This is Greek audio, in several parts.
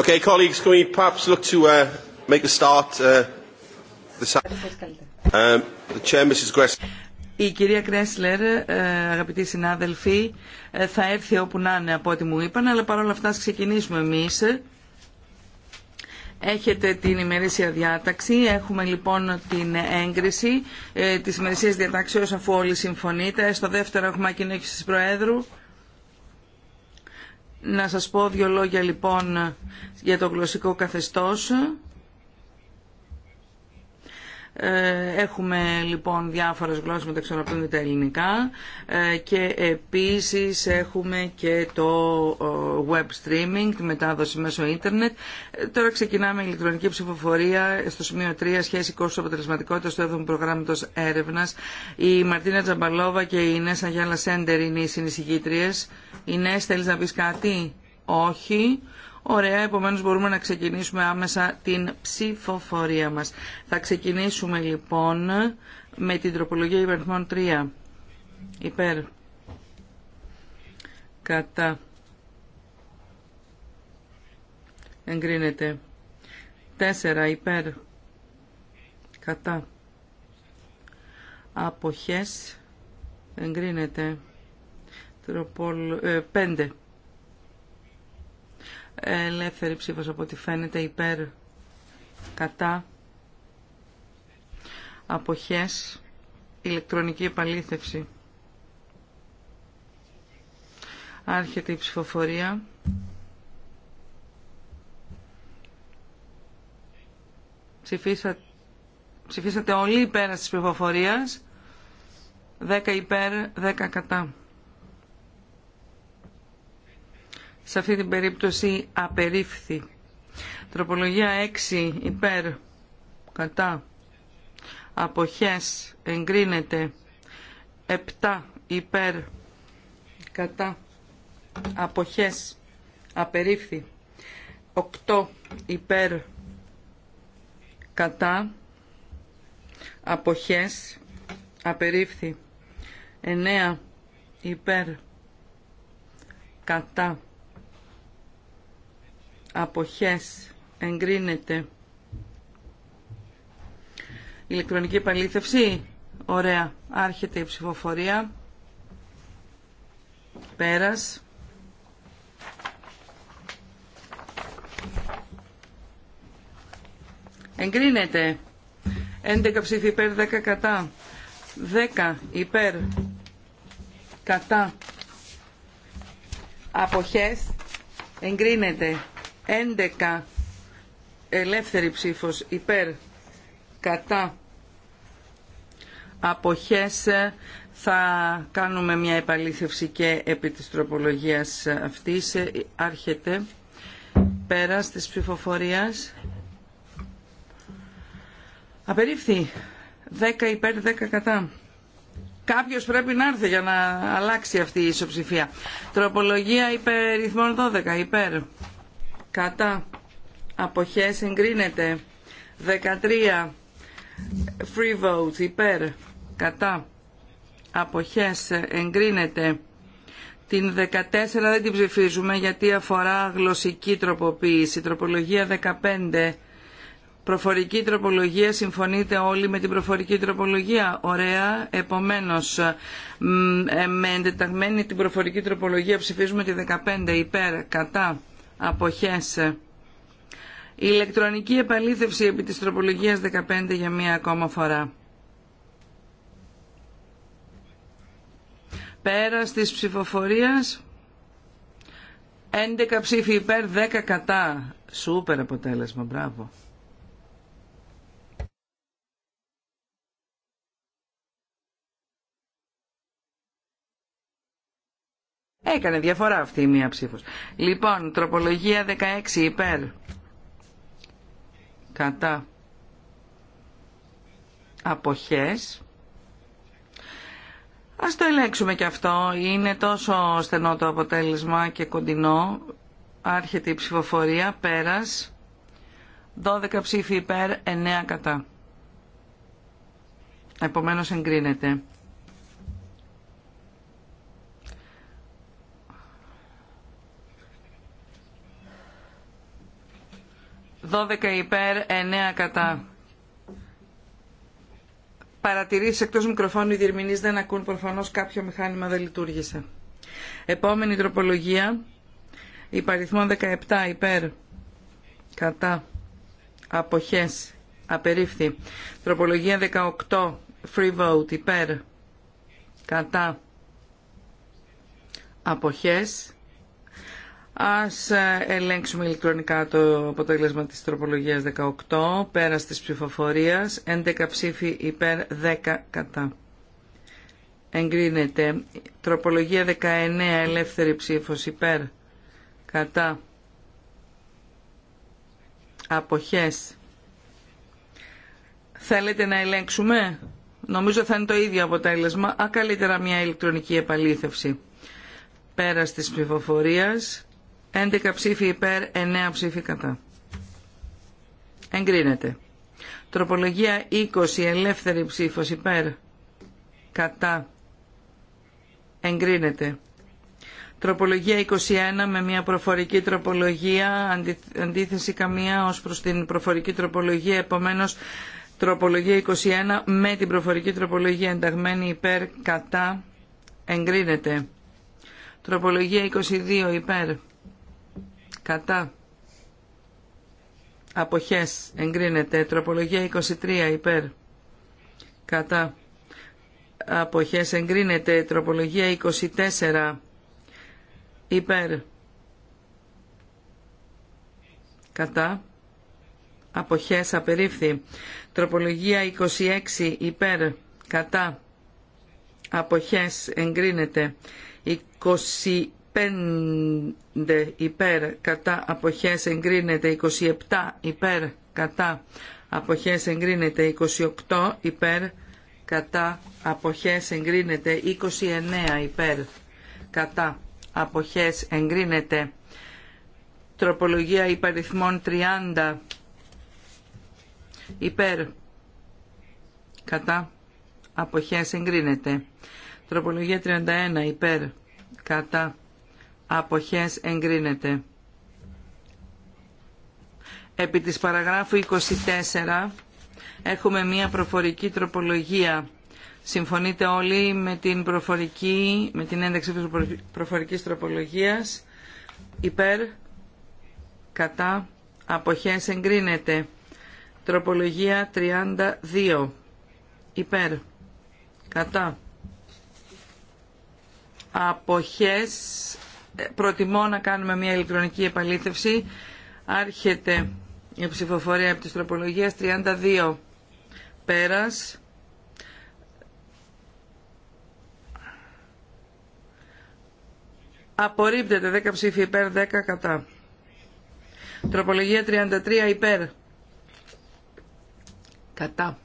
Okay, colleagues, can we perhaps look to uh, make a start? Uh, um, the chair, Mrs. Η κυρία Κρέσλερ, ε, αγαπητοί συνάδελφοι, ε, θα έρθει όπου να είναι από ό,τι μου είπαν, αλλά παρόλα αυτά ας ξεκινήσουμε εμείς. Έχετε την ημερήσια διάταξη. Έχουμε λοιπόν την έγκριση ε, της ημερησίας διατάξεως αφού όλοι συμφωνείτε. Στο δεύτερο έχουμε ακοινήχηση της Προέδρου. Να σας πω δύο λόγια λοιπόν για το γλωσσικό καθεστώς. Ε, έχουμε λοιπόν διάφορες γλώσσες μεταξύ των οποίων τα ελληνικά ε, και επίσης έχουμε και το web streaming, τη μετάδοση μέσω ίντερνετ. Ε, τώρα ξεκινάμε η ηλεκτρονική ψηφοφορία στο σημείο 3, σχέση κόστος αποτελεσματικότητας του 7 προγράμματος έρευνας. Η Μαρτίνα Τζαμπαλόβα και η Νέσα Γιάλα Σέντερ είναι οι συνεισηγήτριες. Νέσα θέλεις να πεις κάτι? Όχι. Ωραία, επομένως μπορούμε να ξεκινήσουμε άμεσα την ψηφοφορία μας. Θα ξεκινήσουμε λοιπόν με την τροπολογία υπερθμών 3. Υπέρ. Κατά. Εγκρίνεται. 4. Υπέρ. Κατά. Αποχές. Εγκρίνεται. Ε, 5 ελεύθερη ψήφος από ό,τι φαίνεται υπέρ κατά αποχές ηλεκτρονική επαλήθευση άρχεται η ψηφοφορία Ψηφίσα... ψηφίσατε όλοι υπέρ της ψηφοφορίας 10 υπέρ 10 κατά σε αυτή την περίπτωση απερίφθη. Τροπολογία 6 υπέρ κατά αποχές εγκρίνεται 7 υπέρ κατά αποχές απερίφθη 8 υπέρ κατά αποχές απερίφθη 9 υπέρ κατά αποχές εγκρίνεται. Ηλεκτρονική επαλήθευση. Ωραία. Άρχεται η ψηφοφορία. Πέρας. Εγκρίνεται. 11 ψήφι υπέρ, 10 κατά. 10 υπέρ, κατά. Αποχές. Εγκρίνεται. 11 ελεύθερη ψήφος υπέρ κατά αποχές θα κάνουμε μια επαλήθευση και επί της τροπολογίας αυτής άρχεται πέρα της ψηφοφορίας απερίφθη 10 υπέρ 10 κατά Κάποιος πρέπει να έρθει για να αλλάξει αυτή η ισοψηφία. Τροπολογία ρυθμών 12 υπέρ κατά αποχές εγκρίνεται 13 free votes υπέρ κατά αποχές εγκρίνεται την 14 δεν την ψηφίζουμε γιατί αφορά γλωσσική τροποποίηση τροπολογία 15 Προφορική τροπολογία, συμφωνείτε όλοι με την προφορική τροπολογία. Ωραία, επομένως ε, με εντεταγμένη την προφορική τροπολογία ψηφίζουμε τη 15 υπέρ, κατά η Ηλεκτρονική επαλήθευση επί της τροπολογίας 15 για μία ακόμα φορά. Πέρα της ψηφοφορίας, 11 ψήφοι υπέρ, 10 κατά. Σούπερ αποτέλεσμα, μπράβο. Έκανε διαφορά αυτή η μία ψήφος. Λοιπόν, τροπολογία 16 υπέρ. Κατά. Αποχές. Ας το ελέγξουμε και αυτό. Είναι τόσο στενό το αποτέλεσμα και κοντινό. Άρχεται η ψηφοφορία. Πέρας. 12 ψήφοι υπέρ, 9 κατά. Επομένως εγκρίνεται. 12 υπέρ, 9 κατά. Παρατηρήσει εκτό μικροφώνου οι διερμηνεί δεν ακούν προφανώ κάποιο μηχάνημα δεν λειτουργήσε. Επόμενη τροπολογία, υπαριθμό 17 υπέρ, κατά, αποχέ. απερίφθη. Τροπολογία 18, free vote υπέρ, κατά, αποχές, Ας ε, ελέγξουμε ηλεκτρονικά το αποτέλεσμα της τροπολογίας 18, πέρας της ψηφοφορίας, 11 ψήφοι υπέρ 10 κατά. Εγκρίνεται. Τροπολογία 19, ελεύθερη ψήφος υπέρ κατά. Αποχές. Θέλετε να ελέγξουμε. Νομίζω θα είναι το ίδιο αποτέλεσμα. Α, καλύτερα μια ηλεκτρονική επαλήθευση. Πέρας της ψηφοφορίας, 11 ψήφοι υπέρ, 9 ψήφοι κατά. Εγκρίνεται. Τροπολογία 20, ελεύθερη ψήφος υπέρ, κατά. Εγκρίνεται. Τροπολογία 21 με μια προφορική τροπολογία, αντίθεση καμία ως προς την προφορική τροπολογία, επομένως τροπολογία 21 με την προφορική τροπολογία ενταγμένη υπέρ, κατά, εγκρίνεται. Τροπολογία 22 υπέρ, κατά αποχές εγκρίνεται τροπολογία 23 υπέρ κατά αποχές εγκρίνεται τροπολογία 24 υπέρ κατά αποχές απερίφθη τροπολογία 26 υπέρ κατά αποχές εγκρίνεται πέντε υπέρ κατά αποχές εγκρίνεται 27 υπέρ κατά αποχές εγκρίνεται 28 υπέρ κατά αποχές εγκρίνεται 29 υπέρ κατά αποχές εγκρίνεται τροπολογία υπαριθμών 30 υπέρ κατά αποχές εγκρίνεται τροπολογία 31 υπέρ κατά αποχές εγκρίνεται. Επί της παραγράφου 24 έχουμε μία προφορική τροπολογία. Συμφωνείτε όλοι με την, προφορική, με την ένταξη της προφορικής τροπολογίας. Υπέρ, κατά, αποχές εγκρίνεται. Τροπολογία 32. Υπέρ, κατά. Αποχές προτιμώ να κάνουμε μια ηλεκτρονική επαλήθευση. Άρχεται η ψηφοφορία από τις τροπολογίες 32 πέρας. Απορρίπτεται 10 ψήφοι υπέρ, 10 κατά. Τροπολογία 33 υπέρ. Κατά.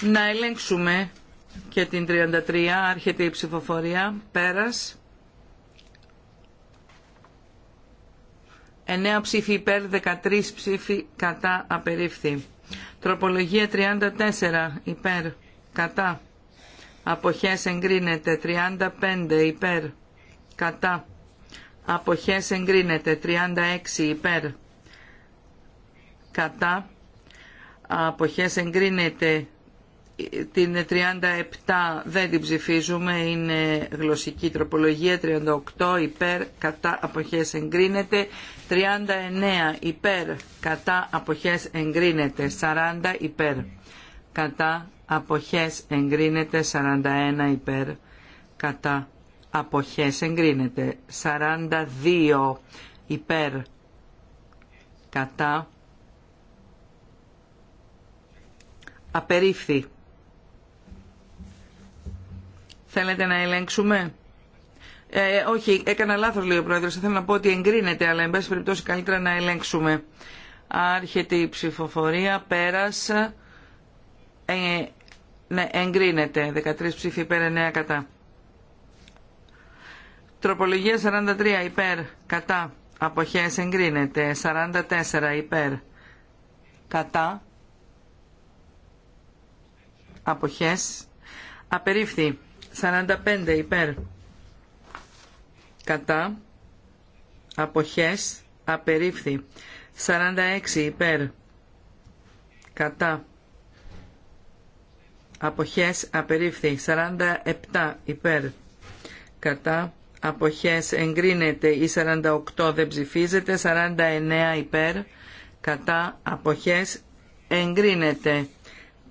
Να ελέγξουμε και την 33 άρχεται η ψηφοφορία πέρας 9 ψήφοι υπέρ 13 ψήφοι κατά απερίφθη τροπολογία 34 υπέρ κατά αποχές εγκρίνεται 35 υπέρ κατά αποχές εγκρίνεται 36 υπέρ κατά αποχές εγκρίνεται την 37 δεν την ψηφίζουμε, είναι γλωσσική τροπολογία, 38 υπέρ κατά αποχές εγκρίνεται, 39 υπέρ κατά αποχές εγκρίνεται, 40 υπέρ κατά αποχές εγκρίνεται, 41 υπέρ κατά αποχές εγκρίνεται, 42 υπέρ κατά απερίφθη. Θέλετε να ελέγξουμε. Ε, όχι, έκανα λάθος λέει ο Πρόεδρος. θέλω να πω ότι εγκρίνεται, αλλά εν πάση περιπτώσει καλύτερα να ελέγξουμε. Άρχεται η ψηφοφορία, πέρας, ε, ναι, εγκρίνεται. 13 ψήφοι υπέρ, 9 κατά. Τροπολογία 43 υπέρ, κατά. Αποχές εγκρίνεται. 44 υπέρ, κατά. Αποχές. Απερίφθη. 45 υπέρ κατά αποχές απερίφθη 46 υπέρ κατά αποχές απερίφθη 47 υπέρ κατά αποχές εγκρίνεται ή 48 δεν ψηφίζεται 49 υπέρ κατά αποχές εγκρίνεται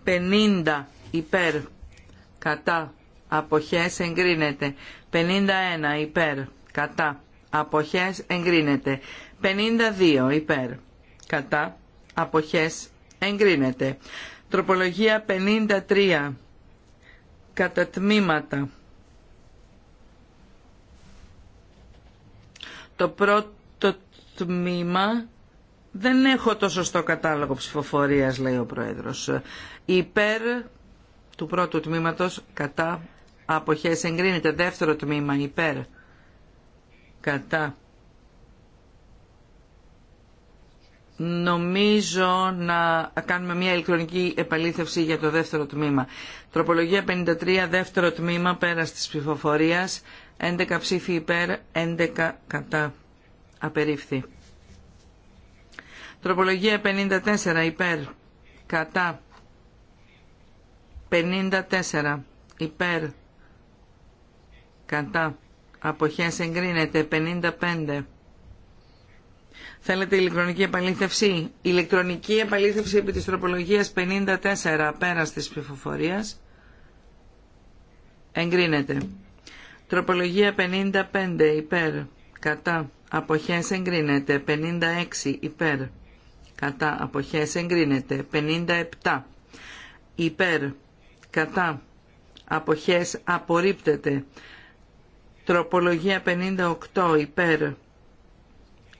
50 υπέρ κατά αποχές εγκρίνεται. 51 υπέρ κατά αποχές εγκρίνεται. 52 υπέρ κατά αποχές εγκρίνεται. Τροπολογία 53 κατά τμήματα. Το πρώτο τμήμα δεν έχω το σωστό κατάλογο ψηφοφορίας λέει ο Πρόεδρος. Υπέρ του πρώτου τμήματος κατά αποχές εγκρίνεται δεύτερο τμήμα υπέρ κατά Νομίζω να κάνουμε μια ηλεκτρονική επαλήθευση για το δεύτερο τμήμα. Τροπολογία 53, δεύτερο τμήμα, πέρας της ψηφοφορία. 11 ψήφοι υπέρ, 11 κατά. Απερίφθη. Τροπολογία 54, υπέρ, κατά. 54, υπέρ, κατά αποχές εγκρίνεται 55 Θέλετε ηλεκτρονική επαλήθευση. Ηλεκτρονική επαλήθευση επί της τροπολογίας 54 πέρας της ψηφοφορίας. Εγκρίνεται. Τροπολογία 55 υπέρ. Κατά. Αποχές εγκρίνεται. 56 υπέρ. Κατά. Αποχές εγκρίνεται. 57 υπέρ. Κατά. Αποχές απορρίπτεται. Τροπολογία 58 υπέρ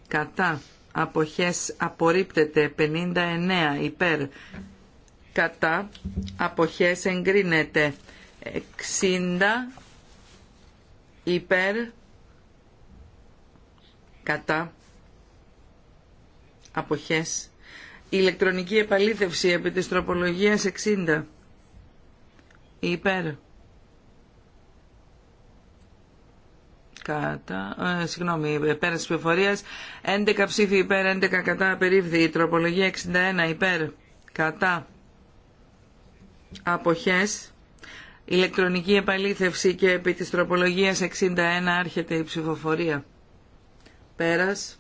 κατά αποχές απορρίπτεται 59 υπέρ κατά αποχές εγκρίνεται 60 υπέρ κατά αποχές ηλεκτρονική επαλήθευση επί της τροπολογίας 60 υπέρ Κατά, ε, συγγνώμη, ε, πέρα της πληροφορίας, 11 ψήφοι υπέρ, 11 κατά, η τροπολογία 61 υπέρ, κατά, αποχές, ηλεκτρονική επαλήθευση και επί της τροπολογίας 61 άρχεται η ψηφοφορία. Πέρας.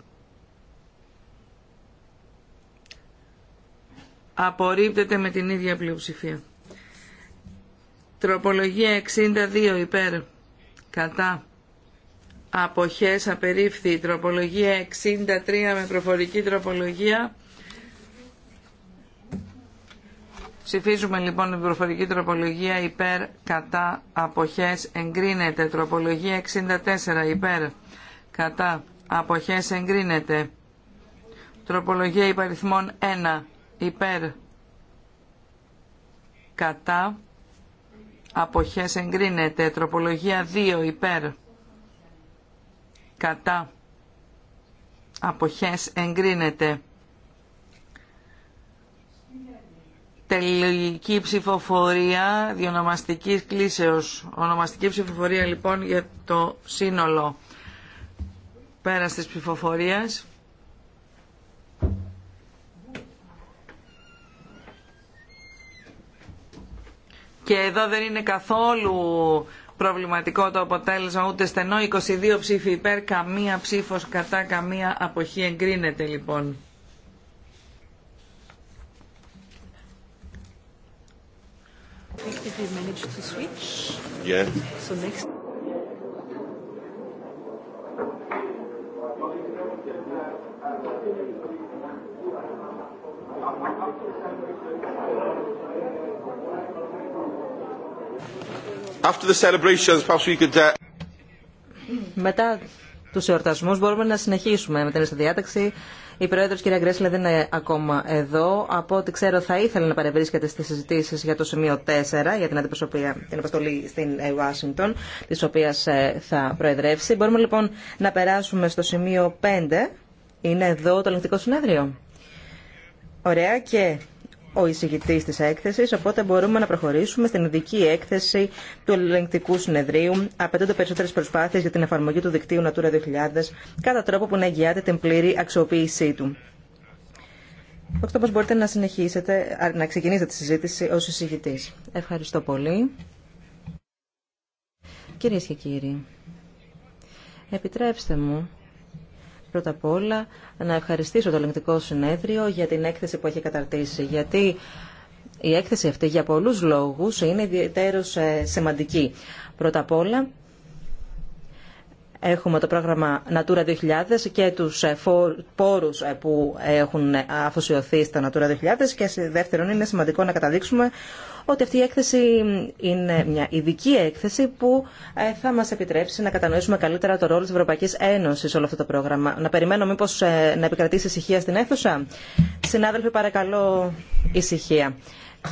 Απορρίπτεται με την ίδια πλειοψηφία. Τροπολογία 62 υπέρ. Κατά αποχές απερίφθη τροπολογία 63 με προφορική τροπολογία Ψηφίζουμε λοιπόν την προφορική τροπολογία υπέρ κατά αποχές εγκρίνεται. Τροπολογία 64 υπέρ κατά αποχές εγκρίνεται. Τροπολογία υπαριθμών 1 υπέρ κατά αποχές εγκρίνεται. Τροπολογία 2 υπέρ κατά αποχές εγκρίνεται. Τελική ψηφοφορία διονομαστικής κλίσεως. Ονομαστική ψηφοφορία λοιπόν για το σύνολο πέρας της ψηφοφορίας. Και εδώ δεν είναι καθόλου προβληματικό το αποτέλεσμα, ούτε στενό. 22 ψήφοι υπέρ, καμία ψήφος κατά, καμία αποχή εγκρίνεται λοιπόν. Yeah. So next. After the celebrations, perhaps we could... Uh, Μετά του εορτασμού μπορούμε να συνεχίσουμε με την διάταξη. Η Πρόεδρος κυρία Γκρέσλε δεν είναι ακόμα εδώ. Από ό,τι ξέρω θα ήθελε να παρευρίσκεται στις συζητήσεις για το σημείο 4, για την αντιπροσωπεία, την αποστολή στην ε, Ουάσιγκτον, της οποίας ε, θα προεδρεύσει. Μπορούμε λοιπόν να περάσουμε στο σημείο 5. Είναι εδώ το ελεγκτικό συνέδριο. Ωραία και ο εισηγητή τη Έκθεση, οπότε μπορούμε να προχωρήσουμε στην ειδική έκθεση του ελεγκτικού συνεδρίου. Απαιτούνται περισσότερε προσπάθειε για την εφαρμογή του δικτύου Natura 2000 κατά τρόπο που να εγγυάται την πλήρη αξιοποίησή του. Δόκτω, πώ μπορείτε να συνεχίσετε, να ξεκινήσετε τη συζήτηση ω εισηγητή. Ευχαριστώ πολύ. Κυρίε και κύριοι, επιτρέψτε μου πρώτα απ' όλα να ευχαριστήσω το ελληνικό Συνέδριο για την έκθεση που έχει καταρτήσει. Γιατί η έκθεση αυτή για πολλούς λόγους είναι ιδιαίτερως ε, σημαντική. Πρώτα απ' όλα έχουμε το πρόγραμμα Natura 2000 και τους ε, πόρους ε, που έχουν αφοσιωθεί στα Natura 2000 και δεύτερον είναι σημαντικό να καταδείξουμε ότι αυτή η έκθεση είναι μια ειδική έκθεση που ε, θα μας επιτρέψει να κατανοήσουμε καλύτερα το ρόλο της Ευρωπαϊκής Ένωσης σε όλο αυτό το πρόγραμμα. Να περιμένω μήπω ε, να επικρατήσει ησυχία στην αίθουσα. Συνάδελφοι, παρακαλώ ησυχία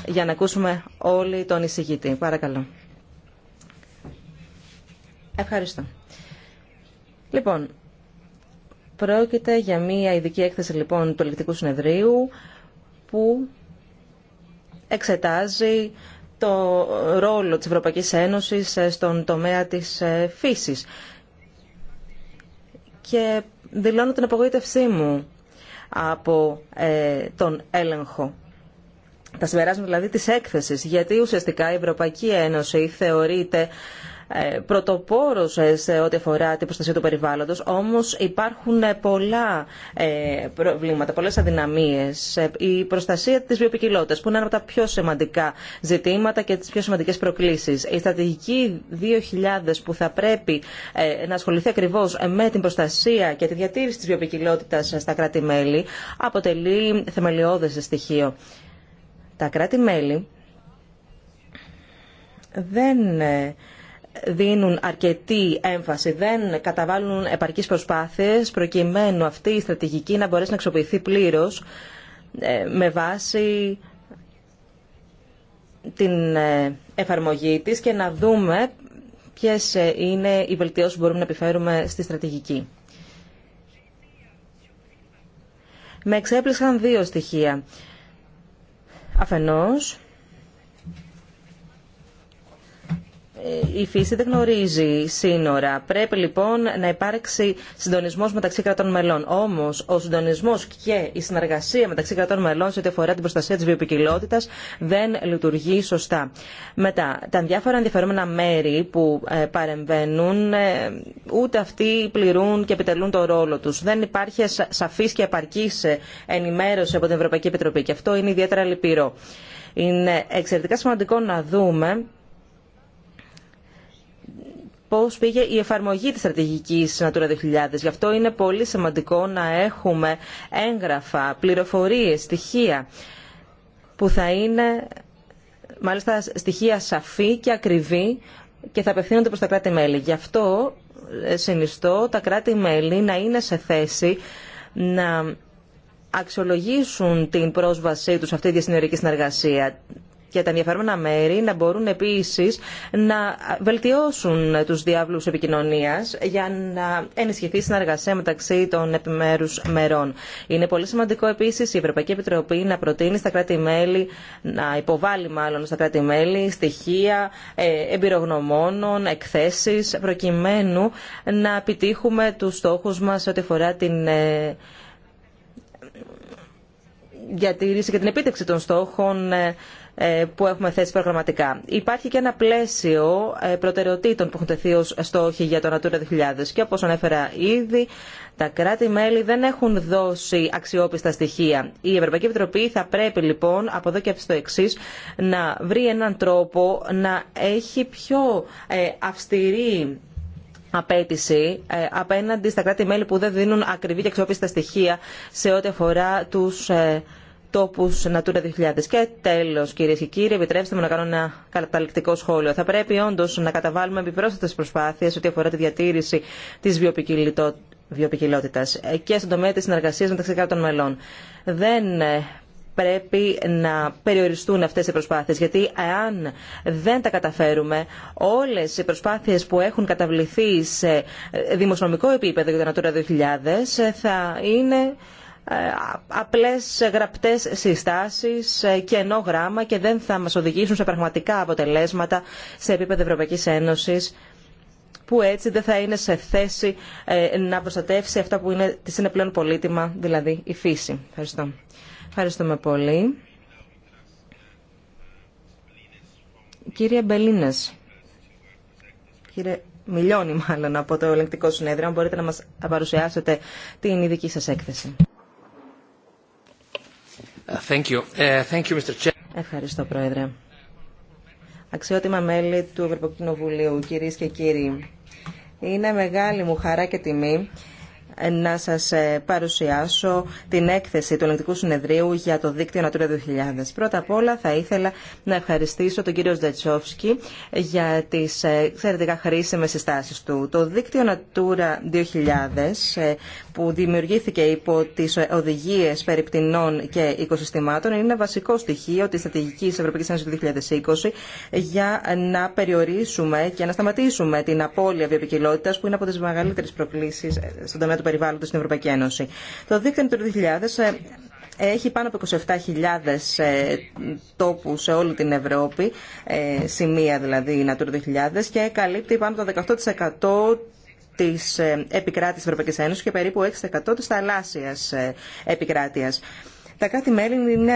για να ακούσουμε όλοι τον εισηγητή. Παρακαλώ. Ευχαριστώ. Λοιπόν, πρόκειται για μια ειδική έκθεση λοιπόν του Ελεκτικού Συνεδρίου που εξετάζει το ρόλο της Ευρωπαϊκής Ένωσης ε, στον τομέα της ε, φύσης. Και δηλώνω την απογοήτευσή μου από ε, τον έλεγχο. Τα συμπεράσματα δηλαδή της έκθεσης, γιατί ουσιαστικά η Ευρωπαϊκή Ένωση θεωρείται ε, πρωτοπόρο ε, σε ό,τι αφορά την προστασία του περιβάλλοντο. Όμω υπάρχουν ε, πολλά προβλήματα, πολλέ αδυναμίες. Η προστασία τη βιοπικιλότητα, που είναι ένα από τα πιο σημαντικά ζητήματα και τι πιο σημαντικέ προκλήσει. Η στρατηγική 2000 που θα πρέπει να ασχοληθεί ακριβώ με την προστασία και τη διατήρηση τη βιοπικιλότητα στα κράτη-μέλη, αποτελεί θεμελιώδες στοιχείο. Τα κράτη-μέλη δεν δίνουν αρκετή έμφαση, δεν καταβάλουν επαρκείς προσπάθειες προκειμένου αυτή η στρατηγική να μπορέσει να αξιοποιηθεί πλήρως ε, με βάση την ε, εφαρμογή της και να δούμε ποιε ε, είναι οι βελτιώσει που μπορούμε να επιφέρουμε στη στρατηγική. Με εξέπληξαν δύο στοιχεία. Αφενός, Ε, η φύση δεν γνωρίζει σύνορα. Πρέπει λοιπόν να υπάρξει συντονισμό μεταξύ κρατών μελών. Όμω, ο συντονισμό και η συνεργασία μεταξύ κρατών μελών σε ό,τι αφορά την προστασία τη βιοποικιλότητας δεν λειτουργεί σωστά. Μετά, τα διάφορα ενδιαφερόμενα μέρη που ε, παρεμβαίνουν ε, ούτε αυτοί πληρούν και επιτελούν τον ρόλο του. Δεν υπάρχει σαφή και επαρκή ενημέρωση από την Ευρωπαϊκή Επιτροπή και αυτό είναι ιδιαίτερα λυπηρό. Είναι εξαιρετικά σημαντικό να δούμε πώς πήγε η εφαρμογή της στρατηγικής Natura 2000. Γι' αυτό είναι πολύ σημαντικό να έχουμε έγγραφα, πληροφορίε, στοιχεία που θα είναι μάλιστα στοιχεία σαφή και ακριβή και θα απευθύνονται προ τα κράτη-μέλη. Γι' αυτό ε, συνιστώ τα κράτη-μέλη να είναι σε θέση να αξιολογήσουν την πρόσβασή τους σε αυτή τη διασυνορική συνεργασία και τα ενδιαφέρονα μέρη να μπορούν επίση να βελτιώσουν τους διάβλους επικοινωνίας για να ενισχυθεί η συνεργασία μεταξύ των επιμέρους μερών. Είναι πολύ σημαντικό επίσης η Ευρωπαϊκή Επιτροπή να προτείνει στα κράτη-μέλη, να υποβάλει μάλλον στα κράτη-μέλη στοιχεία ε, εμπειρογνωμόνων, εκθέσεις, προκειμένου να επιτύχουμε τους στόχους μας ό,τι αφορά την ε, διατήρηση και την επίτευξη των στόχων ε, ε, που έχουμε θέσει προγραμματικά. Υπάρχει και ένα πλαίσιο ε, προτεραιοτήτων που έχουν τεθεί ως στόχοι για το Natura 2000 και όπως ανέφερα ήδη, τα κράτη-μέλη δεν έχουν δώσει αξιόπιστα στοιχεία. Η Ευρωπαϊκή Επιτροπή θα πρέπει λοιπόν από εδώ και στο εξή να βρει έναν τρόπο να έχει πιο ε, αυστηρή απέτηση απέναντι στα κράτη-μέλη που δεν δίνουν ακριβή και αξιόπιστα στοιχεία σε ό,τι αφορά τους τόπου Natura 2000. Και τέλο, κύριε και κύριοι, επιτρέψτε μου να κάνω ένα καταληκτικό σχόλιο. Θα πρέπει όντω να καταβάλουμε επιπρόσθετε προσπάθειε ό,τι αφορά τη διατήρηση τη βιοπικιλότητα και στον τομέα τη συνεργασία μεταξύ κράτων μελών. Δεν ε, πρέπει να περιοριστούν αυτές οι προσπάθειες γιατί αν δεν τα καταφέρουμε όλες οι προσπάθειες που έχουν καταβληθεί σε δημοσιονομικό επίπεδο για το Natura 2000 θα είναι ε, απλές γραπτές συστάσεις ε, και ενώ γράμμα και δεν θα μας οδηγήσουν σε πραγματικά αποτελέσματα σε επίπεδο Ευρωπαϊκής Ένωσης που έτσι δεν θα είναι σε θέση ε, να προστατεύσει αυτά που είναι, είναι πλέον πολύτιμα, δηλαδή η φύση. Ευχαριστώ. Ευχαριστούμε πολύ. Κύριε Μπελίνες, κύριε Μιλιώνη μάλλον από το ελεγκτικό συνέδριο, αν μπορείτε να μας παρουσιάσετε την ειδική σας έκθεση. Uh, Ευχαριστώ, Πρόεδρε. Αξιότιμα μέλη του Ευρωπαϊκού Κοινοβουλίου, κυρίε και κύριοι, είναι μεγάλη μου χαρά και τιμή να σας ε, παρουσιάσω την έκθεση του Ελληνικού Συνεδρίου για το δίκτυο Natura 2000. Πρώτα απ' όλα θα ήθελα να ευχαριστήσω τον κύριο Ζετσόφσκι για τις ε, εξαιρετικά χρήσιμες συστάσεις του. Το δίκτυο Natura 2000 που δημιουργήθηκε υπό τις οδηγίες περί και οικοσυστημάτων είναι βασικό στοιχείο της στρατηγικής Ευρωπαϊκής Ένωσης 2020 για να περιορίσουμε και να σταματήσουμε την απώλεια βιοποικιλότητας που είναι από τις μεγαλύτερες προκλήσεις ε, στον τομέα του περιβάλλοντος στην Ευρωπαϊκή Ένωση. Το δίκτυο του 2000 ε, έχει πάνω από 27.000 ε, τόπους σε όλη την Ευρώπη, σημεία δηλαδή Natura 2000 και καλύπτει πάνω από το 18% Τη ε, επικράτεια τη Ευρωπαϊκή Ένωση και περίπου 6% της θαλάσσια ε, επικράτειας. Τα κάθε μελη είναι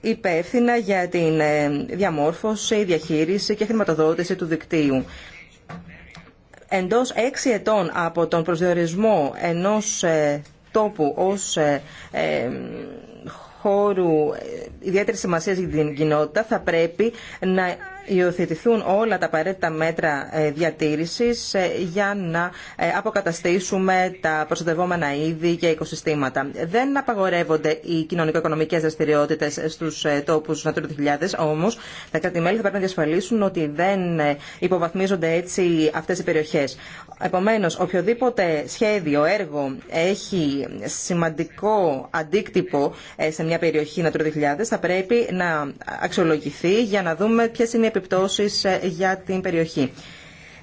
υπεύθυνα για την ε, διαμόρφωση, διαχείριση και χρηματοδότηση του δικτύου. Εντός έξι ετών από τον προσδιορισμό ενός τόπου ως χώρου ιδιαίτερη σημασία για την κοινότητα θα πρέπει να υιοθετηθούν όλα τα απαραίτητα μέτρα ε, διατήρησης ε, για να ε, αποκαταστήσουμε τα προστατευόμενα είδη και οικοσυστήματα. Δεν απαγορεύονται οι κοινωνικο-οικονομικές δραστηριότητες στους τόπους Natura 2000, όμως τα κράτη-μέλη θα πρέπει να διασφαλίσουν ότι δεν υποβαθμίζονται έτσι αυτές οι περιοχές. Επομένως, οποιοδήποτε σχέδιο, έργο έχει σημαντικό αντίκτυπο σε μια περιοχή Natura 2000 θα πρέπει να αξιολογηθεί για να δούμε ποιες είναι επιπτώσει ε, για την περιοχή.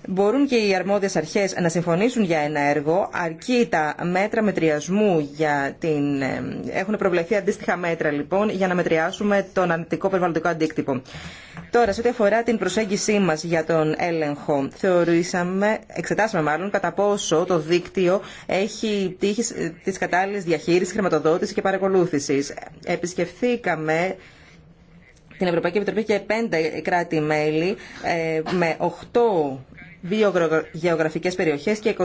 Μπορούν και οι αρμόδιες αρχές να συμφωνήσουν για ένα έργο, αρκεί τα μέτρα μετριασμού για την... Ε, έχουν προβλεφθεί αντίστοιχα μέτρα, λοιπόν, για να μετριάσουμε τον αρνητικό περιβαλλοντικό αντίκτυπο. Τώρα, σε ό,τι αφορά την προσέγγισή μας για τον έλεγχο, θεωρήσαμε, εξετάσαμε μάλλον, κατά πόσο το δίκτυο έχει τύχει ε, τη κατάλληλη διαχείρισης, χρηματοδότησης και παρακολούθησης. Επισκεφθήκαμε την Ευρωπαϊκή Επιτροπή και πέντε κράτη-μέλη ε, με οχτώ δύο γεωγραφικές περιοχές και 24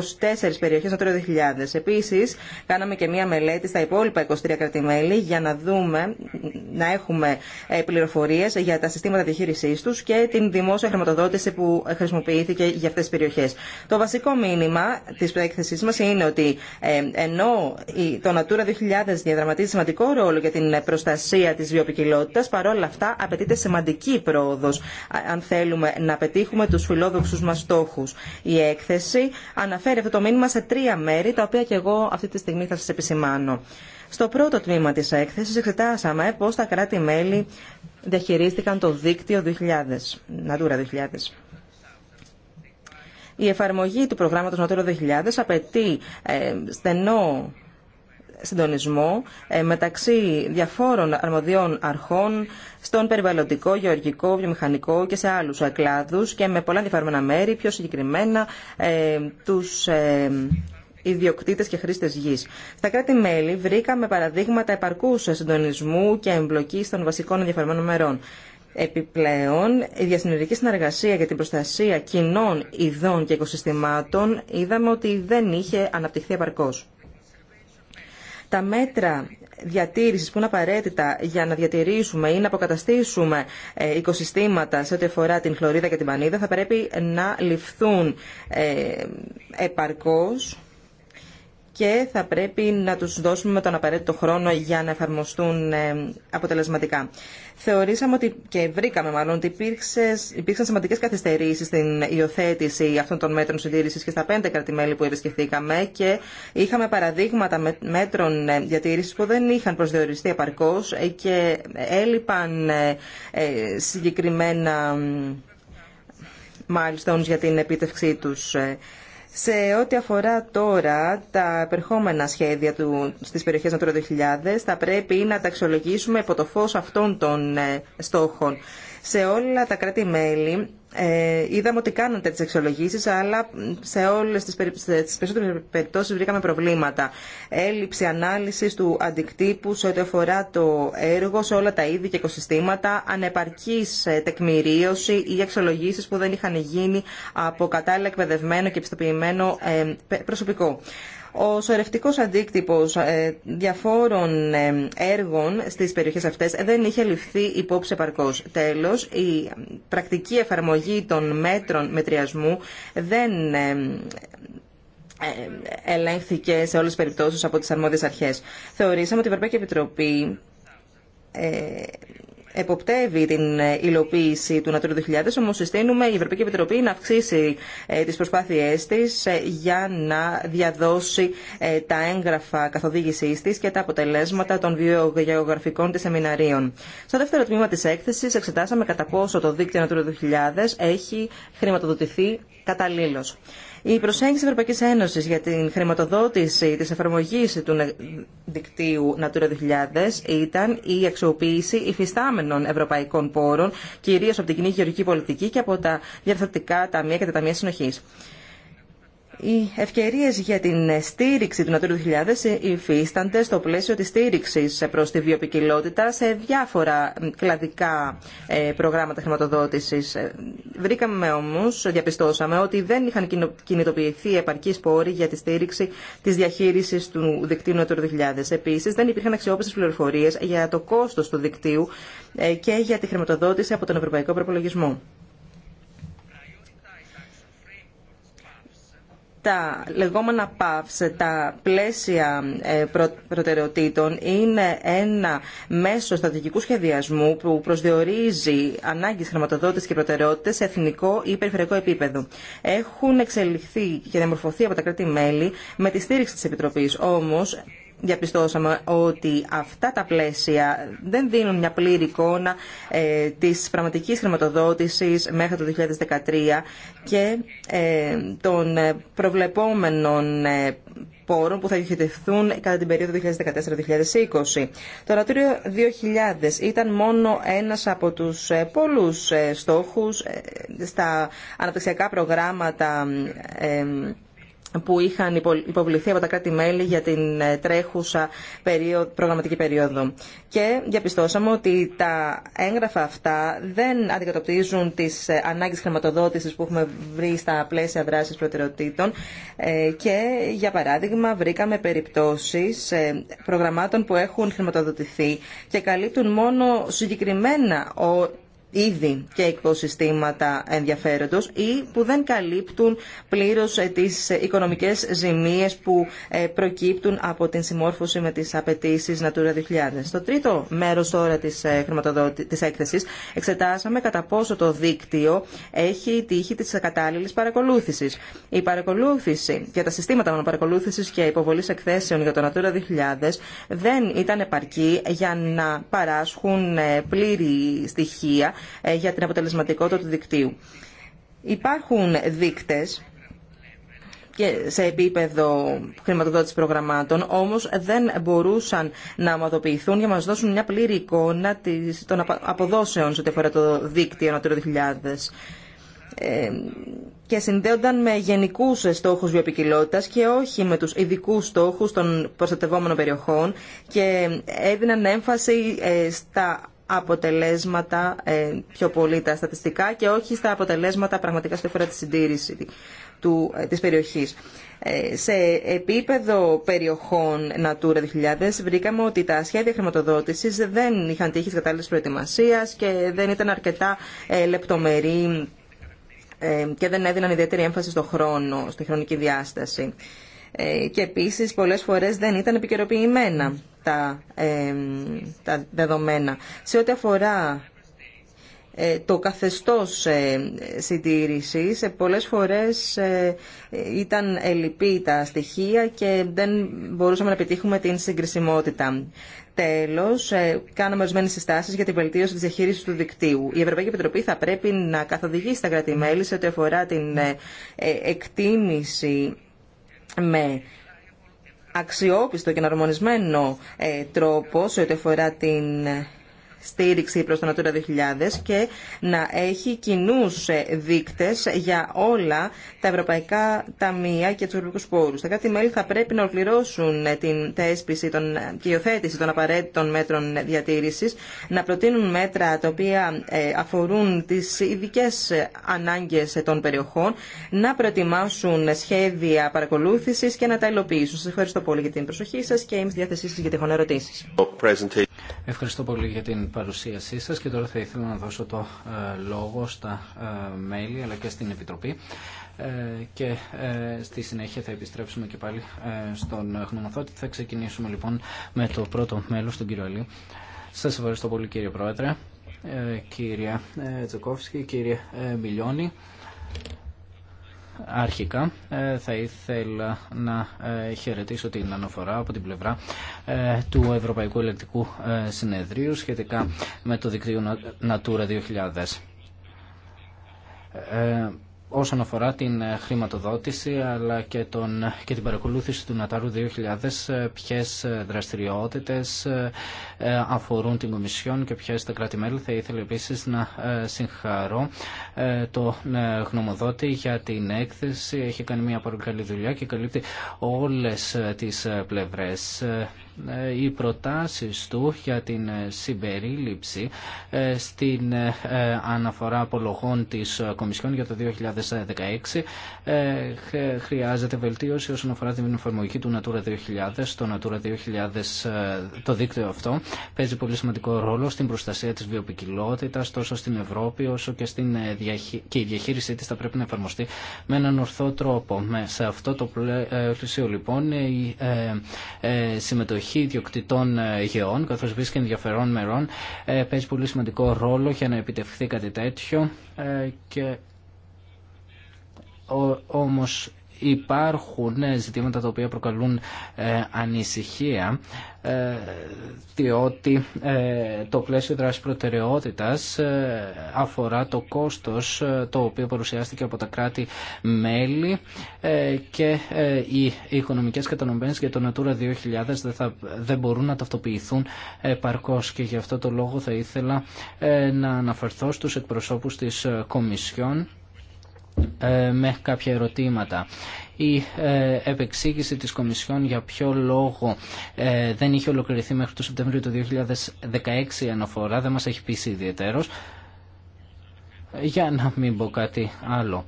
περιοχές το 2000. Επίσης, κάναμε και μία μελέτη στα υπόλοιπα 23 κρατημέλη για να δούμε, να έχουμε ε, πληροφορίες για τα συστήματα διαχείρισής τους και την δημόσια χρηματοδότηση που χρησιμοποιήθηκε για αυτές τις περιοχές. Το βασικό μήνυμα της έκθεσής μας είναι ότι ε, ενώ το Natura 2000 διαδραματίζει σημαντικό ρόλο για την προστασία της βιοποικιλότητας, παρόλα αυτά απαιτείται σημαντική πρόοδος αν θέλουμε να πετύχουμε τους φιλόδοξους μας στόχους η έκθεση αναφέρει αυτό το μήνυμα σε τρία μέρη, τα οποία και εγώ αυτή τη στιγμή θα σας επισημάνω. Στο πρώτο τμήμα της έκθεσης εξετάσαμε πώς τα κράτη-μέλη διαχειρίστηκαν το δίκτυο 2000, Natura 2000. Η εφαρμογή του προγράμματος Natura 2000 απαιτεί ε, στενό συντονισμό ε, μεταξύ διαφόρων αρμοδιών αρχών στον περιβαλλοντικό, γεωργικό, βιομηχανικό και σε άλλους κλάδους και με πολλά ενδιαφερμένα μέρη, πιο συγκεκριμένα ε, τους ε, ιδιοκτήτες και χρήστες γης. Στα κράτη-μέλη βρήκαμε παραδείγματα επαρκούς συντονισμού και εμπλοκής των βασικών ενδιαφερμένων μερών. Επιπλέον, η διασυνορική συνεργασία για την προστασία κοινών ειδών και οικοσυστημάτων είδαμε ότι δεν είχε αναπτυχθεί επαρκώς τα μέτρα διατήρησης που είναι απαραίτητα για να διατηρήσουμε ή να αποκαταστήσουμε ε, οικοσυστήματα σε ό,τι αφορά την χλωρίδα και την πανίδα θα πρέπει να ληφθούν ε, επαρκώς και θα πρέπει να τους δώσουμε τον απαραίτητο χρόνο για να εφαρμοστούν ε, αποτελεσματικά θεωρήσαμε ότι, και βρήκαμε μάλλον ότι υπήρξαν σημαντικές καθυστερήσεις στην υιοθέτηση αυτών των μέτρων συντήρησης και στα πέντε κρατημέλη που επισκεφθήκαμε και είχαμε παραδείγματα μέτρων ε, διατήρησης που δεν είχαν προσδιοριστεί επαρκώς ε, και έλειπαν ε, συγκεκριμένα μάλιστα για την επίτευξή τους. Σε ό,τι αφορά τώρα τα επερχόμενα σχέδια του, στις περιοχές Natura 2000, θα πρέπει να τα αξιολογήσουμε υπό το φως αυτών των ε, στόχων. Σε όλα τα κράτη-μέλη ε, είδαμε ότι κάνατε τις εξολογήσεις, αλλά σε όλες τις, περι... περιπτώσεις βρήκαμε προβλήματα. Έλλειψη ανάλυσης του αντικτύπου σε ό,τι αφορά το έργο, σε όλα τα είδη και οικοσυστήματα, ανεπαρκής ε, τεκμηρίωση ή εξολογήσεις που δεν είχαν γίνει από κατάλληλα εκπαιδευμένο και επιστοποιημένο ε, προσωπικό. Ο σορευτικός αντίκτυπος ε, διαφόρων ε, έργων στις περιοχές αυτές δεν είχε ληφθεί υπόψη επαρκώ. Τέλος, η πρακτική εφαρμογή των μέτρων μετριασμού δεν ε, ελέγχθηκε σε όλες τις περιπτώσεις από τις αρμόδιες αρχές. Θεωρήσαμε ότι η Ευρωπαϊκή Επιτροπή εποπτεύει την υλοποίηση του Natura 2000, όμως συστήνουμε η Ευρωπαϊκή Επιτροπή να αυξήσει ε, τις προσπάθειές της ε, για να διαδώσει ε, τα έγγραφα καθοδήγησής της και τα αποτελέσματα των βιογεωγραφικών της σεμιναρίων. Στο δεύτερο τμήμα της έκθεσης εξετάσαμε κατά πόσο το δίκτυο Natura 2000 έχει χρηματοδοτηθεί καταλήλως. Η προσέγγιση Ευρωπαϊκής Ένωσης για την χρηματοδότηση της εφαρμογής του δικτύου Natura 2000 ήταν η αξιοποίηση υφιστάμενων ευρωπαϊκών πόρων, κυρίως από την κοινή γεωργική πολιτική και από τα διαρθρωτικά ταμεία και τα ταμεία συνοχής. Οι ευκαιρίε για την στήριξη του Νατούρου 2000 υφίστανται στο πλαίσιο τη στήριξη προ τη βιοπικιλότητα σε διάφορα κλαδικά ε, προγράμματα χρηματοδότηση. Ε, βρήκαμε όμως, διαπιστώσαμε, ότι δεν είχαν κινητοποιηθεί επαρκή πόροι για τη στήριξη τη διαχείριση του δικτύου Νατούρου 2000. Επίσης, δεν υπήρχαν αξιόπιστε πληροφορίε για το κόστο του δικτύου ε, και για τη χρηματοδότηση από τον Ευρωπαϊκό Προπολογισμό. τα λεγόμενα PAPS, τα πλαίσια ε, προτεραιοτήτων, είναι ένα μέσο στρατηγικού σχεδιασμού που προσδιορίζει ανάγκες χρηματοδότηση και προτεραιότητε, σε εθνικό ή περιφερειακό επίπεδο. Έχουν εξελιχθεί και διαμορφωθεί από τα κράτη-μέλη με τη στήριξη τη Επιτροπής. Όμως, διαπιστώσαμε ότι αυτά τα πλαίσια δεν δίνουν μια πλήρη εικόνα ε, της πραγματικής χρηματοδότησης μέχρι το 2013 και ε, των ε, προβλεπόμενων πόρων που θα διοχετευθούν κατά την περίοδο 2014-2020. Το Ορατήριο 2000 ήταν μόνο ένας από τους πολλούς στόχους στα αναπτυξιακά προγράμματα που είχαν υποβληθεί από τα κράτη-μέλη για την ε, τρέχουσα προγραμματική περίοδο. Και διαπιστώσαμε ότι τα έγγραφα αυτά δεν αντικατοπτρίζουν τις ε, ανάγκες χρηματοδότησης που έχουμε βρει στα πλαίσια δράσης προτεραιοτήτων ε, και για παράδειγμα βρήκαμε περιπτώσεις προγραμμάτων που έχουν χρηματοδοτηθεί και καλύπτουν μόνο συγκεκριμένα ήδη και εκποσυστήματα ενδιαφέροντος ή που δεν καλύπτουν πλήρως ε, τις οικονομικές ζημίες που ε, προκύπτουν από την συμμόρφωση με τις απαιτήσει Natura 2000. Στο τρίτο μέρος τώρα της, ε, της έκθεσης εξετάσαμε κατά πόσο το δίκτυο έχει τύχη της κατάλληλης παρακολούθησης. Η παρακολούθηση και τα συστήματα παρακολούθησης και υποβολή εκθέσεων για το Natura 2000 δεν ήταν επαρκή για να παράσχουν πλήρη στοιχεία ε, για την αποτελεσματικότητα του δικτύου. Υπάρχουν δείκτες και σε επίπεδο χρηματοδότηση προγραμμάτων, όμως δεν μπορούσαν να οματοποιηθούν για να μας δώσουν μια πλήρη εικόνα των αποδόσεων σε ό,τι αφορά το δίκτυο Natura 2000 ε, και συνδέονταν με γενικούς στόχους βιοποικιλότητας και όχι με τους ειδικού στόχους των προστατευόμενων περιοχών και έδιναν έμφαση ε, στα αποτελέσματα ε, πιο πολύ τα στατιστικά και όχι στα αποτελέσματα πραγματικά στο φορά τη συντήρηση του, ε, της περιοχής. Ε, σε επίπεδο περιοχών Natura 2000 βρήκαμε ότι τα σχέδια χρηματοδότησης δεν είχαν τύχει της κατάλληλης προετοιμασίας και δεν ήταν αρκετά λεπτομερή και δεν έδιναν ιδιαίτερη έμφαση στο χρόνο, στη χρονική διάσταση. και επίσης πολλές φορές δεν ήταν επικαιροποιημένα τα, τα δεδομένα. Σε ό,τι αφορά ε, το καθεστώς ε, συντήρησης ε, πολλές φορές ήταν ελλειπή τα στοιχεία και δεν μπορούσαμε να πετύχουμε την συγκρισιμότητα. Τέλος, κάναμε ορισμένε συστάσεις για την βελτίωση της διαχείριση του δικτύου. Η Ευρωπαϊκή Επιτροπή θα πρέπει να καθοδηγήσει τα κράτη-μέλη σε ό,τι αφορά την εκτίμηση με αξιόπιστο και εναρμονισμένο ε, τρόπο σε ό,τι αφορά την στήριξη προς το Natura 2000 και να έχει κοινού ε, δείκτες για όλα τα ευρωπαϊκά ταμεία και τους ευρωπαϊκούς πόρους. Τα κάτι μέλη θα πρέπει να ολοκληρώσουν ε, την θέσπιση των, και ε, υιοθέτηση των απαραίτητων μέτρων διατήρησης, να προτείνουν μέτρα τα οποία αφορούν τις ειδικέ ανάγκες των περιοχών, να προετοιμάσουν σχέδια παρακολούθησης και να τα υλοποιήσουν. Σας ευχαριστώ πολύ για την προσοχή σας και είμαι στη διάθεσή σας για τυχόν ερωτήσεις. Ευχαριστώ πολύ για την παρουσίασή σας και τώρα θα ήθελα να δώσω το ε, λόγο στα ε, μέλη αλλά και στην Επιτροπή ε, και στη συνέχεια θα επιστρέψουμε και πάλι στον γνωμοθότη. Θα ξεκινήσουμε λοιπόν με το πρώτο μέλος, τον κύριο Αλή. Σας ευχαριστώ πολύ κύριε Πρόεδρε, κύριε Τζοκόφσκι, κύριε Μιλιώνη. Αρχικά ε, θα ήθελα να ε, χαιρετήσω την αναφορά από την πλευρά ε, του Ευρωπαϊκού Ελεκτικού Συνεδρίου σχετικά με το δικτύο Natura 2000 όσον αφορά την ε, χρηματοδότηση αλλά και, την παρακολούθηση του Νατάρου 2000 ε, ποιες ε, δραστηριότητες αφορούν την Κομισιόν και ποιες τα κράτη-μέλη. Θα ήθελε επίσης να συγχαρώ τον γνωμοδότη για την έκθεση. Έχει κάνει μια πολύ καλή δουλειά και καλύπτει όλες τις πλευρές ε, οι προτάσεις του για την ε, συμπερίληψη ε, στην αναφορά απολογών της Κομισιόν για το 2016 χρειάζεται βελτίωση όσον αφορά την εφαρμογή του Natura 2000. Το Natura 2000 το δίκτυο αυτό παίζει πολύ σημαντικό ρόλο στην προστασία της βιοπικιλότητας τόσο στην Ευρώπη όσο και, στην και η διαχείρισή της θα πρέπει να εφαρμοστεί με έναν ορθό τρόπο. Σε αυτό το πλαίσιο λοιπόν η συμμετοχή περιοχή ιδιοκτητών ε, γεών, καθώς βρίσκεται και μερών, ε, παίζει πολύ σημαντικό ρόλο για να επιτευχθεί κάτι τέτοιο ε, και όμως υπάρχουν ε, ζητήματα τα οποία προκαλούν ε, ανησυχία ε, διότι το πλαίσιο δράσης προτεραιότητας αφορά το κόστος το οποίο παρουσιάστηκε από τα κράτη-μέλη και οι οικονομικές κατανομές για το Natura 2000 δεν, θα, δεν μπορούν να ταυτοποιηθούν παρκώς και γι' αυτό το λόγο θα ήθελα να αναφερθώ στους εκπροσώπους της Κομισιόν ε, με κάποια ερωτήματα. Η ε, επεξήγηση της Κομισιόν για ποιο λόγο ε, δεν είχε ολοκληρωθεί μέχρι το Σεπτεμβρίου του 2016 η αναφορά δεν μας έχει πείσει ιδιαίτερος. Για να μην πω κάτι άλλο.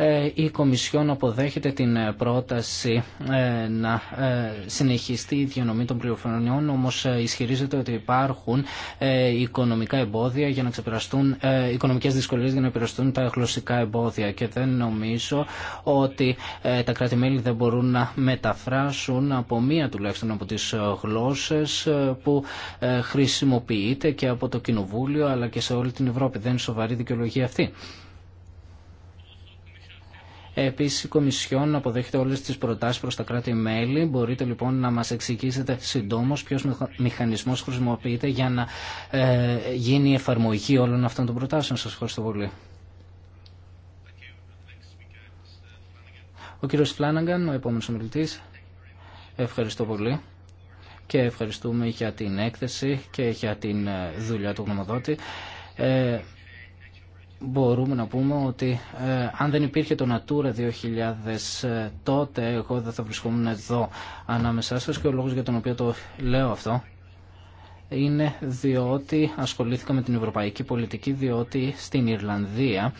Ε, η Κομισιόν αποδέχεται την ε, πρόταση ε, να συνεχιστεί η διανομή των πληροφοριών, όμως ισχυρίζεται ότι υπάρχουν οικονομικά εμπόδια για να ξεπεραστούν, οικονομικές δυσκολίες για να περαστούν τα γλωσσικά εμπόδια και δεν νομίζω ότι τα κράτη-μέλη δεν μπορούν να μεταφράσουν από μία τουλάχιστον από τις γλώσσες που χρησιμοποιείται και από το Κοινοβούλιο αλλά και σε όλη την Ευρώπη. Δεν είναι σοβαρή δικαιολογία αυτή. Επίσης η Κομισιόν αποδέχεται όλες τις προτάσεις προς τα κράτη-μέλη. Μπορείτε λοιπόν να μας εξηγήσετε συντόμως ποιος μηχανισμός χρησιμοποιείται για να ε, γίνει η εφαρμογή όλων αυτών των προτάσεων. Σας ευχαριστώ πολύ. Ο κύριος Φλάνναγκαν, ο επόμενο ομιλητή, Ευχαριστώ πολύ και ευχαριστούμε για την έκθεση και για την ε, δουλειά του γνωμοδότη. Ε, μπορούμε να πούμε ότι ε, αν δεν υπήρχε το Natura 2000 ε, τότε εγώ δεν θα βρισκόμουν εδώ ανάμεσά σας και ο λόγος για τον οποίο το λέω αυτό είναι διότι ασχολήθηκα με την ευρωπαϊκή πολιτική διότι στην Ιρλανδία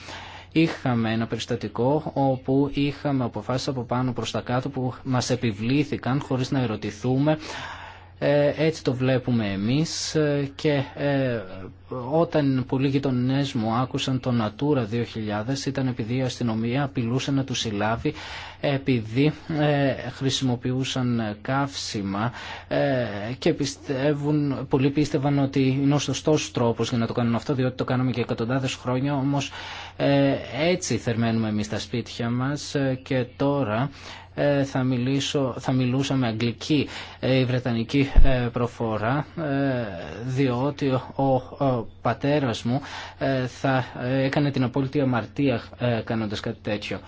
είχαμε ένα περιστατικό όπου είχαμε αποφάσεις από πάνω προς τα κάτω που μας επιβλήθηκαν χωρίς να ερωτηθούμε ε, έτσι το βλέπουμε εμείς ε, και ε, όταν πολλοί γειτονέ μου άκουσαν το Natura 2000 ήταν επειδή η αστυνομία απειλούσε να τους συλλάβει επειδή χρησιμοποιούσαν καύσιμα και πιστεύουν, πολλοί πίστευαν ότι είναι ο σωστό τρόπο για να το κάνουν αυτό διότι το κάναμε και εκατοντάδες χρόνια όμως έτσι θερμαίνουμε εμείς τα σπίτια μας και τώρα ε, θα, μιλήσω, θα μιλούσα με αγγλική ή ε, βρετανική ε, προφορά διότι ο πατέρας μου θα έκανε την απόλυτη αμαρτία κάνοντας κάτι τέτοιο.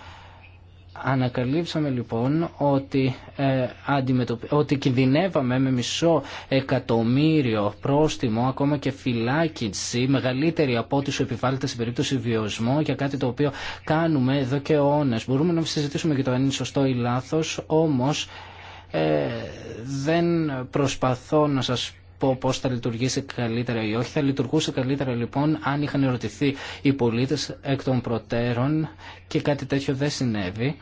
Ανακαλύψαμε λοιπόν ότι, ε, αντιμετωπι... ότι κινδυνεύαμε με μισό εκατομμύριο πρόστιμο, ακόμα και φυλάκιση, μεγαλύτερη από ό,τι σου επιβάλλεται σε περίπτωση βιωσμό για κάτι το οποίο κάνουμε εδώ και αιώνε. Μπορούμε να συζητήσουμε για το αν είναι σωστό ή λάθο, όμω ε, δεν προσπαθώ να σας πω πώς θα λειτουργήσει καλύτερα ή όχι. Θα λειτουργούσε καλύτερα λοιπόν αν είχαν ερωτηθεί οι πολίτες εκ των προτέρων και κάτι τέτοιο δεν συνέβη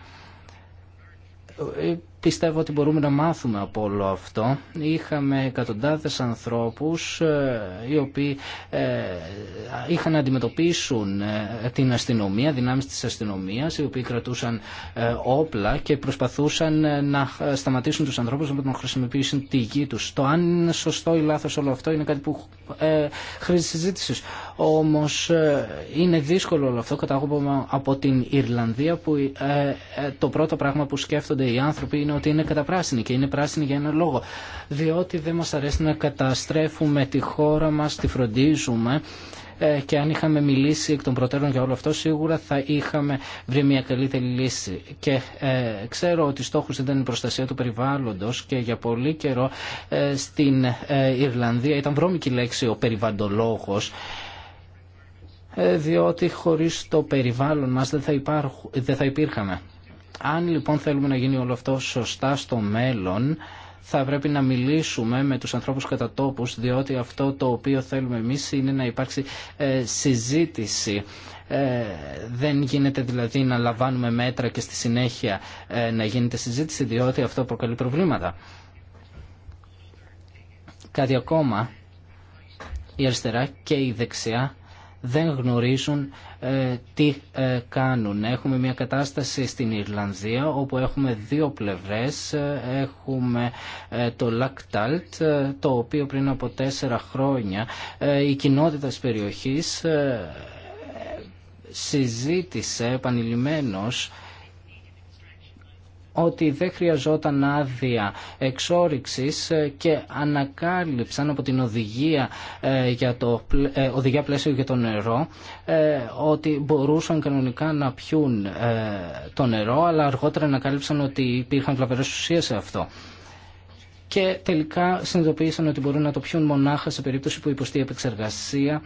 ε, Πιστεύω ότι μπορούμε να μάθουμε από όλο αυτό. Είχαμε εκατοντάδες ανθρώπους ε, οι οποίοι ε, είχαν να αντιμετωπίσουν ε, την αστυνομία, δυνάμεις της αστυνομίας, οι οποίοι κρατούσαν όπλα και προσπαθούσαν να σταματήσουν τους ανθρώπους από να χρησιμοποιήσουν τη γη τους. Το αν είναι σωστό ή λάθος όλο αυτό είναι κάτι που χρήζει συζήτηση. Όμως είναι δύσκολο όλο αυτό, κατάγομαι από την Ιρλανδία που το πρώτο πράγμα που σκέφτονται οι άνθρωποι είναι ότι είναι καταπράσινη και είναι πράσινη για ένα λόγο. Διότι δεν μας αρέσει να καταστρέφουμε τη χώρα μας, τη φροντίζουμε ε, και αν είχαμε μιλήσει εκ των προτέρων για όλο αυτό σίγουρα θα είχαμε βρει μια καλύτερη λύση. Και ε, ξέρω ότι στόχος ήταν η προστασία του περιβάλλοντος και για πολύ καιρό ε, στην ε, Ιρλανδία ήταν βρώμικη λέξη ο περιβαντολόγος ε, διότι χωρίς το περιβάλλον μας δεν θα, δεν θα υπήρχαμε. Αν λοιπόν θέλουμε να γίνει όλο αυτό σωστά στο μέλλον, θα πρέπει να μιλήσουμε με τους ανθρώπους κατά τόπους, διότι αυτό το οποίο θέλουμε εμείς είναι να υπάρξει ε, συζήτηση. Ε, δεν γίνεται δηλαδή να λαμβάνουμε μέτρα και στη συνέχεια ε, να γίνεται συζήτηση, διότι αυτό προκαλεί προβλήματα. Κάτι ακόμα, η αριστερά και η δεξιά δεν γνωρίζουν ε, τι ε, κάνουν. Έχουμε μια κατάσταση στην Ιρλανδία όπου έχουμε δύο πλευρές. Ε, έχουμε το Λακτάλτ, το οποίο πριν από τέσσερα χρόνια η κοινότητα της περιοχής συζήτησε επανειλημμένως ότι δεν χρειαζόταν άδεια εξόριξης και ανακάλυψαν από την οδηγία, ε, για το, ε, οδηγία πλαίσιο για το νερό ε, ότι μπορούσαν κανονικά να πιούν το νερό αλλά αργότερα ανακάλυψαν ότι υπήρχαν βλαβερές ουσίες σε αυτό. Και τελικά συνειδητοποίησαν ότι μπορούν να το πιούν μονάχα σε περίπτωση που υποστεί επεξεργασία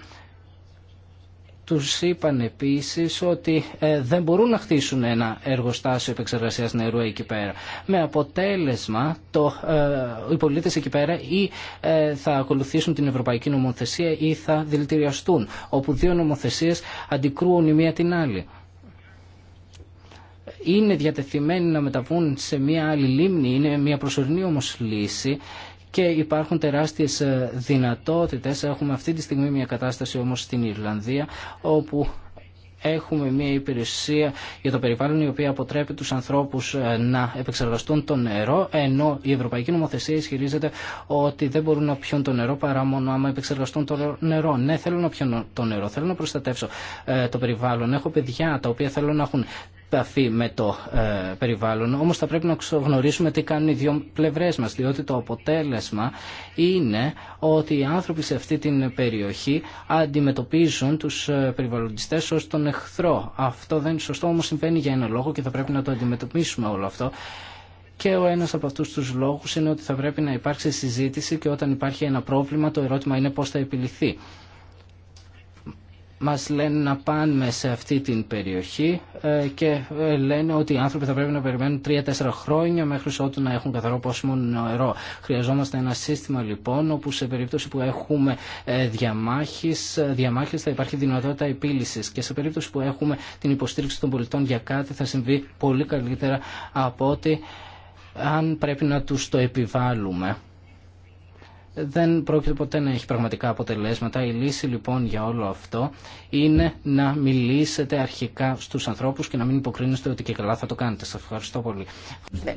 τους είπαν επίσης ότι ε, δεν μπορούν να χτίσουν ένα εργοστάσιο επεξεργασίας νερού εκεί πέρα. Με αποτέλεσμα το, ε, οι πολίτες εκεί πέρα ή ε, θα ακολουθήσουν την ευρωπαϊκή νομοθεσία ή θα δηλητηριαστούν, όπου δύο νομοθεσίες αντικρούουν η μία την άλλη είναι διατεθειμένοι να μεταβούν σε μια άλλη λίμνη, είναι μια προσωρινή όμως λύση και υπάρχουν τεράστιες ε, δυνατότητες. Έχουμε αυτή τη στιγμή μια κατάσταση όμως στην Ιρλανδία όπου έχουμε μια υπηρεσία για το περιβάλλον η οποία αποτρέπει τους ανθρώπους ε, να επεξεργαστούν το νερό ενώ η Ευρωπαϊκή Νομοθεσία ισχυρίζεται ότι δεν μπορούν να πιούν το νερό παρά μόνο άμα επεξεργαστούν το νερό. Ναι, θέλω να πιω το νερό, θέλω να προστατεύσω ε, το περιβάλλον. Έχω παιδιά τα οποία θέλω να έχουν επαφή με το ε, περιβάλλον, όμως θα πρέπει να γνωρίσουμε τι κάνουν οι δύο πλευρές μας, διότι το αποτέλεσμα είναι ότι οι άνθρωποι σε αυτή την περιοχή αντιμετωπίζουν τους ε, περιβαλλοντιστές ως τον εχθρό. Αυτό δεν είναι σωστό, όμως συμβαίνει για ένα λόγο και θα πρέπει να το αντιμετωπίσουμε όλο αυτό. Και ο ένας από αυτούς τους λόγους είναι ότι θα πρέπει να υπάρξει συζήτηση και όταν υπάρχει ένα πρόβλημα το ερώτημα είναι πώς θα επιληθεί μας λένε να πάμε σε αυτή την περιοχή ε, και ε, λένε ότι οι άνθρωποι θα πρέπει να περιμενουν τρια 3-4 χρόνια μέχρι ότου να έχουν καθαρό πόσιμο νερό. Χρειαζόμαστε ένα σύστημα λοιπόν όπου σε περίπτωση που έχουμε ε, ε, διαμάχες, θα υπάρχει δυνατότητα επίλυσης και σε περίπτωση που έχουμε την υποστήριξη των πολιτών για κάτι θα συμβεί πολύ καλύτερα από ότι αν πρέπει να τους το επιβάλλουμε δεν πρόκειται ποτέ να έχει πραγματικά αποτελέσματα. Η λύση λοιπόν για όλο αυτό είναι να μιλήσετε αρχικά στους ανθρώπους και να μην υποκρίνεστε ότι και καλά θα το κάνετε. Σας ευχαριστώ πολύ. Ναι.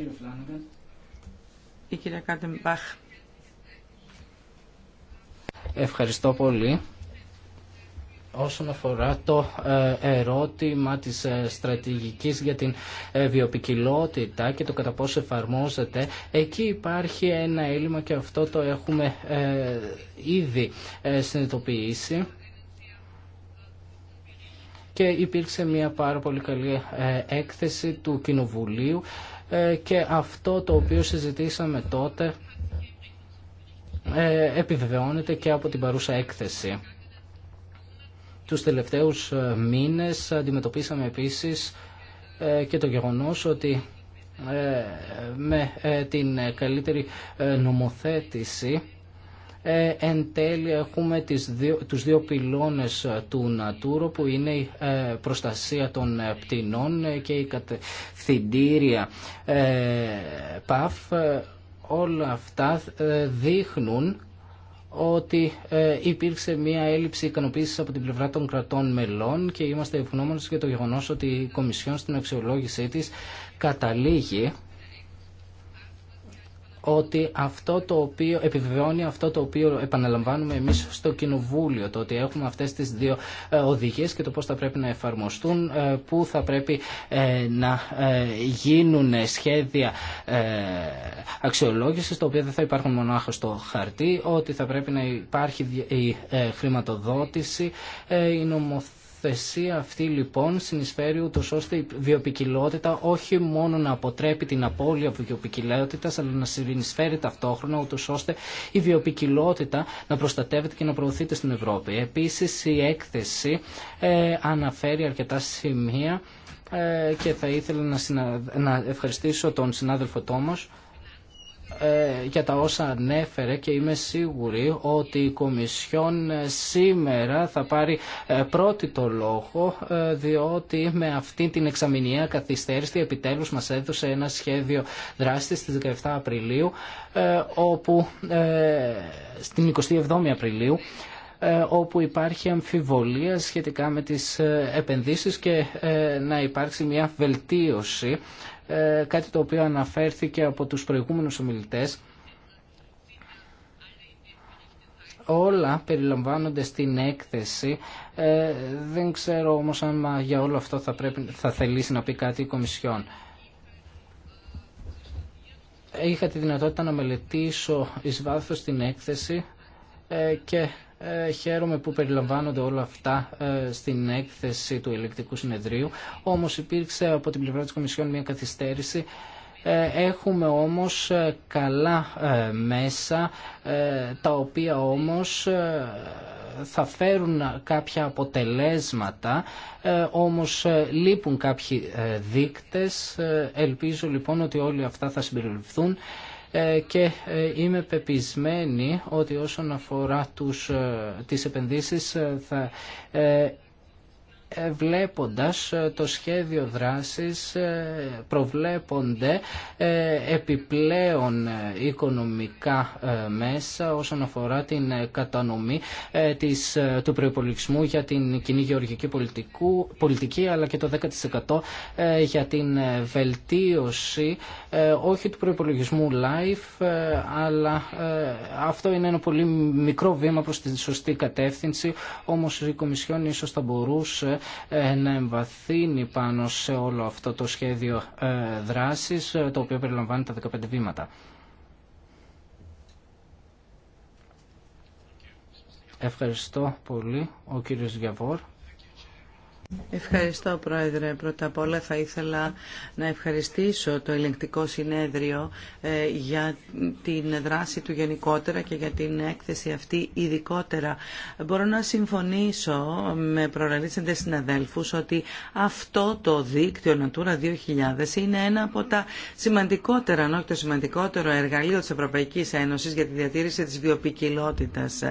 Ευχαριστώ πολύ όσον αφορά το ε, ερώτημα της ε, στρατηγικής για την ε, βιοπικιλότητα και το κατά πόσο εφαρμόζεται, εκεί υπάρχει ένα έλλειμμα και αυτό το έχουμε ήδη συνειδητοποιήσει και υπήρξε μια πάρα πολύ καλή έκθεση του Κοινοβουλίου και αυτό το οποίο συζητήσαμε τότε επιβεβαιώνεται και από την παρούσα έκθεση. Τους τελευταίους ε, μήνες αντιμετωπίσαμε επίσης ε, και το γεγονός ότι ε, με την καλύτερη νομοθέτηση εν τέλει έχουμε τις δύο, τους δύο πυλώνες του Νατούρο που είναι η προστασία των πτηνών και η κατευθυντήρια ΠΑΦ όλα αυτά δείχνουν ότι ε, υπήρξε μια έλλειψη ικανοποίηση από την πλευρά των κρατών μελών και είμαστε ευγνώμονε για το γεγονό ότι η Κομισιόν στην αξιολόγησή της καταλήγει ότι αυτό το οποίο επιβεβαιώνει αυτό το οποίο επαναλαμβάνουμε εμείς στο Κοινοβούλιο, το ότι έχουμε αυτές τις δύο ε, οδηγίε και το πώς θα πρέπει να εφαρμοστούν, ε, πού θα πρέπει ε, να γίνουν σχέδια αξιολόγηση, τα οποία δεν θα υπάρχουν μονάχα στο χαρτί, ότι θα πρέπει να υπάρχει η χρηματοδότηση, η νομοθεσία αυτή λοιπόν συνεισφέρει ούτως ώστε η βιοπικιλότητα όχι μόνο να αποτρέπει την απώλεια βιοπικιλότητας αλλά να συνεισφέρει ταυτόχρονα ούτως ώστε η βιοπικιλότητα να προστατεύεται και να προωθείται στην Ευρώπη. Επίσης η έκθεση ε, αναφέρει αρκετά σημεία ε, και θα ήθελα να, συνα... να ευχαριστήσω τον συνάδελφο Τόμος ε, για τα όσα ανέφερε και είμαι σίγουρη ότι η Κομισιόν σήμερα θα πάρει ε, πρώτη το λόγο ε, διότι με αυτή την εξαμηνία καθυστέρηση επιτέλους μας έδωσε ένα σχέδιο δράσης στις 17 Απριλίου όπου στην 27 Απριλίου όπου υπάρχει αμφιβολία σχετικά με τις επενδύσεις και να υπάρξει μια βελτίωση ε, κάτι το οποίο αναφέρθηκε από τους προηγούμενους ομιλητές. Όλα περιλαμβάνονται στην έκθεση. Ε, δεν ξέρω όμως αν για όλο αυτό θα, πρέπει, θα θελήσει να πει κάτι η Κομισιόν. Είχα τη δυνατότητα να μελετήσω εις βάθος την έκθεση ε, και ε, χαίρομαι που περιλαμβάνονται όλα αυτά ε, στην έκθεση του ελεκτικού συνεδρίου. Όμως υπήρξε από την πλευρά της Κομισιόν μια καθυστέρηση. Ε, έχουμε όμως καλά μέσα, τα οποία όμως θα φέρουν κάποια αποτελέσματα, όμως λείπουν κάποιοι δείκτες. Ελπίζω λοιπόν ότι όλοι αυτά θα συμπεριληφθούν ε, και ε, είμαι πεπισμένη ότι όσον αφορά τους, ε, τις επενδύσεις θα βλέποντας ε, το σχέδιο δράσης ε, προβλέπονται ε, επιπλέον οικονομικά μέσα όσον αφορά την κατανομή της, του προϋπολογισμού για την κοινή γεωργική πολιτική αλλά και το 10% για την βελτίωση όχι του προϋπολογισμού live αλλά αυτό είναι ένα πολύ μικρό βήμα προς τη σωστή κατεύθυνση όμως η Κομισιόν ίσως θα μπορούσε ε, να εμβαθύνει πάνω σε όλο αυτό το σχέδιο ε, δράσης ε, το οποίο περιλαμβάνει τα 15 βήματα. Ευχαριστώ πολύ ο κύριος Γιαβόρ. Ευχαριστώ Πρόεδρε. Πρώτα απ' όλα θα ήθελα να ευχαριστήσω το ελεγκτικό συνέδριο ε, για την δράση του γενικότερα και για την έκθεση αυτή ειδικότερα. Μπορώ να συμφωνήσω με προραλήσεντες συναδέλφους ότι αυτό το δίκτυο Natura 2000 είναι ένα από τα σημαντικότερα, αν όχι το σημαντικότερο εργαλείο της Ευρωπαϊκής Ένωσης για τη διατήρηση της βιοποικιλότητας.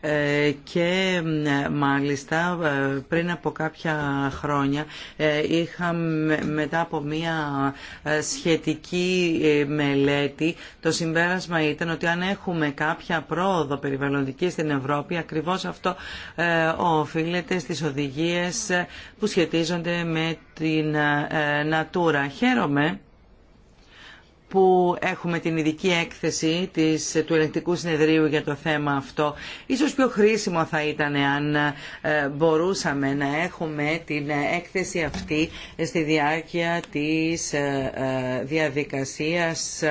Ε, και μάλιστα ε, πριν από κάποια χρόνια ε, είχαμε μετά από μία σχετική μελέτη το συμπέρασμα ήταν ότι αν έχουμε κάποια πρόοδο περιβαλλοντική στην Ευρώπη ακριβώς αυτό οφείλεται στις οδηγίες που σχετίζονται με την Natura. Χαίρομαι που έχουμε την ειδική έκθεση της, του ελεγκτικού συνεδρίου για το θέμα αυτό. Ίσως πιο χρήσιμο θα ήταν αν ε, μπορούσαμε να έχουμε την έκθεση αυτή στη διάρκεια της ε, ε, διαδικασίας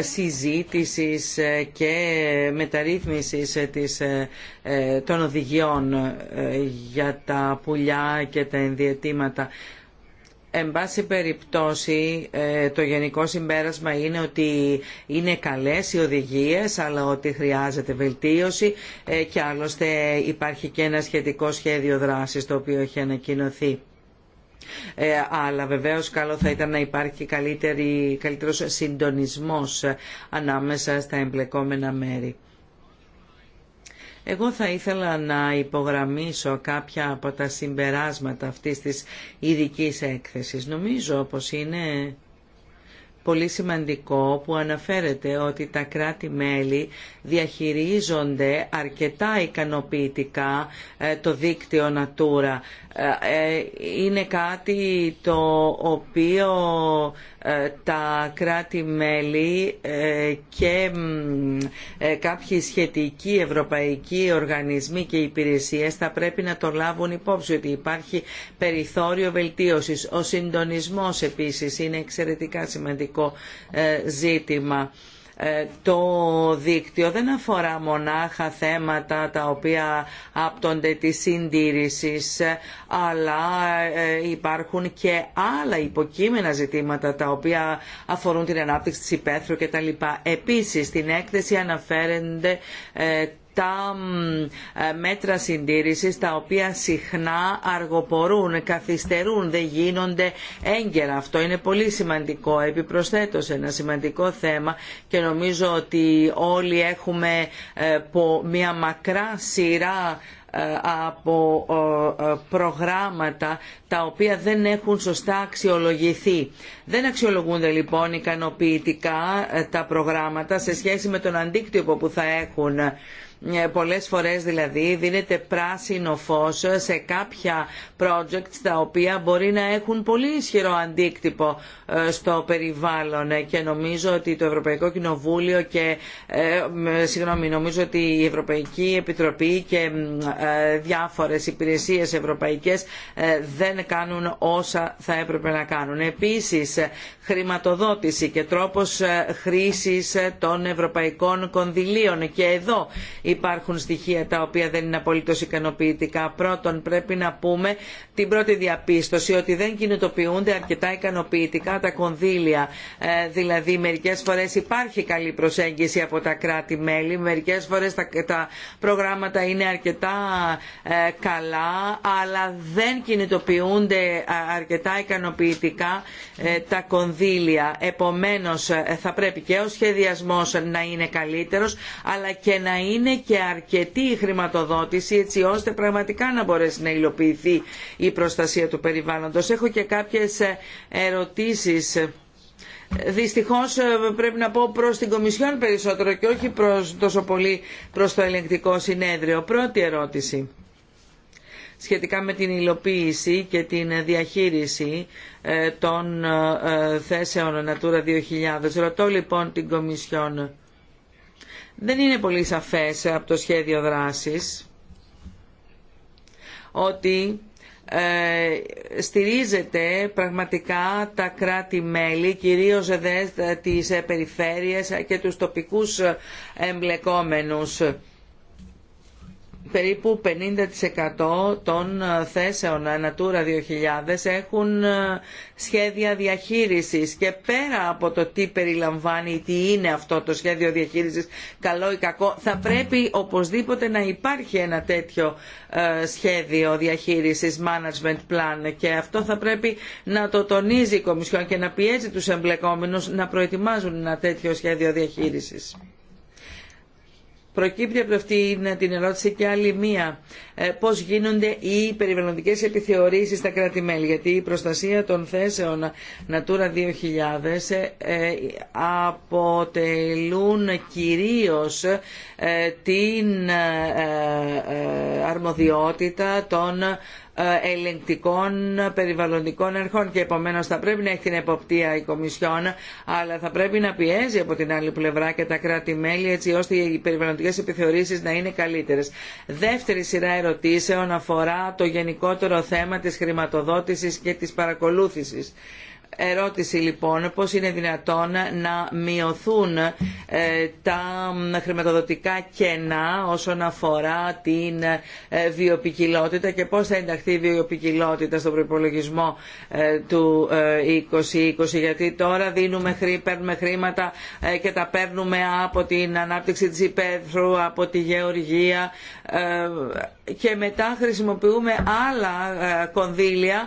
συζήτησης και μεταρρύθμισης της, των οδηγιών για τα πουλιά και τα ενδιατήματα. Εν πάση περιπτώσει ε, το γενικό συμπέρασμα είναι ότι είναι καλές οι οδηγίες αλλά ότι χρειάζεται βελτίωση ε, και άλλωστε υπάρχει και ένα σχετικό σχέδιο δράσης το οποίο έχει ανακοινωθεί. Ε, αλλά βεβαίως καλό θα ήταν να υπάρχει καλύτερη, καλύτερος συντονισμός ανάμεσα στα εμπλεκόμενα μέρη. Εγώ θα ήθελα να υπογραμμίσω κάποια από τα συμπεράσματα αυτής της ειδική έκθεσης. Νομίζω πως είναι πολύ σημαντικό που αναφέρεται ότι τα κράτη-μέλη διαχειρίζονται αρκετά ικανοποιητικά ε, το δίκτυο Natura. Ε, ε, είναι κάτι το οποίο τα κράτη-μέλη και κάποιοι σχετικοί ευρωπαϊκοί οργανισμοί και υπηρεσίες θα πρέπει να το λάβουν υπόψη ότι υπάρχει περιθώριο βελτίωσης. Ο συντονισμός επίσης είναι εξαιρετικά σημαντικό. Ε, ζήτημα. Ε, το δίκτυο δεν αφορά μονάχα θέματα τα οποία άπτονται της συντήρησης, ε, αλλά υπάρχουν και άλλα υποκείμενα ζητήματα τα οποία αφορούν την ανάπτυξη της υπαίθρου κτλ. Επίσης, στην έκθεση αναφέρονται τα ε, μέτρα συντήρησης τα οποία συχνά αργοπορούν, καθυστερούν, δεν γίνονται έγκαιρα. Αυτό είναι πολύ σημαντικό. Επιπροσθέτω σε ένα σημαντικό θέμα και νομίζω ότι όλοι έχουμε ε, μια μακρά σειρά ε, από προγράμματα τα οποία δεν έχουν σωστά αξιολογηθεί. Δεν αξιολογούνται λοιπόν ικανοποιητικά τα προγράμματα σε σχέση με τον αντίκτυπο που θα έχουν ε, πολλές φορές δηλαδή δίνεται πράσινο φως σε κάποια projects τα οποία μπορεί να έχουν πολύ ισχυρό αντίκτυπο ε, στο περιβάλλον ε, και νομίζω ότι το Ευρωπαϊκό Κοινοβούλιο και συγγνώμη, νομίζω ότι η Ευρωπαϊκή Επιτροπή και διάφορες υπηρεσίες ευρωπαϊκές δεν κάνουν όσα θα έπρεπε να κάνουν. Επίσης χρηματοδότηση και τρόπος ε, χρήσης ε, των ευρωπαϊκών κονδυλίων. Και εδώ υπάρχουν στοιχεία τα οποία δεν είναι απολύτως ικανοποιητικά. Πρώτον πρέπει να πούμε την πρώτη διαπίστωση ότι δεν κινητοποιούνται αρκετά ικανοποιητικά τα κονδύλια. Ε, δηλαδή μερικές φορές υπάρχει καλή προσέγγιση από τα κράτη-μέλη, μερικές φορές τα προγράμματα είναι αρκετά καλά αλλά δεν κινητοποιούνται αρκετά ικανοποιητικά τα κονδύλια κονδύλια. Επομένως θα πρέπει και ο σχεδιασμός να είναι καλύτερος αλλά και να είναι και αρκετή η χρηματοδότηση έτσι ώστε πραγματικά να μπορέσει να υλοποιηθεί η προστασία του περιβάλλοντος. Έχω και κάποιες ε, ερωτήσεις. Δυστυχώς ε, πρέπει να πω προς την Κομισιόν περισσότερο και όχι προς, τόσο πολύ προς το ελεγκτικό συνέδριο. Πρώτη ερώτηση σχετικά με την υλοποίηση και την διαχείριση ε, των ε, ε, θέσεων Natura 2000. Ρωτώ λοιπόν την Κομισιόν. Δεν είναι πολύ σαφές από το σχέδιο δράσης ότι στηρίζεται πραγματικά τα κράτη-μέλη, κυρίως δε τις περιφέρειες και τους τοπικούς εμπλεκόμενους περίπου 50% των ε, θέσεων ε, Natura 2000 έχουν ε, σχέδια διαχείρισης και πέρα από το τι περιλαμβάνει, τι είναι αυτό το σχέδιο διαχείρισης, καλό ή κακό, θα πρέπει οπωσδήποτε να υπάρχει ένα τέτοιο σχέδιο διαχείρισης, management plan και αυτό θα πρέπει να το τονίζει η Κομισιόν και να πιέζει τους εμπλεκόμενους να προετοιμάζουν ένα τέτοιο σχέδιο διαχείρισης. Προκύπτει από αυτή την ερώτηση και άλλη μία. Ε, πώς γίνονται οι περιβαλλοντικές επιθεωρήσεις στα κράτη-μέλη. Γιατί η προστασία των θέσεων Natura 2000 ε, ε, αποτελούν κυρίως την αρμοδιότητα των ε, ελεγκτικών περιβαλλοντικών ερχών και επομένως θα πρέπει να έχει την εποπτεία η Κομισιόν αλλά θα πρέπει να πιέζει από την άλλη πλευρά και τα κράτη-μέλη έτσι ώστε οι περιβαλλοντικές επιθεωρήσεις να είναι καλύτερες. Δεύτερη σειρά ερωτήσεων αφορά το γενικότερο θέμα της χρηματοδότησης και της παρακολούθησης ερώτηση λοιπόν πώς είναι δυνατόν να μειωθούν ε, τα χρηματοδοτικά κενά όσον αφορά την ε, βιοπικιλότητα και πώς θα ενταχθεί η βιοπικιλότητα στον προϋπολογισμό ε, του 2020 γιατί τώρα δίνουμε, παίρνουμε χρήματα και τα παίρνουμε από την ανάπτυξη της υπαίθρου, από τη γεωργία και μετά χρησιμοποιούμε άλλα κονδύλια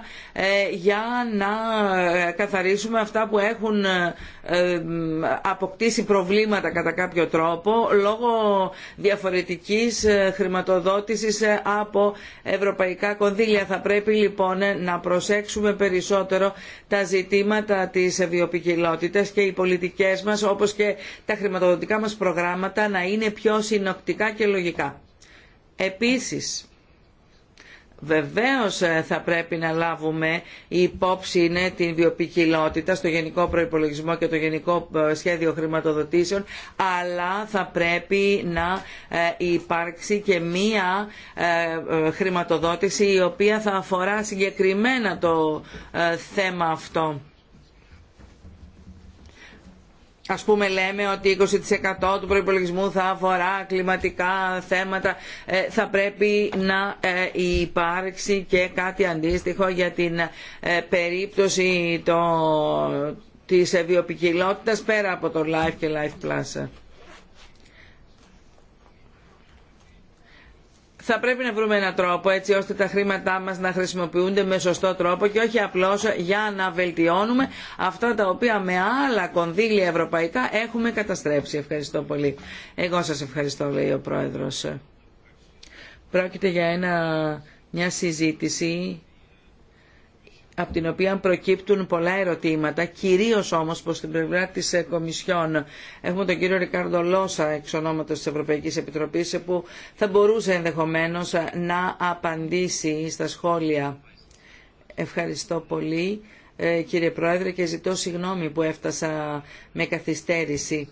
για να καθαρίσουμε αυτά που έχουν ε, ε, αποκτήσει προβλήματα κατά κάποιο τρόπο λόγω διαφορετικής ε, χρηματοδότησης από ευρωπαϊκά κονδύλια. Θα πρέπει λοιπόν να προσέξουμε περισσότερο τα ζητήματα της βιοπικιλότητας και οι πολιτικές μας όπως και τα χρηματοδοτικά μας προγράμματα να είναι πιο συνοπτικά και λογικά. Επίσης, Βεβαίως ε, θα πρέπει να λάβουμε υπόψη είναι την βιοπικιλότητα στο γενικό προϋπολογισμό και το γενικό ε, σχέδιο χρηματοδοτήσεων, αλλά θα πρέπει να ε, υπάρξει και μία χρηματοδότηση η οποία θα αφορά συγκεκριμένα το θέμα αυτό. Ας πούμε λέμε ότι 20% του προϋπολογισμού θα αφορά κλιματικά θέματα. Ε, θα πρέπει να ε, υπάρξει και κάτι αντίστοιχο για την ε, περίπτωση το... της βιοπικιλότητας πέρα από το Life και Life Plus. θα πρέπει να βρούμε έναν τρόπο έτσι ώστε τα χρήματά μας να χρησιμοποιούνται με σωστό τρόπο και όχι απλώς για να βελτιώνουμε αυτά τα οποία με άλλα κονδύλια ευρωπαϊκά έχουμε καταστρέψει. Ευχαριστώ πολύ. Εγώ σας ευχαριστώ λέει ο Πρόεδρος. Πρόκειται για ένα, μια συζήτηση από την οποία προκύπτουν πολλά ερωτήματα, κυρίως όμως προς την πλευρά της ε, Κομισιόν. Έχουμε τον κύριο Ρικάρδο Λόσα, εξ ονόματος της Ευρωπαϊκής Επιτροπής, που θα μπορούσε ενδεχομένως ε, να απαντήσει στα σχόλια. Ευχαριστώ πολύ, ε, κύριε Πρόεδρε, και ζητώ συγγνώμη που έφτασα με καθυστέρηση.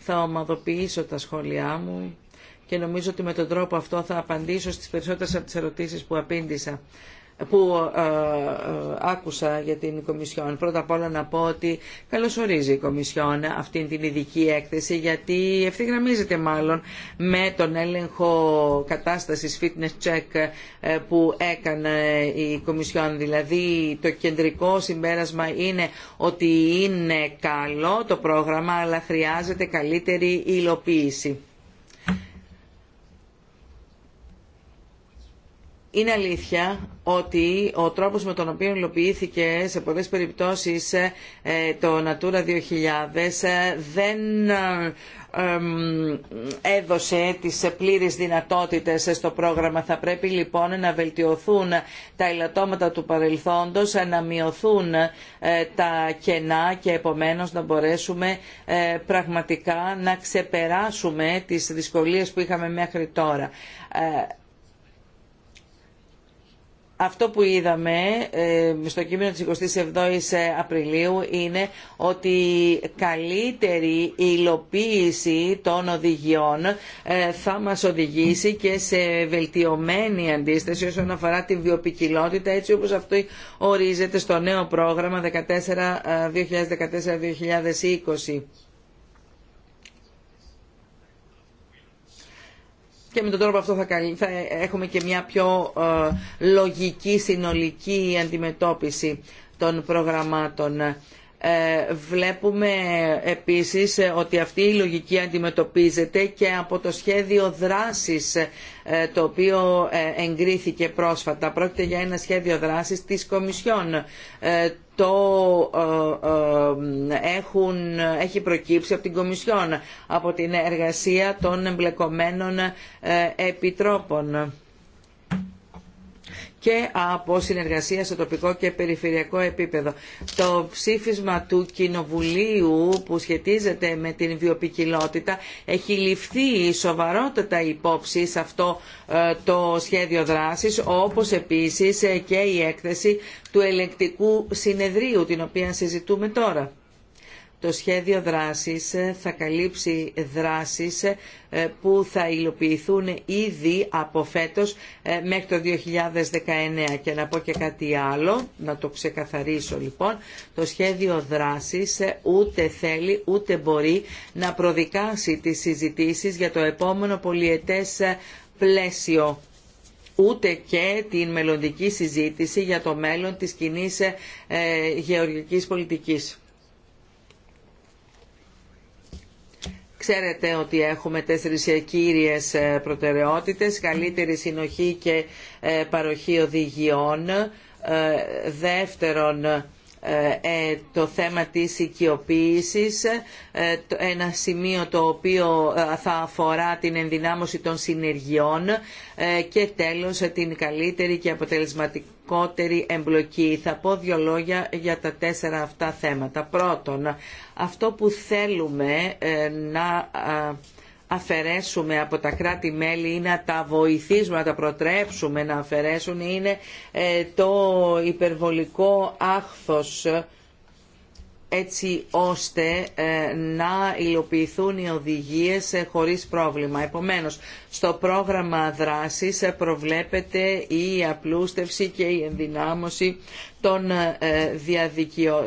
Θα ομαδοποιήσω τα σχόλιά μου και νομίζω ότι με τον τρόπο αυτό θα απαντήσω στις περισσότερες από τις ερωτήσεις που απήντησα που ε, ε, άκουσα για την Κομισιόν. Πρώτα απ' όλα να πω ότι καλωσορίζει η Κομισιόν αυτήν την ειδική έκθεση γιατί ευθυγραμμίζεται μάλλον με τον έλεγχο κατάστασης fitness check ε, που έκανε η Κομισιόν. Δηλαδή το κεντρικό συμπέρασμα είναι ότι είναι καλό το πρόγραμμα αλλά χρειάζεται καλύτερη υλοποίηση. Είναι αλήθεια ότι ο τρόπος με τον οποίο υλοποιήθηκε σε πολλές περιπτώσεις ε, το Natura 2000 ε, δεν ε, έδωσε τις πλήρες δυνατότητες στο πρόγραμμα. Θα πρέπει λοιπόν να βελτιωθούν τα ελαττώματα του παρελθόντος, να μειωθούν τα κενά και επομένως να μπορέσουμε πραγματικά να ξεπεράσουμε τις δυσκολίες που είχαμε μέχρι τώρα αυτό που είδαμε ε, στο κείμενο της 27ης Απριλίου είναι ότι καλύτερη υλοποίηση των οδηγιών ε, θα μας οδηγήσει και σε βελτιωμένη αντίσταση όσον αφορά την βιοπικιλότητα έτσι όπως αυτό ορίζεται στο νέο πρόγραμμα 2014-2020 και με τον τρόπο αυτό θα, θα έχουμε και μια πιο ε, λογική συνολική αντιμετώπιση των προγραμμάτων. Ε, βλέπουμε επίσης ότι αυτή η λογική αντιμετωπίζεται και από το σχέδιο δράσης ε, το οποίο εγκρίθηκε πρόσφατα. Πρόκειται για ένα σχέδιο δράσης της Κομισιόν το ε, ε, έχουν, έχει προκύψει από την Κομισιόν, από την εργασία των εμπλεκομένων ε, επιτρόπων και από συνεργασία σε τοπικό και περιφερειακό επίπεδο. Το ψήφισμα του Κοινοβουλίου που σχετίζεται με την βιοπικιλότητα έχει ληφθεί σοβαρότατα υπόψη σε αυτό ε, το σχέδιο δράσης όπως επίσης και η έκθεση του ελεκτικού συνεδρίου την οποία συζητούμε τώρα το σχέδιο δράσης θα καλύψει δράσεις ε, που θα υλοποιηθούν ήδη από φέτος ε, μέχρι το 2019. Και να πω και κάτι άλλο, να το ξεκαθαρίσω λοιπόν, το σχέδιο δράσης ε, ούτε θέλει ούτε μπορεί να προδικάσει τις συζητήσεις για το επόμενο πολιετές πλαίσιο ούτε και την μελλοντική συζήτηση για το μέλλον της κοινής γεωργικής πολιτικής. Ξέρετε ότι έχουμε τέσσερις κύριες ε, προτεραιότητες, καλύτερη συνοχή και ε, παροχή οδηγιών. Ε, δεύτερον, το θέμα της οικειοποίησης, ένα σημείο το οποίο θα αφορά την ενδυνάμωση των συνεργειών και τέλος την καλύτερη και αποτελεσματική γενικότερη εμπλοκή. Θα πω δύο λόγια για τα τέσσερα αυτά θέματα. Πρώτον, αυτό που θέλουμε ε, να αφαιρέσουμε από τα κράτη-μέλη ή να τα βοηθήσουμε, να τα προτρέψουμε να αφαιρέσουν είναι ε, το υπερβολικό άχθος έτσι ώστε ε, να υλοποιηθούν οι οδηγίες ε, χωρίς πρόβλημα. Επομένως, στο πρόγραμμα δράσης ε, προβλέπεται η απλούστευση και η ενδυνάμωση των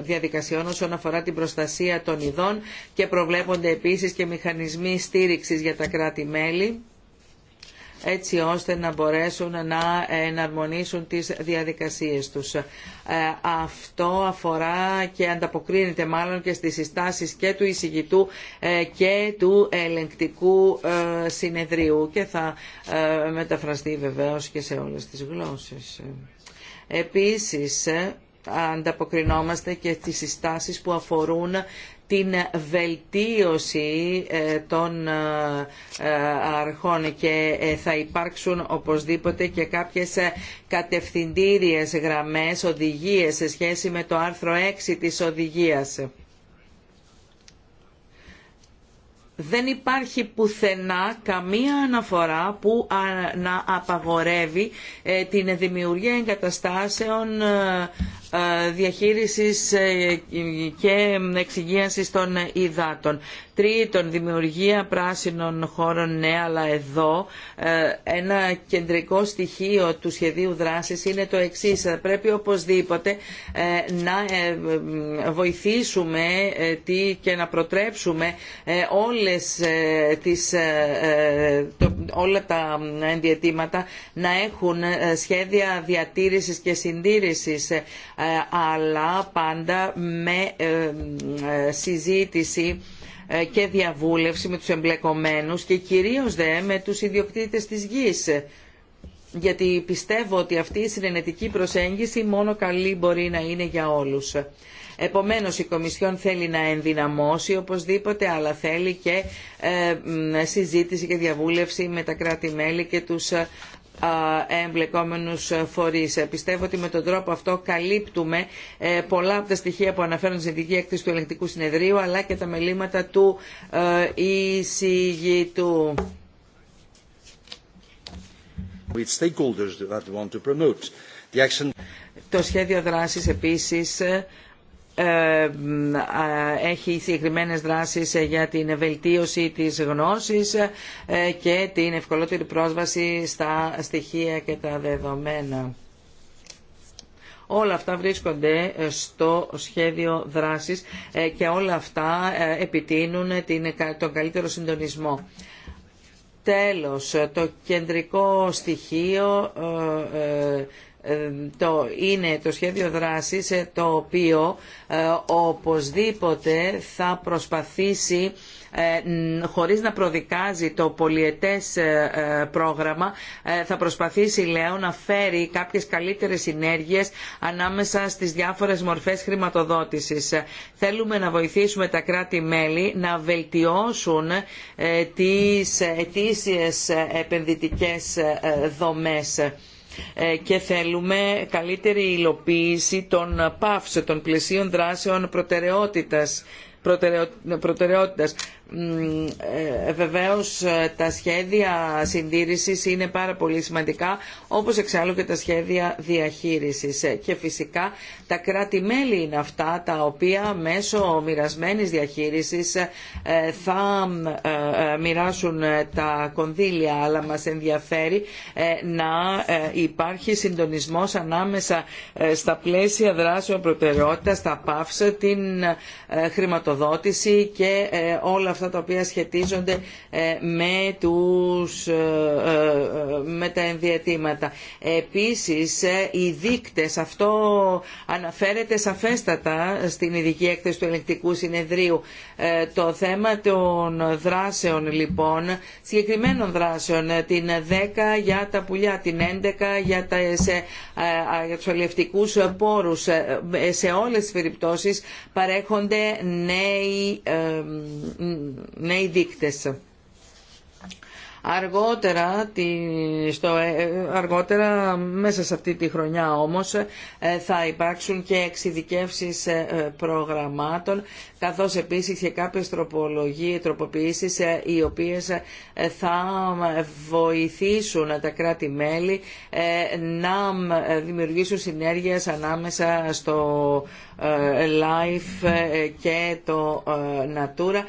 διαδικασιών όσον αφορά την προστασία των ειδών και προβλέπονται επίσης και μηχανισμοί στήριξης για τα κράτη-μέλη έτσι ώστε να μπορέσουν να εναρμονίσουν τις διαδικασίες τους. Ε, αυτό αφορά και ανταποκρίνεται μάλλον και στις συστάσεις και του εισηγητού ε, και του ελεγκτικού ε, συνεδρίου και θα μεταφραστεί βεβαίως και σε όλες τις γλώσσες. Επίσης, ανταποκρινόμαστε και τις συστάσεις που αφορούν την βελτίωση ε, των ε, ε, αρχών και θα υπάρξουν οπωσδήποτε και κάποιες κατευθυντήριες γραμμές, οδηγίες σε σχέση με το άρθρο 6 της οδηγίας. δεν υπάρχει πουθενά καμία αναφορά που να απαγορεύει την δημιουργία εγκαταστάσεων ε, διαχείρισης ε, και εξυγίανσης των υδάτων. Τρίτον, δημιουργία πράσινων χώρων, ναι, αλλά εδώ ε, ένα κεντρικό στοιχείο του σχεδίου δράσης είναι το εξής. Πρέπει οπωσδήποτε να βοηθήσουμε και να προτρέψουμε όλες τις, όλα τα ενδιατήματα να έχουν σχέδια διατήρησης και συντήρησης ε, αλλά πάντα με ε, ε, συζήτηση και διαβούλευση με τους εμπλεκομένους και κυρίως δε με τους ιδιοκτήτες της γης. Γιατί πιστεύω ότι αυτή η συνενετική προσέγγιση μόνο καλή μπορεί να είναι για όλους. Επομένως η Κομισιόν θέλει να ενδυναμώσει οπωσδήποτε, αλλά θέλει και συζήτηση και διαβούλευση με τα κράτη-μέλη και τους εμπλεκόμενους φορείς. Ε, πιστεύω ότι με τον τρόπο αυτό καλύπτουμε ε, πολλά από τα στοιχεία που αναφέρουν στην ειδική έκθεση του ελεγκτικού συνεδρίου αλλά και τα μελήματα του ε, εισηγητού. Το σχέδιο δράσης επίσης ε, ε, έχει συγκεκριμένες δράσεις για την βελτίωση της γνώσης ε, και την ευκολότερη πρόσβαση στα στοιχεία και τα δεδομένα. Όλα αυτά βρίσκονται στο σχέδιο δράσης και όλα αυτά επιτείνουν τον καλύτερο συντονισμό. Τέλος, το κεντρικό στοιχείο ε, το, είναι το σχέδιο δράσης ε, το οποίο ε, οπωσδήποτε θα προσπαθήσει χωρίς να προδικάζει το πολιετές πρόγραμμα θα προσπαθήσει λέω να φέρει κάποιες καλύτερες συνέργειες ανάμεσα στις διάφορες μορφές χρηματοδότησης. Θέλουμε να βοηθήσουμε τα κράτη-μέλη να βελτιώσουν τις ετήσιες επενδυτικές δομές ε, και θέλουμε καλύτερη υλοποίηση των παύσεων των πλαισίων δράσεων προτεραιότητας, ε, ε, βεβαίως ε, τα σχέδια συντήρησης είναι πάρα πολύ σημαντικά όπως εξάλλου και τα σχέδια διαχείρισης και φυσικά τα κράτη-μέλη είναι αυτά τα οποία μέσω μοιρασμένης διαχείρισης θα μοιράσουν τα κονδύλια αλλά μας ενδιαφέρει να υπάρχει συντονισμός ανάμεσα στα πλαίσια δράσεων προτεραιότητας, τα ΠΑΦΣ, την χρηματοδότηση και όλα αυτά αυτά τα οποία σχετίζονται ε, με, τους, ε, ε, με τα ενδιατήματα. Επίσης, οι δείκτες, αυτό αναφέρεται σαφέστατα στην ειδική έκθεση του ελεκτικού συνεδρίου. Το θέμα των δράσεων λοιπόν, συγκεκριμένων δράσεων, την 10 για τα πουλιά, την 11 για, τα, σε, για τους πόρους, σε όλες τις περιπτώσεις παρέχονται νέοι, νέοι δείκτες. Αργότερα, στο, ε, αργότερα μέσα σε αυτή τη χρονιά όμως ε, θα υπάρξουν και εξειδικεύσεις ε, προγραμμάτων καθώς επίσης και κάποιες τροπολογίες, τροποποιήσεις ε, οι οποίες ε, θα βοηθήσουν τα κράτη-μέλη ε, να δημιουργήσουν συνέργειες ανάμεσα στο LIFE και το Natura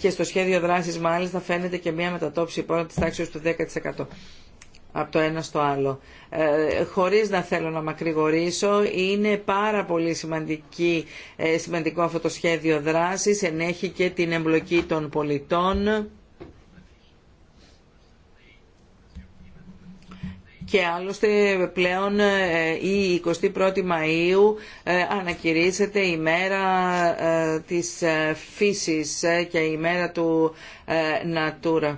και στο σχέδιο δράσης μάλιστα φαίνεται και μια μετατόπιση πάνω της τάξης του 10% από το ένα στο άλλο. Ε, χωρίς να θέλω να μακρηγορήσω, είναι πάρα πολύ σημαντική, ε, σημαντικό αυτό το σχέδιο δράσης, ενέχει και την εμπλοκή των πολιτών και άλλωστε πλέον ε, η 21η Μαΐου ε, ανακηρύσσεται η μέρα της φύσης και η μέρα του Natura.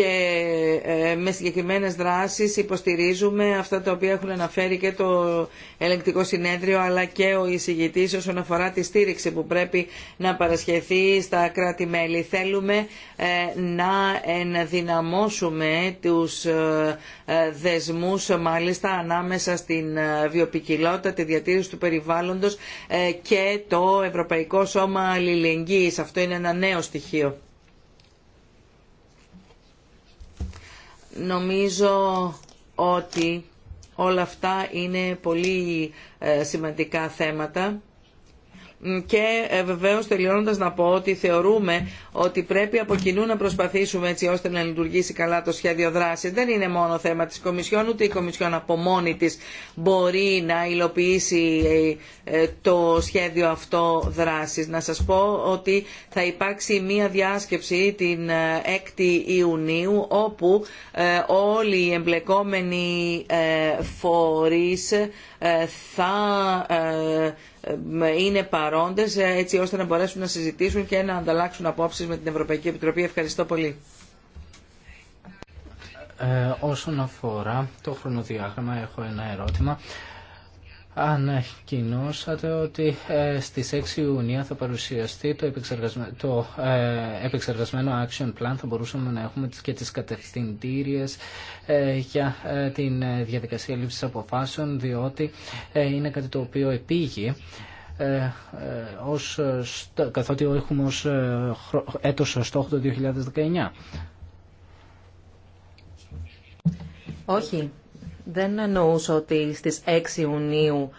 και ε, με συγκεκριμένες δράσεις υποστηρίζουμε αυτά τα οποία έχουν αναφέρει και το ελεγκτικό συνέδριο αλλά και ο εισηγητής όσον αφορά τη στήριξη που πρέπει να παρασχεθεί στα κράτη-μέλη. Θέλουμε ε, να ενδυναμώσουμε τους ε, δεσμούς μάλιστα ανάμεσα στην βιοπικιλότητα, τη διατήρηση του περιβάλλοντος και το Ευρωπαϊκό Σώμα Αλληλεγγύης. Αυτό είναι ένα νέο στοιχείο. Νομίζω ότι όλα αυτά είναι πολύ ε, σημαντικά θέματα και ε, βεβαίως τελειώνοντας να πω ότι θεωρούμε ότι πρέπει από κοινού να προσπαθήσουμε έτσι ώστε να λειτουργήσει καλά το σχέδιο δράσης. Δεν είναι μόνο θέμα της Κομισιόν, ούτε η Κομισιόν από μόνη της μπορεί να υλοποιήσει ε, ε, το σχέδιο αυτό δράσης. Να σας πω ότι θα υπάρξει μία διάσκεψη την 6η Ιουνίου όπου όλοι οι εμπλεκόμενοι φορείς θα ε, είναι παρόντες ε, έτσι ώστε να μπορέσουν να συζητήσουν και να ανταλλάξουν απόψεις με την Ευρωπαϊκή Επιτροπή. Ευχαριστώ πολύ. Ε, όσον αφορά το χρονοδιάγραμμα έχω ένα ερώτημα ανακοινώσατε ότι ε, στις 6 Ιουνίου θα παρουσιαστεί το, επεξεργασμένο, το ε, επεξεργασμένο action plan. Θα μπορούσαμε να έχουμε και τις κατευθυντήριες ε, για την διαδικασία λήψης αποφάσεων, διότι είναι κάτι το οποίο επήγει ως, καθότι έχουμε ως έτος στόχο το 2019. Όχι, δεν εννοούσα ότι στις 6 Ιουνίου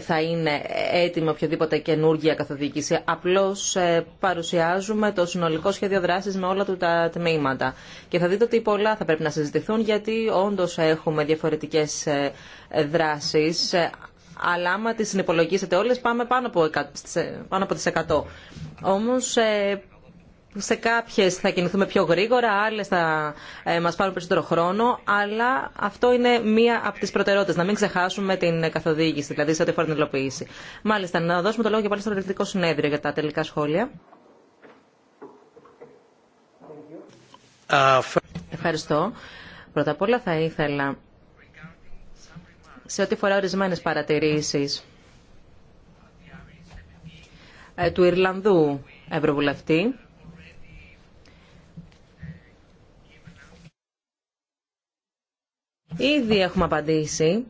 θα είναι έτοιμη οποιοδήποτε καινούργια καθοδιοίκηση. Απλώς ε, παρουσιάζουμε το συνολικό σχέδιο δράσης με όλα του τα τμήματα. Και θα δείτε ότι πολλά θα πρέπει να συζητηθούν γιατί όντως έχουμε διαφορετικές ε, δράσεις. Ε, αλλά άμα τις συνυπολογίσετε όλες πάμε πάνω από, πάνω από τις 100. Όμως σε κάποιε θα κινηθούμε πιο γρήγορα, άλλες θα ε, μας πάρουν περισσότερο χρόνο, αλλά αυτό είναι μία από τις προτεραιότητε να μην ξεχάσουμε την καθοδήγηση, δηλαδή σε ό,τι αφορά την υλοποίηση. Μάλιστα, να δώσουμε το λόγο και πάλι στο Ελεκτρικό Συνέδριο για τα τελικά σχόλια. Ευχαριστώ. Πρώτα απ' όλα θα ήθελα, σε ό,τι φορά ορισμένε παρατηρήσει ε, του Ιρλανδού Ευρωβουλευτή, Ήδη έχουμε απαντήσει.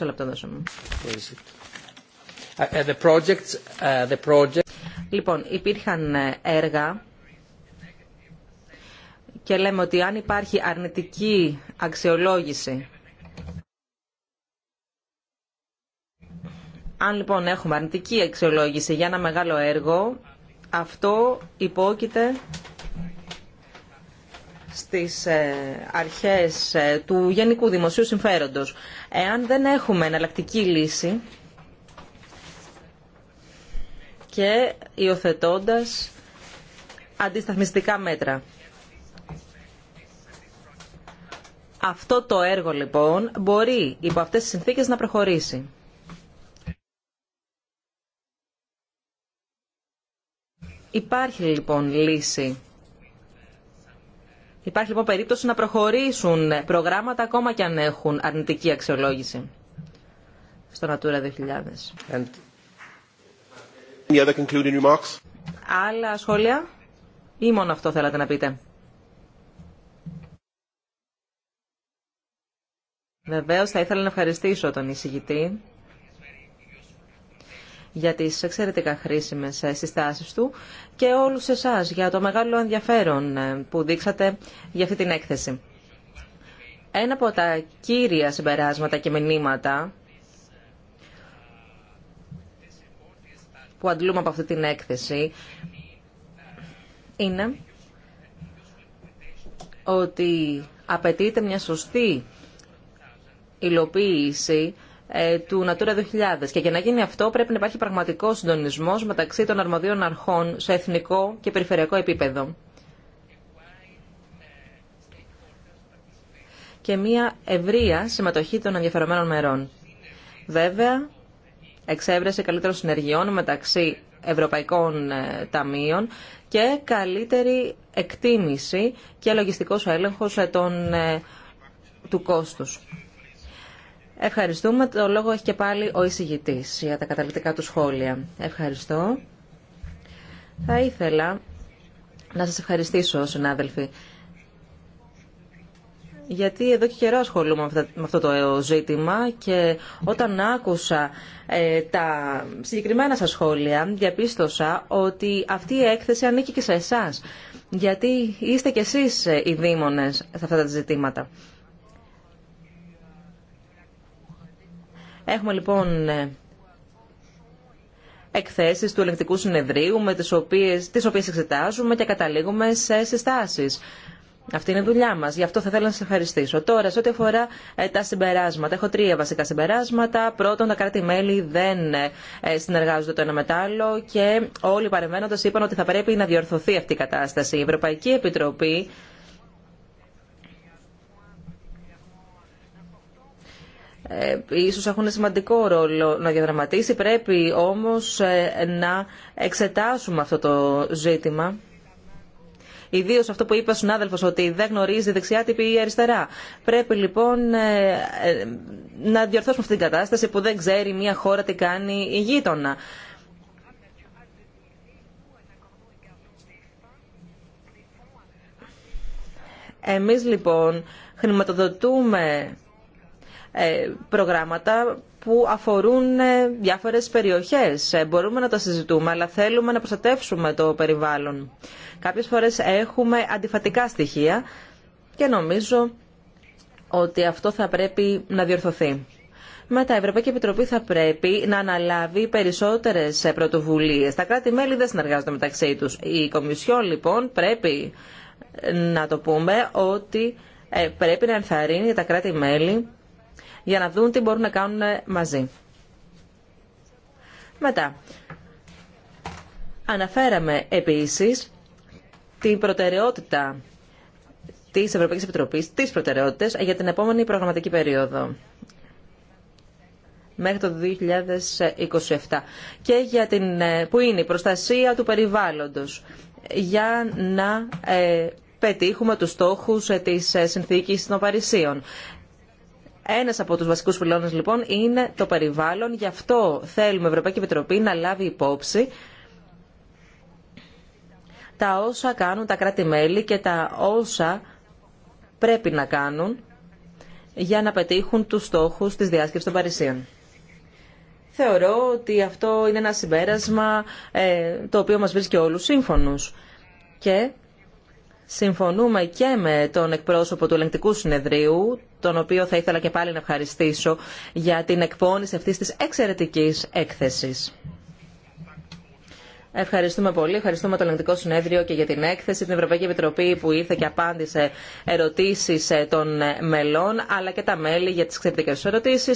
λεπτό δώσουμε. Ε, the ε, the project... Λοιπόν, υπήρχαν ε, έργα και λέμε ότι αν υπάρχει αρνητική αξιολόγηση Αν λοιπόν έχουμε αρνητική αξιολόγηση για ένα μεγάλο έργο, αυτό υπόκειται στις ε, αρχές ε, του γενικού δημοσίου συμφέροντος. Εάν δεν έχουμε εναλλακτική λύση και υιοθετώντα αντισταθμιστικά μέτρα. Αυτό το έργο λοιπόν μπορεί υπό αυτές τις συνθήκες να προχωρήσει. Υπάρχει λοιπόν λύση Υπάρχει λοιπόν περίπτωση να προχωρήσουν προγράμματα ακόμα και αν έχουν αρνητική αξιολόγηση στο Natura 2000. And... Άλλα σχόλια ή μόνο αυτό θέλατε να πείτε. Βεβαίω θα ήθελα να ευχαριστήσω τον εισηγητή για τις εξαιρετικά χρήσιμες ε, συστάσεις του και όλους εσάς για το μεγάλο ενδιαφέρον ε, που δείξατε για αυτή την έκθεση. Ένα από τα κύρια συμπεράσματα και μηνύματα που αντλούμε από αυτή την έκθεση είναι ότι απαιτείται μια σωστή υλοποίηση ε, του Natura 2000. Και για να γίνει αυτό πρέπει να υπάρχει πραγματικό συντονισμό μεταξύ των αρμοδίων αρχών σε εθνικό και περιφερειακό επίπεδο. Και μια ευρεία συμμετοχή των ενδιαφερομένων μερών. Βέβαια, εξέβρεση καλύτερων συνεργειών μεταξύ ευρωπαϊκών ε, ταμείων και καλύτερη εκτίμηση και λογιστικός έλεγχος ε, των, του κόστους. Ευχαριστούμε. Το λόγο έχει και πάλι ο εισηγητής για τα καταληκτικά του σχόλια. Ευχαριστώ. Θα ήθελα να σας ευχαριστήσω, συνάδελφοι, γιατί εδώ και καιρό ασχολούμαι με αυτό το ζήτημα και όταν άκουσα ε, τα συγκεκριμένα σας σχόλια διαπίστωσα ότι αυτή η έκθεση ανήκει και σε εσάς, γιατί είστε κι εσείς ε, οι δήμονες σε αυτά τα ζητήματα. Έχουμε λοιπόν ε, εκθέσεις του ελεκτικού συνεδρίου με τις οποίες, τις οποίες εξετάζουμε και καταλήγουμε σε συστάσεις. Αυτή είναι η δουλειά μας. Γι' αυτό θα ήθελα να σας ευχαριστήσω. Τώρα, σε ό,τι αφορά ε, τα συμπεράσματα, έχω τρία βασικά συμπεράσματα. Πρώτον, τα κράτη-μέλη δεν ε, συνεργάζονται το ένα με το άλλο και όλοι παρεμβαίνοντας είπαν ότι θα πρέπει να διορθωθεί αυτή η κατάσταση. Η Ευρωπαϊκή Επιτροπή Ε, ίσως έχουν σημαντικό ρόλο να διαδραματίσει. Πρέπει όμως ε, να εξετάσουμε αυτό το ζήτημα. Ιδίω αυτό που είπε ο συνάδελφο, ότι δεν γνωρίζει δεξιά τύπη ή αριστερά. Πρέπει λοιπόν ε, να διορθώσουμε αυτή την κατάσταση που δεν ξέρει μια χώρα τι κάνει η γείτονα. Εμείς λοιπόν χρηματοδοτούμε ε, προγράμματα που αφορούν ε, διάφορες περιοχές. Ε, μπορούμε να τα συζητούμε, αλλά θέλουμε να προστατεύσουμε το περιβάλλον. Κάποιες φορές έχουμε αντιφατικά στοιχεία και νομίζω ότι αυτό θα πρέπει να διορθωθεί. Μετά, τα Ευρωπαϊκή Επιτροπή θα πρέπει να αναλάβει περισσότερε πρωτοβουλίε. Τα κράτη-μέλη δεν συνεργάζονται μεταξύ του. Η Κομισιόν, λοιπόν, πρέπει να το πούμε ότι πρέπει να ενθαρρύνει τα κράτη-μέλη για να δουν τι μπορούν να κάνουν μαζί. Μετά, αναφέραμε επίσης την προτεραιότητα της Ευρωπαϊκής Επιτροπής, τις προτεραιότητες για την επόμενη προγραμματική περίοδο μέχρι το 2027 και για την, ε, που είναι η προστασία του περιβάλλοντος για να ε, πετύχουμε τους στόχους ε, της συνθήκης των Παρισίων. Ένα από του βασικού πυλώνε λοιπόν είναι το περιβάλλον. Γι' αυτό θέλουμε η Ευρωπαϊκή Επιτροπή να λάβει υπόψη τα όσα κάνουν τα κράτη-μέλη και τα όσα πρέπει να κάνουν για να πετύχουν τους στόχους της διάσκεψης των Παρισίων. Θεωρώ ότι αυτό είναι ένα συμπέρασμα ε, το οποίο μας βρίσκει όλους σύμφωνους. Και Συμφωνούμε και με τον εκπρόσωπο του Ελεγκτικού Συνεδρίου, τον οποίο θα ήθελα και πάλι να ευχαριστήσω για την εκπόνηση αυτής της εξαιρετικής έκθεσης. Ευχαριστούμε πολύ. Ευχαριστούμε το Ελληνικό Συνέδριο και για την έκθεση, την Ευρωπαϊκή Επιτροπή που ήρθε και απάντησε ερωτήσει ε, των μελών, αλλά και τα μέλη για τις εξαιρετικές ερωτήσει.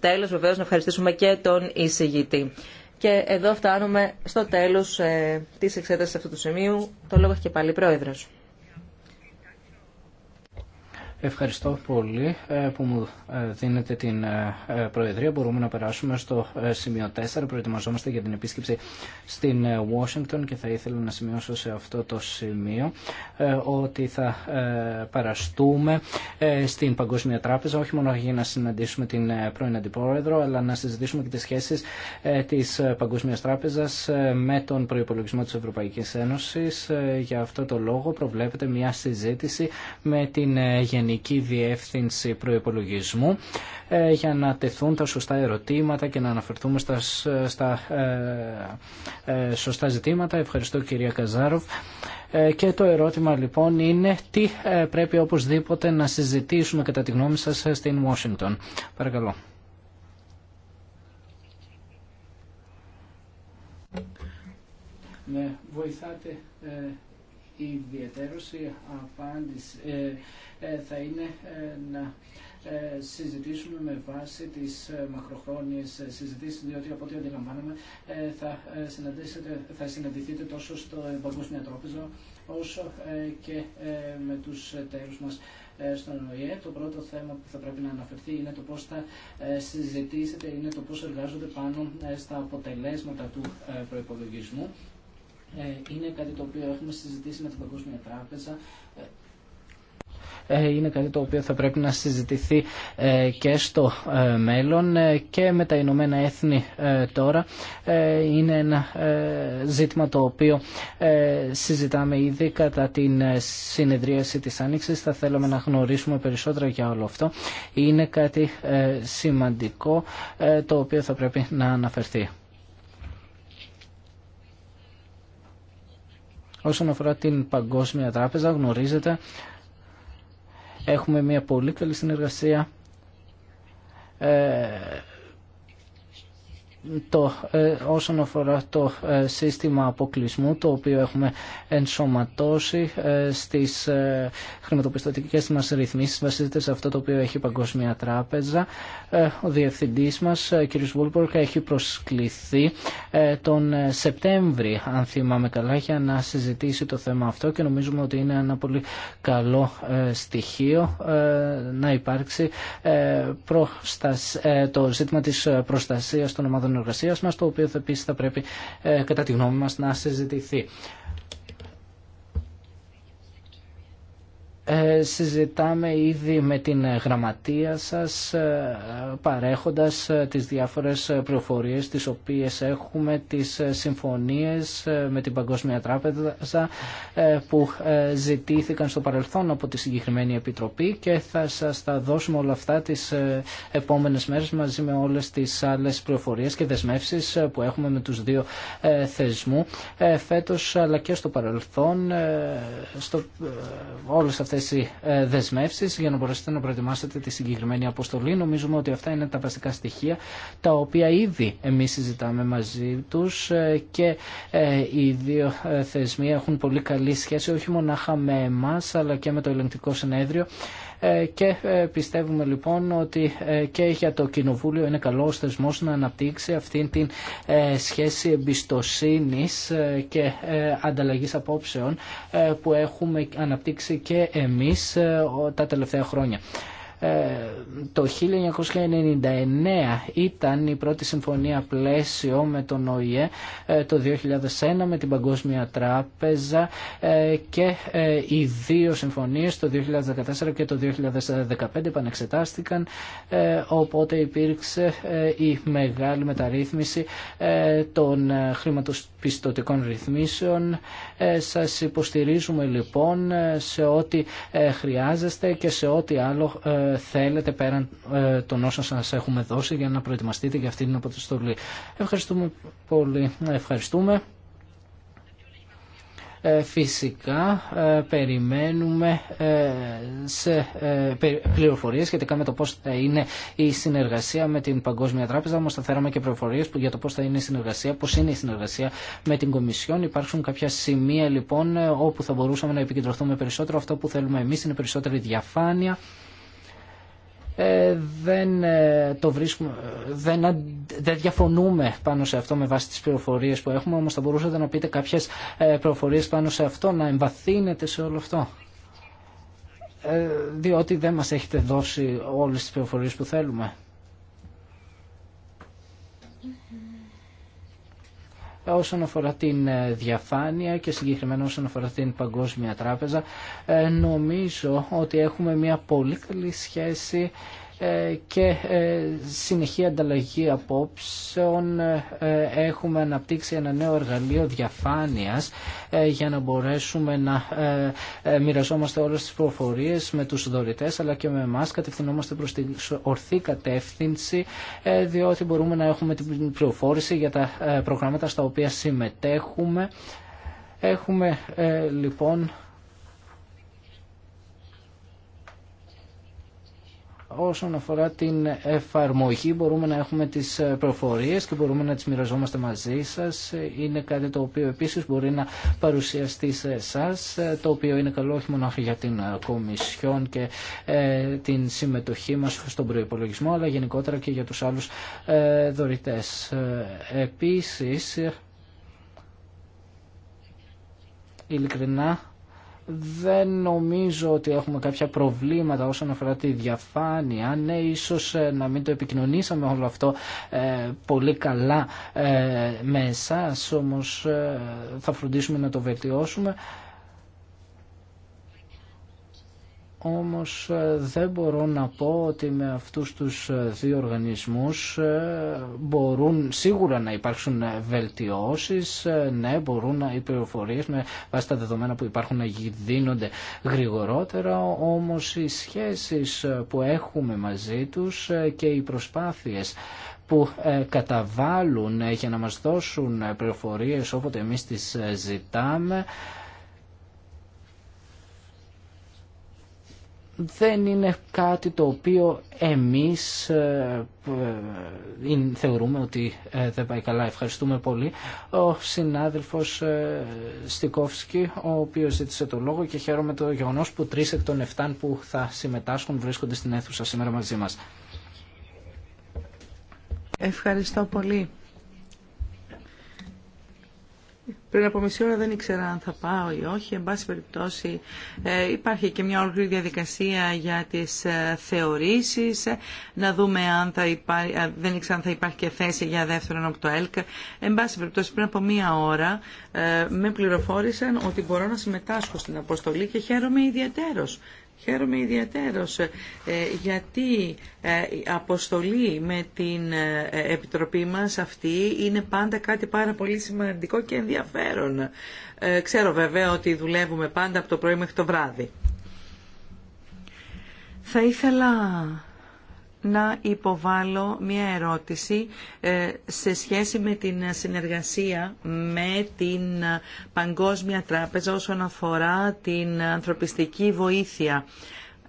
Τέλο, βεβαίω να ευχαριστήσουμε και τον εισηγητή. Και εδώ φτάνουμε στο τέλο ε, της εξέτασης αυτού του σημείου. Το λόγο έχει και πάλι η πρόεδρο. Ευχαριστώ πολύ ε, που μου ε, δίνετε την ε, Προεδρία. Μπορούμε να περάσουμε στο σημείο 4. Προετοιμαζόμαστε για την επίσκεψη στην Ουάσιγκτον και θα ήθελα να σημειώσω σε αυτό το σημείο ότι θα παραστούμε στην Παγκόσμια Τράπεζα όχι μόνο για να συναντήσουμε την πρώην Αντιπρόεδρο αλλά να συζητήσουμε και τις σχέσεις της Παγκόσμιας Τράπεζας με τον προϋπολογισμό της Ευρωπαϊκής Ένωσης. Για αυτό το λόγο προβλέπεται μια συζήτηση με την Γενική Γενική Διεύθυνση Προϋπολογισμού ε, για να τεθούν τα σωστά ερωτήματα και να αναφερθούμε στα, στα ε, ε, σωστά ζητήματα. Ευχαριστώ κυρία Καζάροφ. Ε, και το ερώτημα λοιπόν είναι τι πρέπει οπωσδήποτε να συζητήσουμε κατά τη γνώμη σας στην Washington. Παρακαλώ. Ναι, βοηθάτε η η απάντηση ε, ε, θα είναι ε, να συζητήσουμε με βάση τις μακροχρόνιες συζητήσεις, διότι από ό,τι αντιλαμβάνομαι θα, θα συναντηθείτε τόσο στο Παγκόσμιο τρόπεζο όσο και με τους εταίρους μας στον ΟΗΕ. Το πρώτο θέμα που θα πρέπει να αναφερθεί είναι το πώς θα συζητήσετε, είναι το πώς εργάζονται πάνω στα αποτελέσματα του προϋπολογισμού ε, είναι κάτι το οποίο έχουμε συζητήσει με την Παγκόσμια Τράπεζα ε, είναι κάτι το οποίο θα πρέπει να συζητηθεί ε, και στο μέλλον και με τα Ηνωμένα Έθνη τώρα. Είναι ένα ζήτημα το οποίο συζητάμε ήδη κατά την συνεδρίαση της Άνοιξης. Θα θέλαμε να γνωρίσουμε περισσότερα για όλο αυτό. Είναι κάτι σημαντικό το οποίο θα πρέπει να αναφερθεί. Όσον αφορά την Παγκόσμια Τράπεζα, γνωρίζετε, έχουμε μια πολύ καλή συνεργασία ε, το, ε, όσον αφορά το ε, σύστημα αποκλεισμού το οποίο έχουμε ενσωματώσει ε, στις χρηματοπιστωτικές μας ρυθμίσεις βασίζεται σε αυτό το οποίο έχει η Παγκόσμια Τράπεζα ο διευθυντής μας κ. Βούλπορκ έχει προσκληθεί τον Σεπτέμβρη αν θυμάμαι καλά για να συζητήσει το θέμα αυτό και νομίζουμε ότι είναι ένα πολύ καλό στοιχείο να υπάρξει το ζήτημα της προστασίας των ομάδων μα, το οποίο επίση θα πρέπει, ε, κατά τη γνώμη μα, να συζητηθεί. Ε, συζητάμε ήδη με την γραμματεία σας ε, παρέχοντας ε, τις διάφορες πληροφορίες τις οποίες έχουμε, τις συμφωνίες με την Παγκόσμια Τράπεζα που ζητήθηκαν στο παρελθόν από τη συγκεκριμένη Επιτροπή και θα σας τα δώσουμε όλα αυτά τις επόμενες μέρες μαζί με όλες τις άλλες πληροφορίες και δεσμεύσεις που έχουμε με τους δύο θεσμού φέτος αλλά και στο παρελθόν στο, όλες ε, δεσμεύσεις για να μπορέσετε να προετοιμάσετε τη συγκεκριμένη αποστολή. Νομίζουμε ότι αυτά είναι τα βασικά στοιχεία τα οποία ήδη εμείς συζητάμε μαζί τους ε, και ε, οι δύο ε, θεσμοί έχουν πολύ καλή σχέση όχι μονάχα με εμά, αλλά και με το ελεγκτικό συνέδριο ε, και ε, πιστεύουμε λοιπόν ότι ε, και για το Κοινοβούλιο είναι καλός θεσμός να αναπτύξει αυτήν την σχέση εμπιστοσύνης και ανταλλαγής απόψεων που έχουμε αναπτύξει και εμείς τα τελευταία χρόνια. Ε, το 1999 ήταν η πρώτη συμφωνία πλαίσιο με τον ΟΗΕ, ε, το 2001 με την Παγκόσμια Τράπεζα ε, και οι δύο συμφωνίες το 2014 και το 2015 επανεξετάστηκαν οπότε υπήρξε η μεγάλη μεταρρύθμιση των χρηματοστηρών πιστοτικών ρυθμίσεων. Ε, σας υποστηρίζουμε λοιπόν ε, σε ό,τι ε, χρειάζεστε και σε ό,τι άλλο θέλετε πέραν των όσων σας έχουμε δώσει για να προετοιμαστείτε για αυτή την αποστολή. Ευχαριστούμε πολύ. Ευχαριστούμε. Ε, φυσικά ε, περιμένουμε ε, σε πληροφορίες σχετικά με το πώς θα είναι η συνεργασία με την Παγκόσμια Τράπεζα, όμως θα θέλαμε και πληροφορίες για το πώς θα είναι η συνεργασία, πώς είναι η συνεργασία με την Κομισιόν. Υπάρχουν κάποια σημεία λοιπόν όπου θα μπορούσαμε να επικεντρωθούμε περισσότερο. Αυτό που θέλουμε εμείς είναι περισσότερη διαφάνεια ε, δεν, ε, το βρίσκουμε, ε, δεν, δεν διαφωνούμε πάνω σε αυτό με βάση τις πληροφορίες που έχουμε, όμως θα μπορούσατε να πείτε κάποιες πληροφορίες πάνω σε αυτό, να εμβαθύνετε σε όλο αυτό διότι δεν μας έχετε δώσει όλες τις πληροφορίες που θέλουμε όσον αφορά την ε, διαφάνεια και συγκεκριμένα όσον αφορά την Παγκόσμια Τράπεζα ε, νομίζω ότι έχουμε μια πολύ καλή σχέση ε, και ε, συνεχή ανταλλαγή απόψεων ε, έχουμε αναπτύξει ένα νέο εργαλείο διαφάνειας για να μπορέσουμε να μοιραζόμαστε όλες τις προφορίες με τους δωρητές αλλά και με εμά κατευθυνόμαστε προς την ορθή κατεύθυνση διότι μπορούμε να έχουμε την πληροφόρηση για τα προγράμματα στα οποία συμμετέχουμε έχουμε λοιπόν όσον αφορά την εφαρμογή μπορούμε να έχουμε τις ε, προφορίες και μπορούμε να τις μοιραζόμαστε μαζί σας. Είναι κάτι το οποίο επίσης μπορεί να παρουσιαστεί σε εσά, ε, το οποίο είναι καλό όχι μόνο για την ε, Κομισιόν και την συμμετοχή μας στον προϋπολογισμό, αλλά γενικότερα και για τους άλλους δωρητές. Επίσης, ειλικρινά, δεν νομίζω ότι έχουμε κάποια προβλήματα όσον αφορά τη διαφάνεια. Ναι, ίσως ε, να μην το επικοινωνήσαμε όλο αυτό ε, πολύ καλά ε, μέσα, όμω θα φροντίσουμε να το βελτιώσουμε. όμως ε, δεν μπορώ να πω ότι με αυτούς τους ε, δύο οργανισμούς ε, μπορούν σίγουρα να υπάρξουν βελτιώσεις, ναι μπορούν να, οι πληροφορίες με βάση τα δεδομένα που υπάρχουν να δίνονται γρηγορότερα, όμως οι σχέσεις που έχουμε μαζί τους και οι προσπάθειες που καταβάλουν για να μας δώσουν πληροφορίες όποτε εμείς τις ζητάμε δεν είναι κάτι το οποίο εμείς ε, ε, ε, θεωρούμε ότι δεν πάει καλά. Ευχαριστούμε πολύ. Ο συνάδελφος Στικόφσκι, ο οποίος ζήτησε το λόγο και χαίρομαι το γεγονό που τρεις εκ των εφτάν που θα συμμετάσχουν βρίσκονται στην αίθουσα σήμερα μαζί μας. Ευχαριστώ πολύ. Πριν από μισή ώρα δεν ήξερα αν θα πάω ή όχι. Εν πάση περιπτώσει ε, υπάρχει και μια ολόκληρη διαδικασία για τις ε, θεωρήσεις. Ε, να δούμε αν θα δεν ήξερα αν θα υπάρχει και θέση για δεύτερον από το ΕΛΚ. Εν πάση περιπτώσει πριν από μία ώρα με πληροφόρησαν ότι μπορώ να συμμετάσχω στην αποστολή και χαίρομαι ιδιαίτερος. Χαίρομαι ιδιαίτερος ε, γιατί ε, η αποστολή με την ε, Επιτροπή μας αυτή είναι πάντα κάτι πάρα πολύ σημαντικό και ενδιαφέρον. Ξέρω βέβαια ότι δουλεύουμε πάντα από το πρωί μέχρι το βράδυ. Θα ήθελα να υποβάλω μια ερώτηση ε, σε σχέση με την συνεργασία με την Παγκόσμια Τράπεζα όσον αφορά την ανθρωπιστική βοήθεια.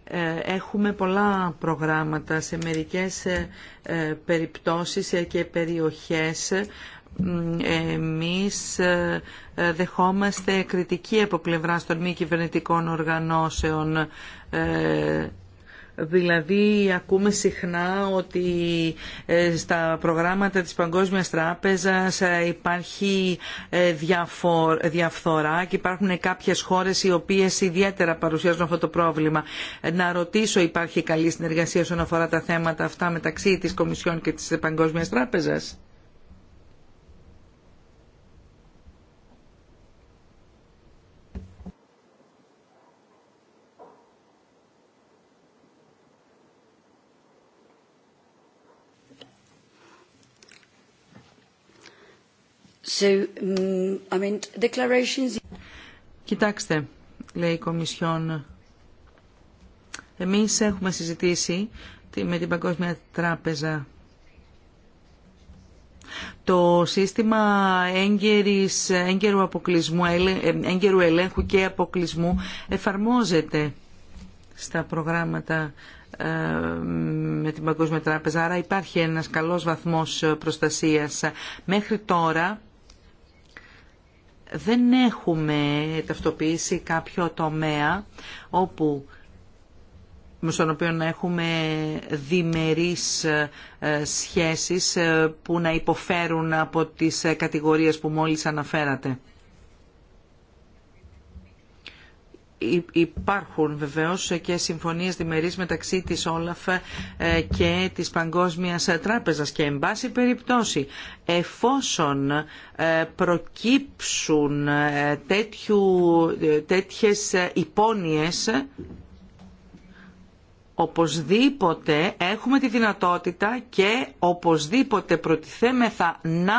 Ε, έχουμε πολλά προγράμματα σε μερικές ε, περιπτώσεις και περιοχές εμείς δεχόμαστε κριτική από πλευρά των μη κυβερνητικών οργανώσεων Δηλαδή ακούμε συχνά ότι ε, στα προγράμματα της Παγκόσμιας Τράπεζας ε, υπάρχει ε, διαφθορά και υπάρχουν κάποιες χώρες οι οποίες ιδιαίτερα παρουσιάζουν αυτό το πρόβλημα. Να ρωτήσω υπάρχει καλή συνεργασία όσον αφορά τα θέματα αυτά μεταξύ της Κομισιόν και της Παγκόσμιας Τράπεζας. Mm, Κοιτάξτε, λέει η Κομισιόν, εμείς έχουμε συζητήσει με την Παγκόσμια Τράπεζα το σύστημα έγκαιρης, έγκαιρου, αποκλεισμού, ε, έγκαιρου ελέγχου και αποκλεισμού εφαρμόζεται στα προγράμματα ε, με την Παγκόσμια Τράπεζα, άρα υπάρχει ένας καλός βαθμός προστασίας. Μέχρι τώρα δεν έχουμε ταυτοποιήσει κάποιο τομέα όπου στον οποίο να έχουμε διμερείς ε, σχέσεις ε, που να υποφέρουν από τις ε, κατηγορίες που μόλις αναφέρατε. Υπάρχουν βεβαίως και συμφωνίες διμερείς μεταξύ της Όλαφ ε, και της Παγκόσμιας Τράπεζας και εν πάση περιπτώσει εφόσον ε, προκύψουν ε, τέτοιου, τέτοιες υπόνοιες οπωσδήποτε έχουμε τη δυνατότητα και οπωσδήποτε προτιθέμεθα να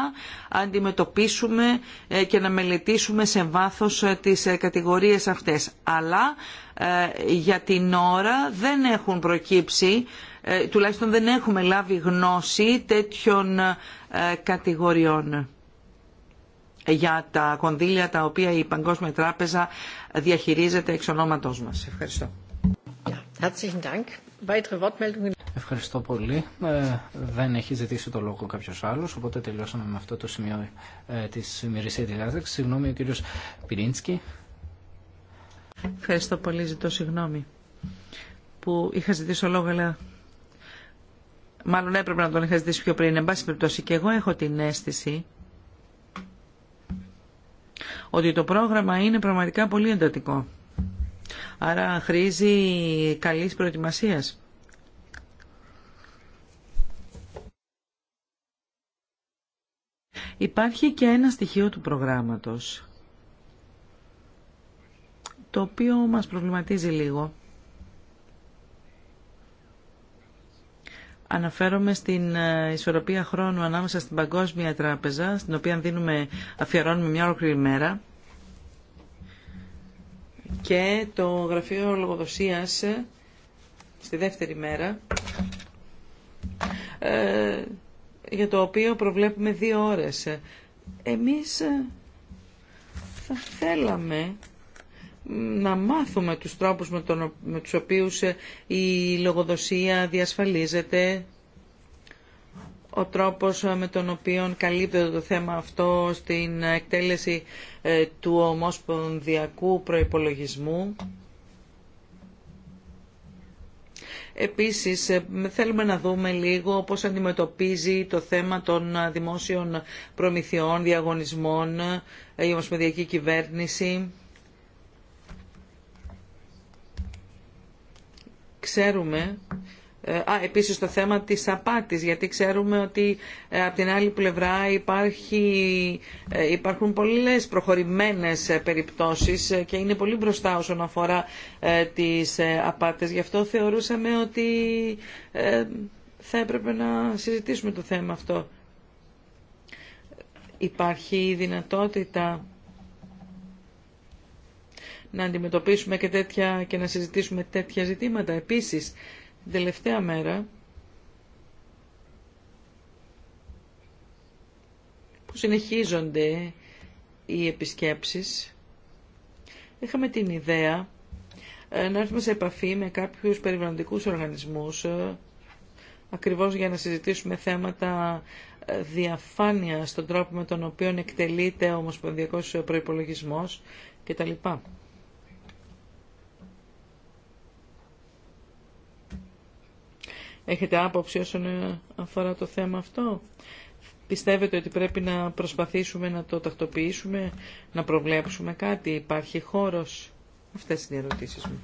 αντιμετωπίσουμε ε, και να μελετήσουμε σε βάθος ε, τις ε, κατηγορίες αυτές. Αλλά για την ώρα δεν έχουν προκύψει, τουλάχιστον δεν έχουμε λάβει γνώση τέτοιων κατηγοριών για τα κονδύλια τα οποία η Παγκόσμια Τράπεζα διαχειρίζεται εξ ονόματός μας. Ευχαριστώ. Ευχαριστώ πολύ. Ε, δεν έχει ζητήσει το λόγο κάποιο άλλο, οπότε τελειώσαμε με αυτό το σημείο ε, της τη ημερησία διάταξη. Συγγνώμη, ο κύριο Πυρίνσκι. Ευχαριστώ πολύ, ζητώ συγγνώμη που είχα ζητήσει το λόγο, αλλά μάλλον έπρεπε να τον είχα ζητήσει πιο πριν. Εν πάση περιπτώσει, και εγώ έχω την αίσθηση ότι το πρόγραμμα είναι πραγματικά πολύ εντατικό άρα χρήζει καλής προετοιμασίας. Υπάρχει και ένα στοιχείο του προγράμματος, το οποίο μας προβληματίζει λίγο. Αναφέρομαι στην ε, ισορροπία χρόνου ανάμεσα στην Παγκόσμια Τράπεζα, στην οποία δίνουμε, αφιερώνουμε μια ολόκληρη μέρα, και το Γραφείο Λογοδοσίας στη δεύτερη μέρα ε, για το οποίο προβλέπουμε δύο ώρες. Εμείς ε, θα θέλαμε να μάθουμε τους τρόπους με, τον, με τους οποίους ε, η λογοδοσία διασφαλίζεται ο τρόπος ε, με τον οποίο καλύπτεται το θέμα αυτό στην εκτέλεση ε, του ομοσπονδιακού προϋπολογισμού. Επίσης, ε, θέλουμε να δούμε λίγο πώς αντιμετωπίζει το θέμα των δημόσιων προμηθειών, διαγωνισμών, η ομοσπονδιακή κυβέρνηση. Ξέρουμε ε, α, επίσης το θέμα της απάτης, γιατί ξέρουμε ότι ε, από την άλλη πλευρά υπάρχει, ε, υπάρχουν πολλές προχωρημένες περιπτώσεις και είναι πολύ μπροστά όσον αφορά τις απάτες. Γι' αυτό θεωρούσαμε ότι θα έπρεπε να συζητήσουμε το θέμα αυτό. Υπάρχει δυνατότητα να αντιμετωπίσουμε και, και να συζητήσουμε τέτοια ζητήματα. Επίσης, την τελευταία μέρα που συνεχίζονται οι επισκέψεις είχαμε την ιδέα ε, να έρθουμε σε επαφή με κάποιους περιβαλλοντικούς οργανισμούς ε, ακριβώς για να συζητήσουμε θέματα ε, διαφάνεια στον τρόπο με τον οποίο εκτελείται ο ομοσπονδιακός προϋπολογισμός κτλ. Έχετε άποψη όσον ε, αφορά το θέμα αυτό. Πιστεύετε ότι πρέπει να προσπαθήσουμε να το τακτοποιήσουμε, να προβλέψουμε κάτι. Υπάρχει χώρος. Αυτές είναι οι ερωτήσεις μου.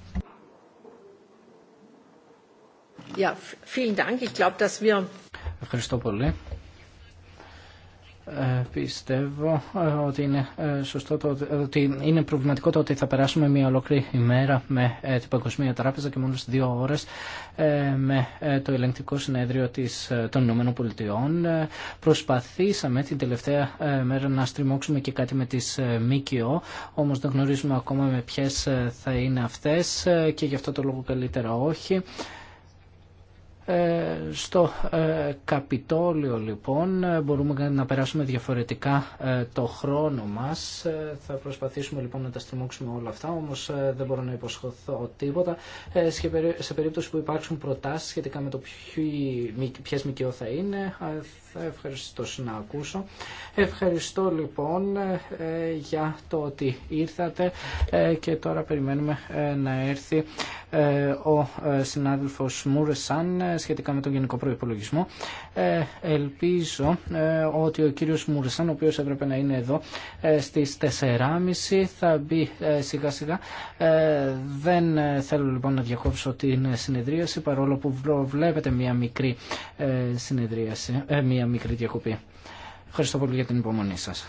Ευχαριστώ πολύ. Ε, πιστεύω ε, ότι είναι, ε, σωστό ότι είναι προβληματικό το ότι θα περάσουμε μια ολόκληρη ημέρα με την Παγκοσμία Τράπεζα και μόνο δύο ώρες με το ελεγκτικό συνέδριο της, των Ηνωμένων Πολιτειών. Προσπαθήσαμε την τελευταία μέρα να στριμώξουμε και κάτι με τις ΜΚΟ, όμως δεν γνωρίζουμε ακόμα με ποιες θα είναι αυτές και γι' αυτό το λόγο καλύτερα όχι. Ε, στο ε, Καπιτόλιο λοιπόν μπορούμε να περάσουμε διαφορετικά ε, το χρόνο μας. Θα προσπαθήσουμε λοιπόν να τα στριμώξουμε όλα αυτά, όμως δεν μπορώ να υποσχοθώ τίποτα. Σε περίπτωση που υπάρξουν προτάσεις σχετικά με το ποιες ΜΚΟ θα είναι, Ευχαριστώ να ακούσω. Ευχαριστώ λοιπόν ε, για το ότι ήρθατε ε, και τώρα περιμένουμε ε, να έρθει ο συνάδελφος Μούρεσαν σχετικά με τον Γενικό Προϋπολογισμό. Ελπίζω ότι ο κύριος Μούρεσαν, ο οποίος έπρεπε να είναι εδώ στις 4.30 θα μπει σιγά σιγά. Δεν θέλω λοιπόν να διακόψω την συνεδρίαση παρόλο που βλέπετε μια μικρή συνεδρίαση, μικρή διακοπή. Ευχαριστώ πολύ για την υπομονή σας.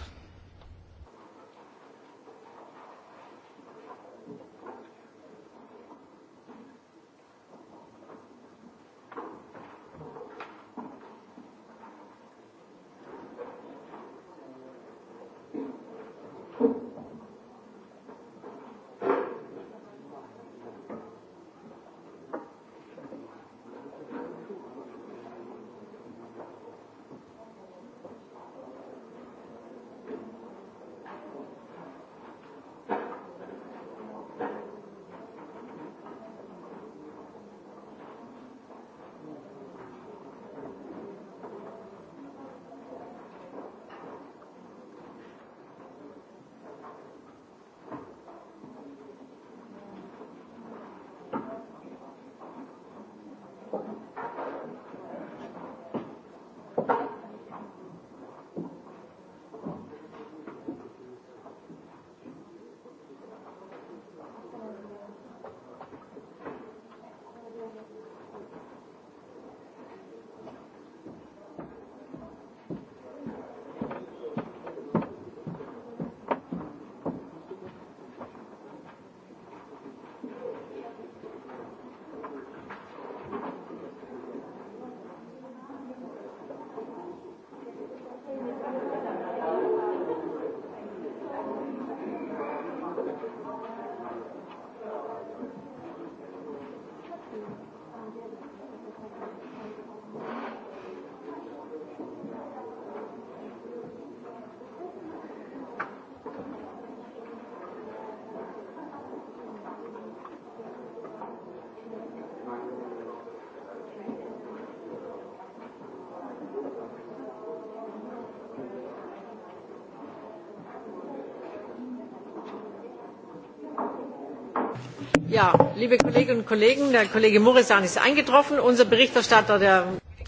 liebe kolleginnen und kollegen der kollege ist eingetroffen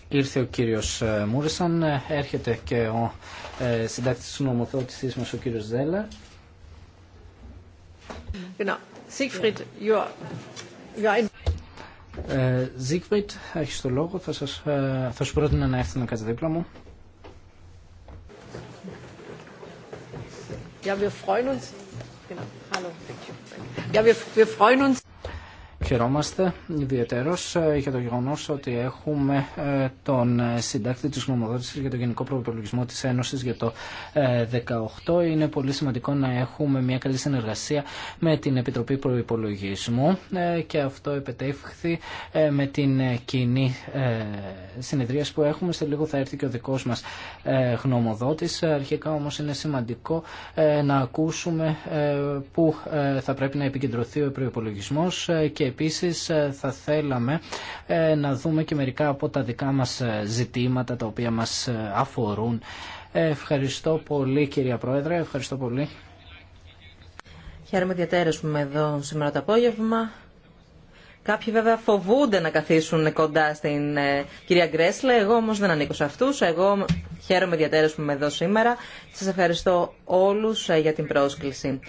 ήρθε ο κύριος ε, Μούρισαν, ε, έρχεται και ο ε, συντάκτης νομοθότησης μας, ο κύριος Ζέλλα. Σίγκφριτ, ε, έχεις το λόγο, θα, σας, σου πρότεινα να έρθει να κάτσε δίπλα μου. Ναι, ευχαριστούμε. Χαιρόμαστε ιδιαίτερος ε, για το γεγονό ότι έχουμε ε, τον ε, συντάκτη τη γνωμοδότηση για το Γενικό Προπολογισμό της Ένωσης για το 2018. Είναι πολύ σημαντικό να έχουμε μια καλή συνεργασία με την Επιτροπή προπολογισμού και αυτό επετεύχθη με την κοινή συνεδρία που έχουμε. Σε λίγο θα έρθει και ο δικό μα γνωμοδότη. Αρχικά όμω είναι σημαντικό να ακούσουμε που θα πρέπει να επικεντρωθεί ο προπολογισμό. και επίσης ε, θα θέλαμε ε, να δούμε και μερικά από τα δικά μας ε, ζητήματα τα οποία μας αφορούν. Ευχαριστώ πολύ κυρία Πρόεδρε, ευχαριστώ πολύ. Χαίρομαι διατέρες που είμαι εδώ σήμερα το απόγευμα. Κάποιοι βέβαια φοβούνται να καθίσουν κοντά στην κυρία Γκρέσλε. Εγώ όμω δεν ανήκω σε αυτού. Εγώ χαίρομαι ιδιαίτερα που είμαι εδώ σήμερα. Σα ευχαριστώ όλου για την πρόσκληση.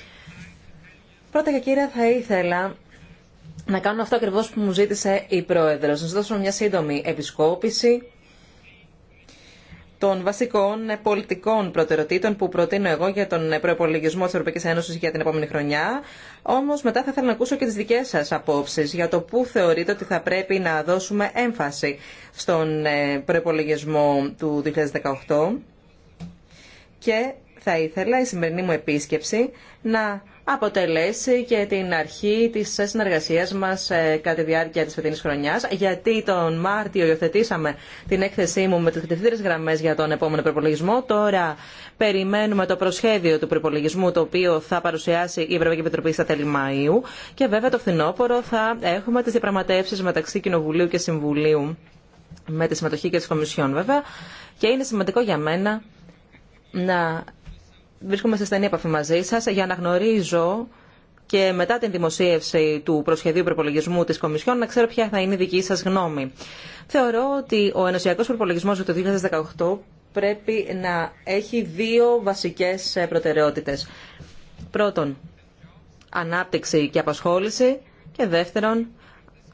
Πρώτα και κύρια θα ήθελα να κάνω αυτό ακριβώς που μου ζήτησε η Πρόεδρος. Να σας δώσω μια σύντομη επισκόπηση των βασικών πολιτικών προτεραιοτήτων που προτείνω εγώ για τον προπολογισμό της Ευρωπαϊκής Ένωσης για την επόμενη χρονιά. Όμως μετά θα ήθελα να ακούσω και τις δικές σας απόψεις για το πού θεωρείτε ότι θα πρέπει να δώσουμε έμφαση στον ε, προπολογισμό του 2018. Και θα ήθελα η σημερινή μου επίσκεψη να αποτελέσει και την αρχή της συνεργασίας μας ε, κατά τη διάρκεια τη φετινή χρονιά, γιατί τον Μάρτιο υιοθετήσαμε την έκθεσή μου με τι κατευθύντερες γραμμέ για τον επόμενο προπολογισμό. Τώρα περιμένουμε το προσχέδιο του προπολογισμού, το οποίο θα παρουσιάσει η Ευρωπαϊκή Επιτροπή στα τέλη Μαΐου και βέβαια το φθινόπωρο θα έχουμε τι διαπραγματεύσει μεταξύ Κοινοβουλίου και Συμβουλίου με τη συμμετοχή και τη Κομισιόν βέβαια και είναι σημαντικό για μένα να βρίσκομαι σε στενή επαφή μαζί σα για να γνωρίζω και μετά την δημοσίευση του προσχεδίου προπολογισμού της Κομισιόν να ξέρω ποια θα είναι η δική σας γνώμη. Θεωρώ ότι ο ενωσιακό προπολογισμό για το 2018 πρέπει να έχει δύο βασικές προτεραιότητες. Πρώτον, ανάπτυξη και απασχόληση και δεύτερον,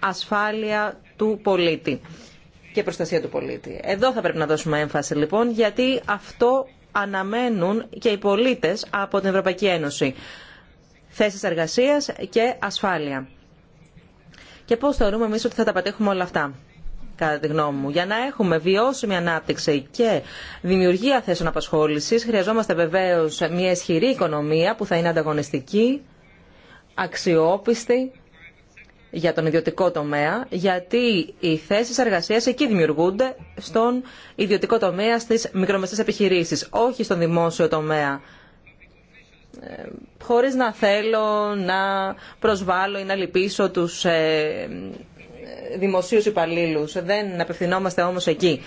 ασφάλεια του πολίτη και προστασία του πολίτη. Εδώ θα πρέπει να δώσουμε έμφαση λοιπόν γιατί αυτό αναμένουν και οι πολίτες από την Ευρωπαϊκή Ένωση. Θέσεις εργασίας και ασφάλεια. Και πώς θεωρούμε εμείς ότι θα τα πετύχουμε όλα αυτά, κατά τη γνώμη μου. Για να έχουμε βιώσιμη ανάπτυξη και δημιουργία θέσεων απασχόλησης, χρειαζόμαστε βεβαίως μια ισχυρή οικονομία που θα είναι ανταγωνιστική, αξιόπιστη για τον ιδιωτικό τομέα, γιατί οι θέσεις εργασία εκεί δημιουργούνται στον ιδιωτικό τομέα, στις μικρομεσαίες επιχειρήσεις, όχι στον δημόσιο τομέα. Ε, Χωρί να θέλω να προσβάλλω ή να λυπήσω τους ε, δημοσιου υπαλλήλους. Δεν απευθυνόμαστε όμως εκεί.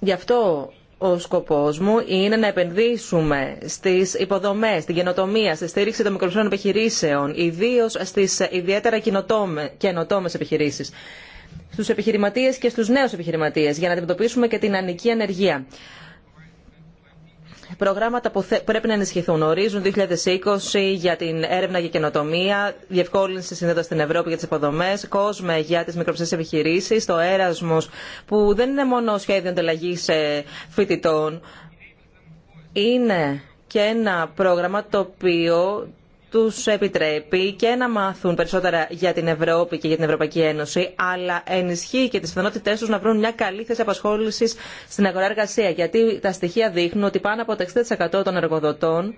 Γι' αυτό ο σκοπό μου είναι να επενδύσουμε στι υποδομέ, στην καινοτομία, στη στήριξη των μικροπιστών επιχειρήσεων, ιδίω στι ιδιαίτερα καινοτόμε επιχειρήσει, στου επιχειρηματίε και στου νέου επιχειρηματίε, για να αντιμετωπίσουμε και την ανική ανεργία προγράμματα που πρέπει να ενισχυθούν. Ορίζουν 2020 για την έρευνα και καινοτομία, διευκόλυνση συνέδρα στην Ευρώπη για τι υποδομέ, κόσμε για τι μικροψηφίε επιχειρήσει, το έρασμο που δεν είναι μόνο σχέδιο ανταλλαγή ε, φοιτητών. Είναι και ένα πρόγραμμα το οποίο τους επιτρέπει και να μάθουν περισσότερα για την Ευρώπη και για την Ευρωπαϊκή Ένωση, αλλά ενισχύει και τις πιθανότητέ τους να βρουν μια καλή θέση απασχόλησης στην αγορά εργασία. Γιατί τα στοιχεία δείχνουν ότι πάνω από το 60% των εργοδοτών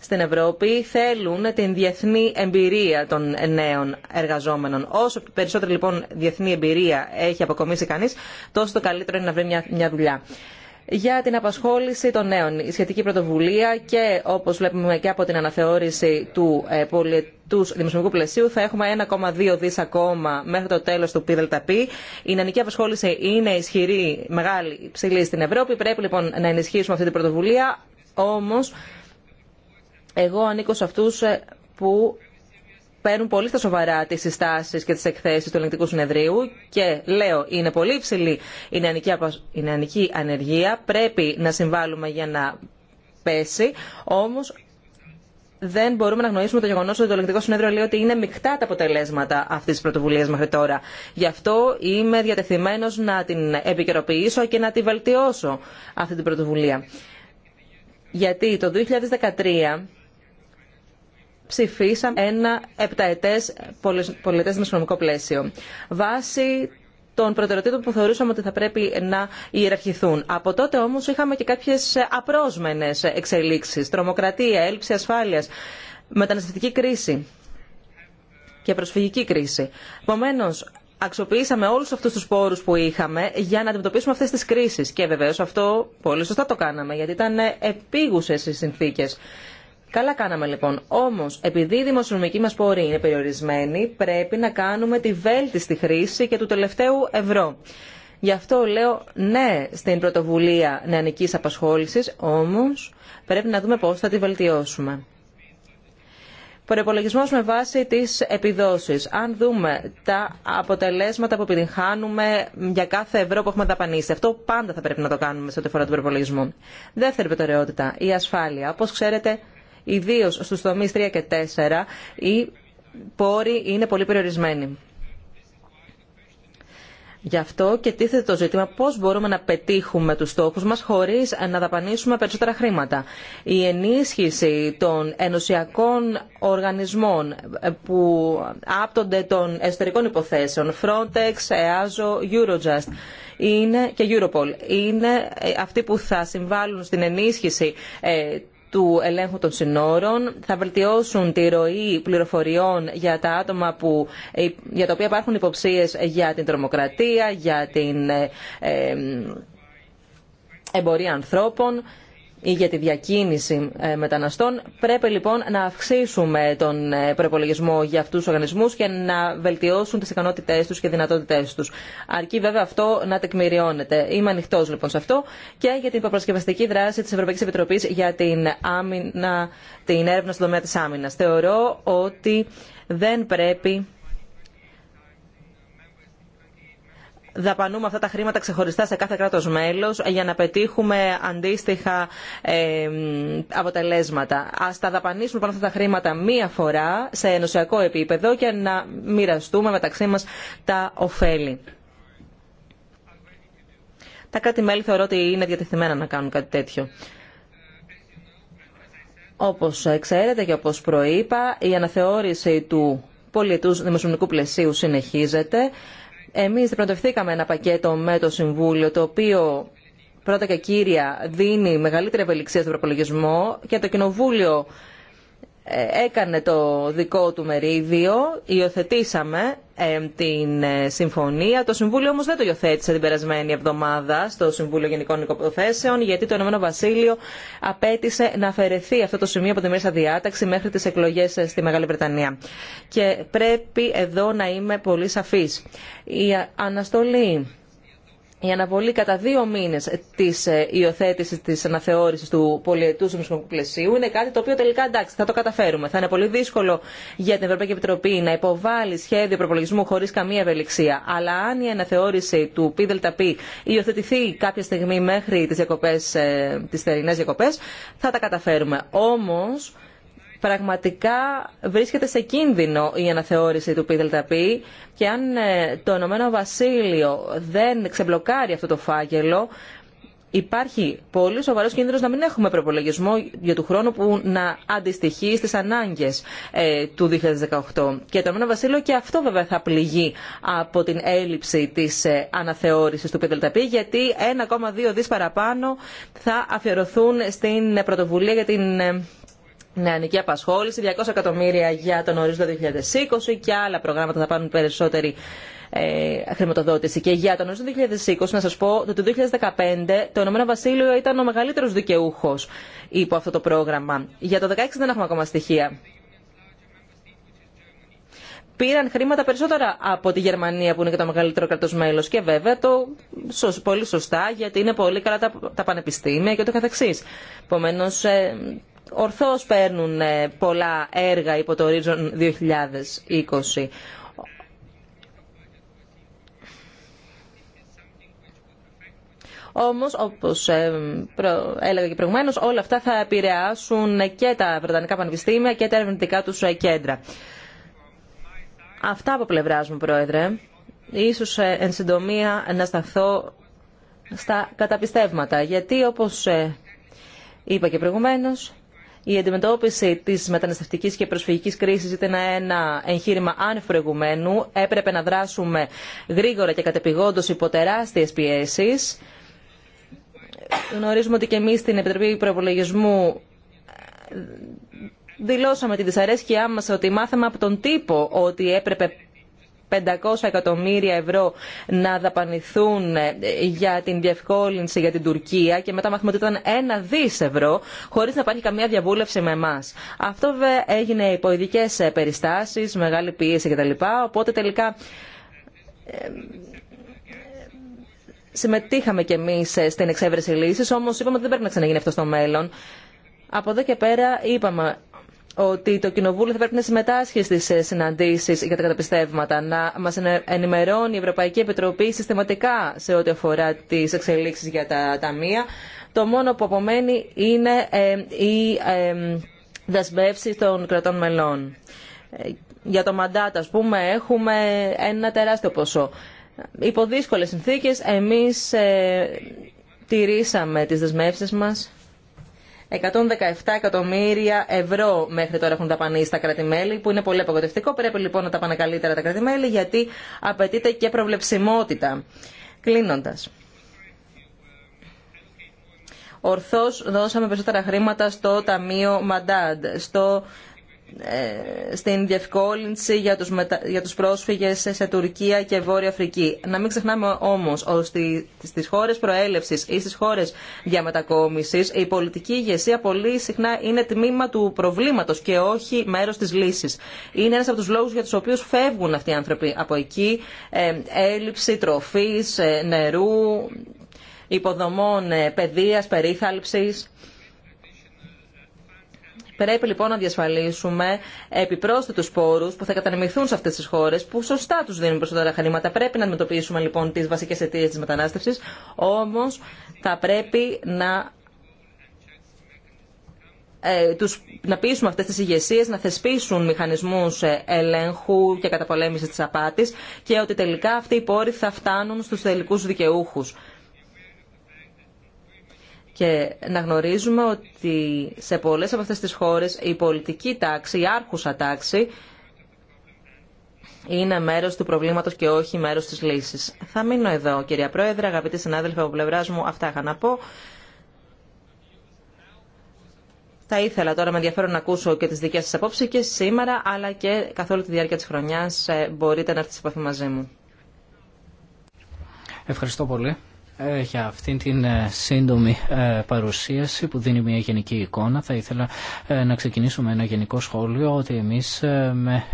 στην Ευρώπη θέλουν την διεθνή εμπειρία των νέων εργαζόμενων. Όσο περισσότερη λοιπόν διεθνή εμπειρία έχει αποκομίσει κανείς, τόσο το καλύτερο είναι να βρει μια, μια δουλειά για την απασχόληση των νέων. Η σχετική πρωτοβουλία και όπως βλέπουμε και από την αναθεώρηση του ε, πολιτού δημοσιονομικού πλαισίου θα έχουμε 1,2 δις ακόμα μέχρι το τέλος του ΠΙΔΑΛΤΑΠΗ. Η νεανική απασχόληση είναι ισχυρή, μεγάλη, ψηλή στην Ευρώπη. Πρέπει λοιπόν να ενισχύσουμε αυτή την πρωτοβουλία. Όμως εγώ ανήκω σε αυτούς ε, που παίρνουν πολύ στα σοβαρά τι συστάσει και τι εκθέσει του ελληνικού Συνεδρίου και λέω είναι πολύ υψηλή η νεανική, η νεανική ανεργία. Πρέπει να συμβάλλουμε για να πέσει. Όμω δεν μπορούμε να γνωρίσουμε το γεγονό ότι το Ελληνικό Συνέδριο λέει ότι είναι μεικτά τα αποτελέσματα αυτή τη πρωτοβουλία μέχρι τώρα. Γι' αυτό είμαι διατεθειμένο να την επικαιροποιήσω και να τη βελτιώσω αυτή την πρωτοβουλία. Γιατί το 2013 ψηφίσαμε ένα επταετές πολιτές δημοσιονομικό πλαίσιο. Βάσει των προτεραιοτήτων που θεωρούσαμε ότι θα πρέπει να ιεραρχηθούν. Από τότε όμως είχαμε και κάποιες απρόσμενες εξελίξεις, τρομοκρατία, έλλειψη ασφάλειας, μεταναστευτική κρίση και προσφυγική κρίση. Επομένω, αξιοποιήσαμε όλους αυτούς τους πόρους που είχαμε για να αντιμετωπίσουμε αυτές τις κρίσεις. Και βεβαίως αυτό πολύ σωστά το κάναμε, γιατί ήταν επίγουσες οι συνθήκες. Καλά κάναμε λοιπόν. Όμω, επειδή η δημοσιονομική μα πορεία είναι περιορισμένη, πρέπει να κάνουμε τη βέλτιστη χρήση και του τελευταίου ευρώ. Γι' αυτό λέω ναι στην πρωτοβουλία νεανική απασχόληση, όμω πρέπει να δούμε πώ θα τη βελτιώσουμε. Προπολογισμό με βάση τι επιδόσει. Αν δούμε τα αποτελέσματα που επιτυγχάνουμε για κάθε ευρώ που έχουμε δαπανίσει, αυτό πάντα θα πρέπει να το κάνουμε σε ό,τι αφορά τον προπολογισμό. Δεύτερη προτεραιότητα, η ασφάλεια. Όπω ξέρετε, ιδίω στους τομείς 3 και 4, οι πόροι είναι πολύ περιορισμένοι. Γι' αυτό και τίθεται το ζήτημα πώς μπορούμε να πετύχουμε τους στόχους μας χωρίς να δαπανίσουμε περισσότερα χρήματα. Η ενίσχυση των ενωσιακών οργανισμών που άπτονται των εσωτερικών υποθέσεων, Frontex, EASO, Eurojust είναι, και Europol, είναι αυτοί που θα συμβάλλουν στην ενίσχυση ε, του ελέγχου των συνόρων, θα βελτιώσουν τη ροή πληροφοριών για τα άτομα που, ε, για τα οποία υπάρχουν υποψίες για την τρομοκρατία, για την ε, ε, εμπορία ανθρώπων ή για τη διακίνηση ε, μεταναστών. Πρέπει λοιπόν να αυξήσουμε τον ε, προπολογισμό για αυτούς τους οργανισμούς και να βελτιώσουν τις ικανότητε τους και δυνατότητές τους. Αρκεί βέβαια αυτό να τεκμηριώνεται. Είμαι ανοιχτό λοιπόν σε αυτό και για την υποπροσκευαστική δράση της Ευρωπαϊκής Επιτροπή για την, άμυνα, την έρευνα στον τομέα τη άμυνα. Θεωρώ ότι δεν πρέπει δαπανούμε αυτά τα χρήματα ξεχωριστά σε κάθε κράτος μέλος για να πετύχουμε αντίστοιχα ε, αποτελέσματα. Ας τα δαπανίσουμε πάνω αυτά τα χρήματα μία φορά σε ενωσιακό επίπεδο και να μοιραστούμε μεταξύ μας τα ωφέλη. Τα κράτη-μέλη θεωρώ ότι είναι διατεθειμένα να κάνουν κάτι τέτοιο. Όπως ξέρετε και όπως προείπα, η αναθεώρηση του πολιτού δημοσιονομικού πλαισίου συνεχίζεται εμείς διπροντευθήκαμε ένα πακέτο με το Συμβούλιο, το οποίο πρώτα και κύρια δίνει μεγαλύτερη ευελιξία στον προπολογισμό και το Κοινοβούλιο ε, έκανε το δικό του μερίδιο, υιοθετήσαμε την ε, συμφωνία. Το Συμβούλιο όμω δεν το υιοθέτησε την περασμένη εβδομάδα στο Συμβούλιο Γενικών Υποθέσεων γιατί το Ηνωμένο Βασίλειο απέτησε να αφαιρεθεί αυτό το σημείο από τη μέσα διάταξη μέχρι τις εκλογές ε, στη Μεγάλη Βρετανία. Και πρέπει εδώ να είμαι πολύ σαφή. Η αναστολή η αναβολή κατά δύο μήνες της ε, υιοθέτηση της αναθεώρησης του πολιετού δημοσιονομικού πλαισίου είναι κάτι το οποίο τελικά εντάξει θα το καταφέρουμε. Θα είναι πολύ δύσκολο για την Ευρωπαϊκή Επιτροπή να υποβάλει σχέδιο προπολογισμού χωρίς καμία ευελιξία. Αλλά αν η αναθεώρηση του ΠΔΠ υιοθετηθεί κάποια στιγμή μέχρι τις, διακοπές, ε, τις θερινές διακοπές θα τα καταφέρουμε. Όμως πραγματικά βρίσκεται σε κίνδυνο η αναθεώρηση του ΠΔΠ και αν ε, το Ηνωμένο Βασίλειο δεν ξεμπλοκάρει αυτό το φάκελο, υπάρχει πολύ σοβαρός κίνδυνος να μην έχουμε προπολογισμό για του χρόνου που να αντιστοιχεί στις ανάγκες ε, του 2018. Και το Ηνωμένο Βασίλειο και αυτό βέβαια θα πληγεί από την έλλειψη της ε, αναθεώρησης του ΠΔΠ γιατί 1,2 δις παραπάνω θα αφιερωθούν στην πρωτοβουλία για την νεανική απασχόληση, 200 εκατομμύρια για τον ορίζοντα 2020 και άλλα προγράμματα θα πάρουν περισσότερη ε, χρηματοδότηση. Και για τον ορίζοντα 2020, να σα πω ότι το 2015 το ΕΒ ήταν ο μεγαλύτερος δικαιούχο υπό αυτό το πρόγραμμα. Για το 2016 δεν έχουμε ακόμα στοιχεία. Πήραν χρήματα περισσότερα από τη Γερμανία που είναι και το μεγαλύτερο κρατός μέλος και βέβαια το πολύ σωστά γιατί είναι πολύ καλά τα πανεπιστήμια και το καθεξής. Επομένως ε, ορθώς παίρνουν ε, πολλά έργα υπό το Horizon 2020. Όμως, όπως ε, έλεγα και προηγουμένω, όλα αυτά θα επηρεάσουν και τα Βρετανικά Πανεπιστήμια και τα ερευνητικά του ε, κέντρα. Αυτά από πλευρά μου, Πρόεδρε. Ίσως εν συντομία να σταθώ στα καταπιστεύματα, γιατί όπως είπα και προηγουμένως, η αντιμετώπιση τη μεταναστευτική και προσφυγική κρίση ήταν ένα εγχείρημα άνευ προηγουμένου. Έπρεπε να δράσουμε γρήγορα και κατεπηγόντω υπό τεράστιε πιέσει. Γνωρίζουμε ότι και εμεί στην Επιτροπή Προπολογισμού δηλώσαμε τη δυσαρέσκειά μα ότι μάθαμε από τον τύπο ότι έπρεπε 500 εκατομμύρια ευρώ να δαπανηθούν ε, για την διευκόλυνση για την Τουρκία και μετά μάθαμε ότι ήταν ένα δις ευρώ χωρίς να υπάρχει καμία διαβούλευση με εμά. Αυτό έγινε υπό ειδικέ ε, περιστάσεις, μεγάλη πίεση κτλ. Οπότε τελικά ε, συμμετείχαμε κι εμείς στην εξέβρεση λύσης, όμως είπαμε ότι δεν πρέπει να ξαναγίνει αυτό στο μέλλον. Από εδώ και πέρα είπαμε ότι το Κοινοβούλιο θα πρέπει να συμμετάσχει στι ε, συναντήσει για τα καταπιστεύματα, να μα ενημερώνει η Ευρωπαϊκή Επιτροπή συστηματικά σε ό,τι αφορά τι εξελίξει για τα ταμεία. Το μόνο που απομένει είναι η ε, ε, δεσμεύση των κρατών μελών. Για το μαντάτα, α πούμε, έχουμε ένα τεράστιο ποσό. Υπό δύσκολε συνθήκε, εμεί τηρήσαμε τι δεσμεύσει μα 117 εκατομμύρια ευρώ μέχρι τώρα έχουν ταπανίσει τα κράτη-μέλη, που είναι πολύ απογοητευτικό. Πρέπει λοιπόν να τα πάνε καλύτερα τα κράτη-μέλη, γιατί απαιτείται και προβλεψιμότητα. Κλείνοντα. Ορθώς δώσαμε περισσότερα χρήματα στο Ταμείο Μαντάντ, στο ε, στην διευκόλυνση για τους, μετα... για τους πρόσφυγες σε Τουρκία και Βόρεια Αφρική. Να μην ξεχνάμε όμως ότι στις χώρες προέλευσης ή στις χώρες διαμετακόμισης η πολιτική ηγεσία πολύ συχνά είναι τμήμα του προβλήματος και όχι μέρος της λύσης. Είναι ένας από τους λόγους για τους οποίους φεύγουν αυτοί οι άνθρωποι από εκεί. Ε, έλλειψη τροφής, ε, νερού, υποδομών παιδείας, περίθαλψης. Πρέπει λοιπόν να διασφαλίσουμε επιπρόσθετου πόρου που θα κατανεμηθούν σε αυτέ τι χώρε που σωστά του δίνουν περισσότερα χρήματα. Πρέπει να αντιμετωπίσουμε λοιπόν τι βασικέ αιτίε τη μετανάστευση, όμω θα πρέπει να ε, τους, να πείσουμε αυτές τις ηγεσίε να θεσπίσουν μηχανισμούς ε, ελέγχου και καταπολέμησης της απάτης και ότι τελικά αυτοί οι πόροι θα φτάνουν στους τελικούς δικαιούχους και να γνωρίζουμε ότι σε πολλές από αυτές τις χώρες η πολιτική τάξη, η άρχουσα τάξη, είναι μέρος του προβλήματος και όχι μέρος της λύσης. Θα μείνω εδώ, κυρία Πρόεδρε, αγαπητοί συνάδελφοι από πλευρά μου, αυτά είχα να πω. Θα ήθελα τώρα με ενδιαφέρον να ακούσω και τις δικές σας απόψεις και σήμερα, αλλά και καθ' όλη τη διάρκεια της χρονιάς ε, μπορείτε να έρθετε σε επαφή μαζί μου. Ευχαριστώ πολύ. Ε, για αυτήν την ε, σύντομη ε, παρουσίαση που δίνει μια γενική εικόνα. Θα ήθελα να ξεκινήσω με ένα γενικό σχόλιο ότι εμείς με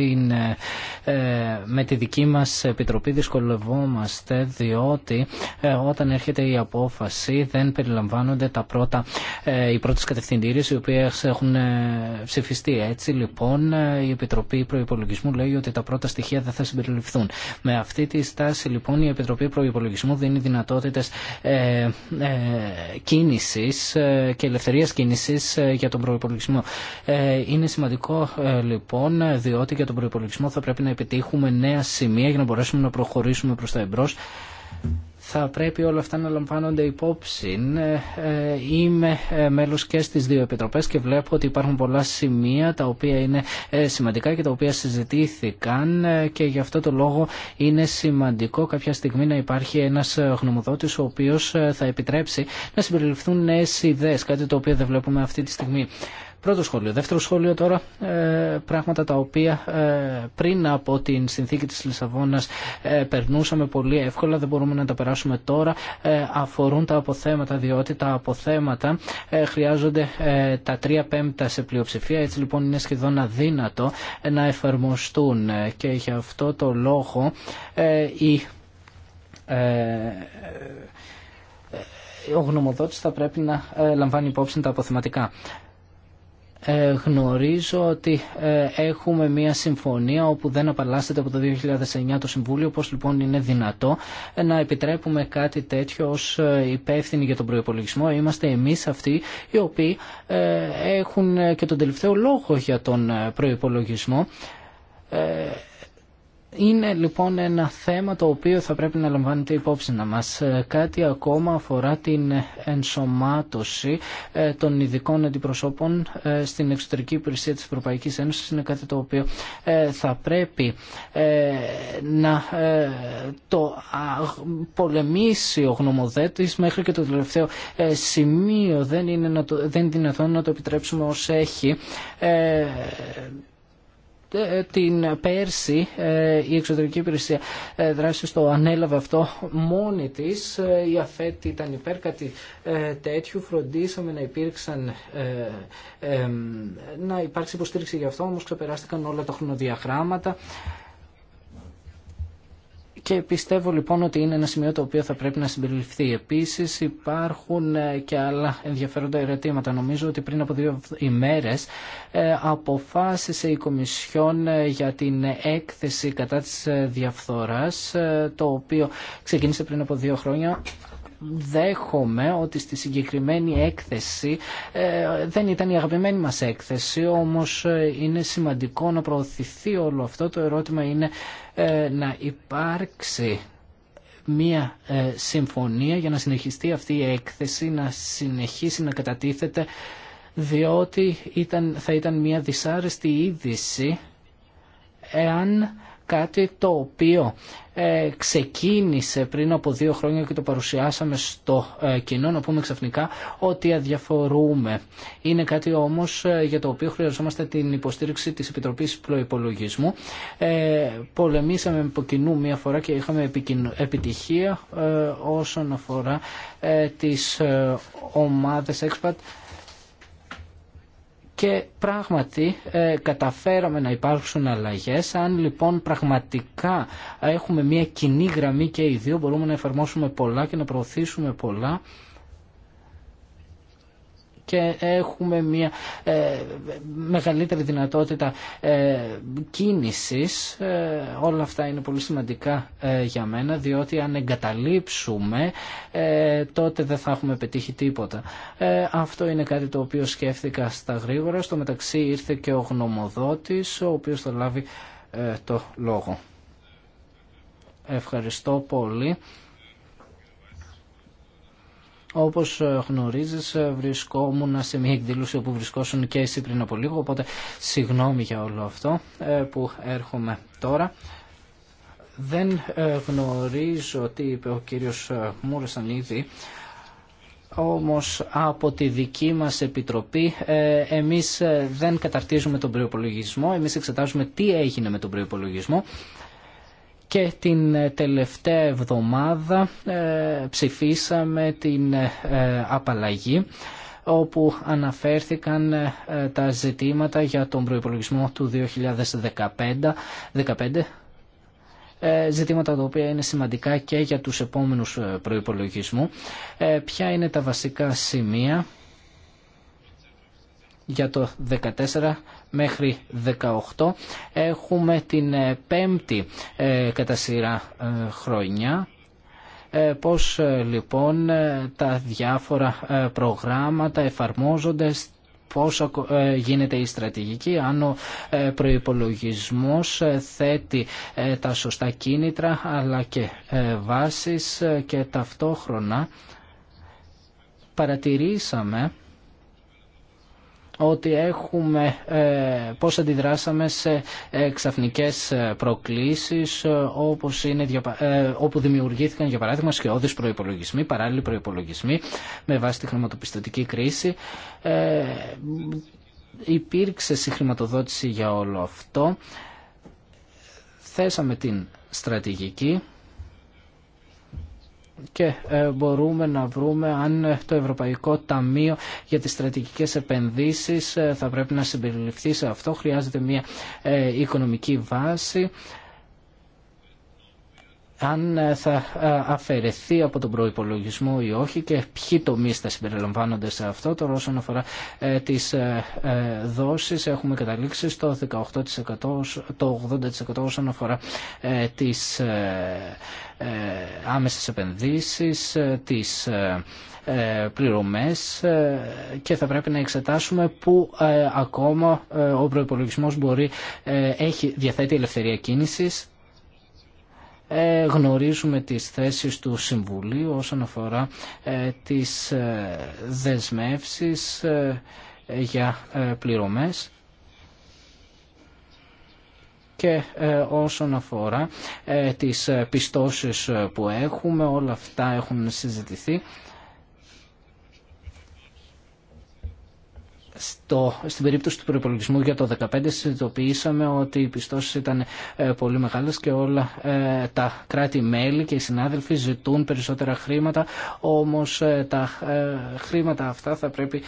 την, ε, ε, με τη δική μας επιτροπή δυσκολευόμαστε διότι ε, όταν έρχεται η απόφαση δεν περιλαμβάνονται τα πρώτα, οι πρώτες κατευθυντήριε οι οποίες έχουν ψηφιστεί. Έτσι λοιπόν η Επιτροπή Προϋπολογισμού λέει ότι τα πρώτα στοιχεία δεν θα συμπεριληφθούν. Με αυτή τη στάση λοιπόν η Επιτροπή Προϋπολογισμού δίνει δυνατότητες ε, κίνησης και ελευθερίας κίνησης για τον προϋπολογισμό. είναι σημαντικό λοιπόν διότι και το τον προπολογισμό θα πρέπει να επιτύχουμε νέα σημεία για να μπορέσουμε να προχωρήσουμε προς τα εμπρός. Θα πρέπει όλα αυτά να λαμβάνονται υπόψη. Ναι, ε, είμαι ε, μέλος και στις δύο επιτροπές και βλέπω ότι υπάρχουν πολλά σημεία τα οποία είναι ε, σημαντικά και τα οποία συζητήθηκαν και γι' αυτό το λόγο είναι σημαντικό κάποια στιγμή να υπάρχει ένας γνωμοδότης ο οποίος θα επιτρέψει να συμπεριληφθούν νέες ιδέες, κάτι το οποίο δεν βλέπουμε αυτή τη στιγμή. Πρώτο σχόλιο. Δεύτερο σχόλιο τώρα, ε, πράγματα τα οποία ε, πριν από την συνθήκη της Λισαβόνας ε, περνούσαμε πολύ εύκολα, δεν μπορούμε να τα περάσουμε τώρα, αφορούν τα αποθέματα, διότι τα αποθέματα χρειάζονται τα τρία πέμπτα σε πλειοψηφία, έτσι λοιπόν είναι σχεδόν αδύνατο να εφαρμοστούν και για αυτό το λόγο η ο γνωμοδότης θα πρέπει να λαμβάνει υπόψη τα αποθεματικά. Ε, γνωρίζω ότι ε, έχουμε μια συμφωνία όπου δεν απαλλάσσεται από το 2009 το Συμβούλιο. Πώς λοιπόν είναι δυνατό ε, να επιτρέπουμε κάτι τέτοιο ως υπεύθυνοι για τον προϋπολογισμό. Είμαστε εμείς αυτοί οι οποίοι έχουν και τον τελευταίο λόγο για τον προϋπολογισμό είναι λοιπόν ένα θέμα το οποίο θα πρέπει να λαμβάνετε υπόψη να μας. Ε, κάτι ακόμα αφορά την ενσωμάτωση ε, των ειδικών αντιπροσώπων ε, στην εξωτερική υπηρεσία της Ευρωπαϊκής Ένωσης. Είναι κάτι το οποίο θα πρέπει να το πολεμήσει ο γνωμοδέτης μέχρι και το τελευταίο σημείο. Δεν είναι, να το, δεν είναι δυνατόν να το επιτρέψουμε ως έχει ε, την πέρσι ε, η εξωτερική υπηρεσία ε, δράσης το ανέλαβε αυτό μόνη της. Η ΑΦΕΤ ήταν υπέρ κάτι τέτοιου. Φροντίσαμε να, υπήρξαν, να υπάρξει υποστήριξη γι' αυτό, όμως ξεπεράστηκαν όλα τα χρονοδιαγράμματα και πιστεύω λοιπόν ότι είναι ένα σημείο το οποίο θα πρέπει να συμπεριληφθεί. Επίσης υπάρχουν ε, και άλλα ενδιαφέροντα ερωτήματα. Νομίζω ότι πριν από δύο ημέρες ε, αποφάσισε η Κομισιόν ε, για την έκθεση κατά της διαφθοράς το οποίο ξεκίνησε πριν από δύο χρόνια δέχομαι ότι στη συγκεκριμένη έκθεση ε, δεν ήταν η αγαπημένη μας έκθεση όμως ε, είναι σημαντικό να προωθηθεί όλο αυτό το ερώτημα είναι ε, να υπάρξει μία συμφωνία για να συνεχιστεί αυτή η έκθεση να συνεχίσει να κατατίθεται διότι ήταν, θα ήταν μία δυσάρεστη είδηση εάν κάτι το οποίο ε, ξεκίνησε πριν από δύο χρόνια και το παρουσιάσαμε στο ε, κοινό να πούμε ξαφνικά ότι αδιαφορούμε. Είναι κάτι όμως ε, για το οποίο χρειαζόμαστε την υποστήριξη της Επιτροπής Πλοϋπολογισμού. Πολεμήσαμε από κοινού μία φορά και είχαμε επιτυχία όσον αφορά τις ομάδες ΕΞΠΑΤ και πράγματι ε, καταφέραμε να υπάρξουν αλλαγές. Αν λοιπόν πραγματικά έχουμε μια κοινή γραμμή και οι δύο μπορούμε να εφαρμόσουμε πολλά και να προωθήσουμε πολλά και έχουμε μια ε, μεγαλύτερη δυνατότητα ε, κίνησης. Ε, όλα αυτά είναι πολύ σημαντικά για μένα διότι αν εγκαταλείψουμε τότε δεν θα έχουμε πετύχει τίποτα. Αυτό είναι κάτι το οποίο σκέφτηκα στα γρήγορα. Στο μεταξύ ήρθε και ο γνωμοδότης ο οποίος θα λάβει το λόγο. Ευχαριστώ πολύ. Όπως ε, γνωρίζεις ε, βρισκόμουν σε μια εκδήλωση όπου βρισκόσουν και εσύ πριν από λίγο, οπότε συγγνώμη για όλο αυτό ε, που έρχομαι τώρα. Δεν γνωρίζω τι είπε ο κύριος Μούρεσαν ήδη, όμως από τη δική μας επιτροπή εμείς δεν καταρτίζουμε τον προϋπολογισμό, εμείς εξετάζουμε τι έγινε με τον προϋπολογισμό και την ε, τελευταία εβδομάδα ε, ψηφίσαμε την ε, απαλλαγή όπου αναφέρθηκαν τα ζητήματα για τον προϋπολογισμό του 2015, 15, ζητήματα τα οποία είναι σημαντικά και για τους επόμενους προϋπολογισμού. Ποια είναι τα βασικά σημεία για το 2014 μέχρι 18. Έχουμε την ε, πέμπτη ε, κατά σειρά ε, χρόνια πώς λοιπόν τα διάφορα προγράμματα εφαρμόζονται πώς γίνεται η στρατηγική, αν ο προϋπολογισμός θέτει τα σωστά κίνητρα αλλά και βάσεις και ταυτόχρονα παρατηρήσαμε ότι έχουμε ε, πώς αντιδράσαμε σε ε, ξαφνικές ε, προκλήσεις όπως είναι, όπου δημιουργήθηκαν για παράδειγμα σχεώδεις προϋπολογισμοί, παράλληλοι προϋπολογισμοί με βάση τη χρηματοπιστωτική κρίση υπήρξε συγχρηματοδότηση για όλο αυτό θέσαμε την στρατηγική και ε, μπορούμε να βρούμε αν ε, το Ευρωπαϊκό Ταμείο για τις στρατηγικές επενδύσεις ε, θα πρέπει να συμπεριληφθεί σε αυτό. Χρειάζεται μια οικονομική βάση αν ε, θα ε, αφαιρεθεί από τον προϋπολογισμό ή όχι και ποιοι τομείς θα συμπεριλαμβάνονται σε αυτό. Τώρα όσον αφορά ε, τις δόσεις έχουμε καταλήξει στο 18%, το 80% όσον αφορά τις άμεσες επενδύσεις, τις πληρωμές και θα πρέπει να εξετάσουμε που ακόμα ο προϋπολογισμός μπορεί, έχει, διαθέτει ελευθερία κίνησης ε, γνωρίζουμε τις θέσεις του Συμβουλίου όσον αφορά ε, τις ε, δεσμεύσεις για πληρωμές και όσον αφορά τις πιστώσεις που έχουμε όλα αυτά έχουν συζητηθεί στο, στην περίπτωση του προπολογισμού για το 2015 συνειδητοποιήσαμε ότι οι πιστώσει ήταν ε, πολύ μεγάλε και όλα ε, τα κράτη-μέλη και οι συνάδελφοι ζητούν περισσότερα χρήματα όμως ε, τα χρήματα αυτά θα πρέπει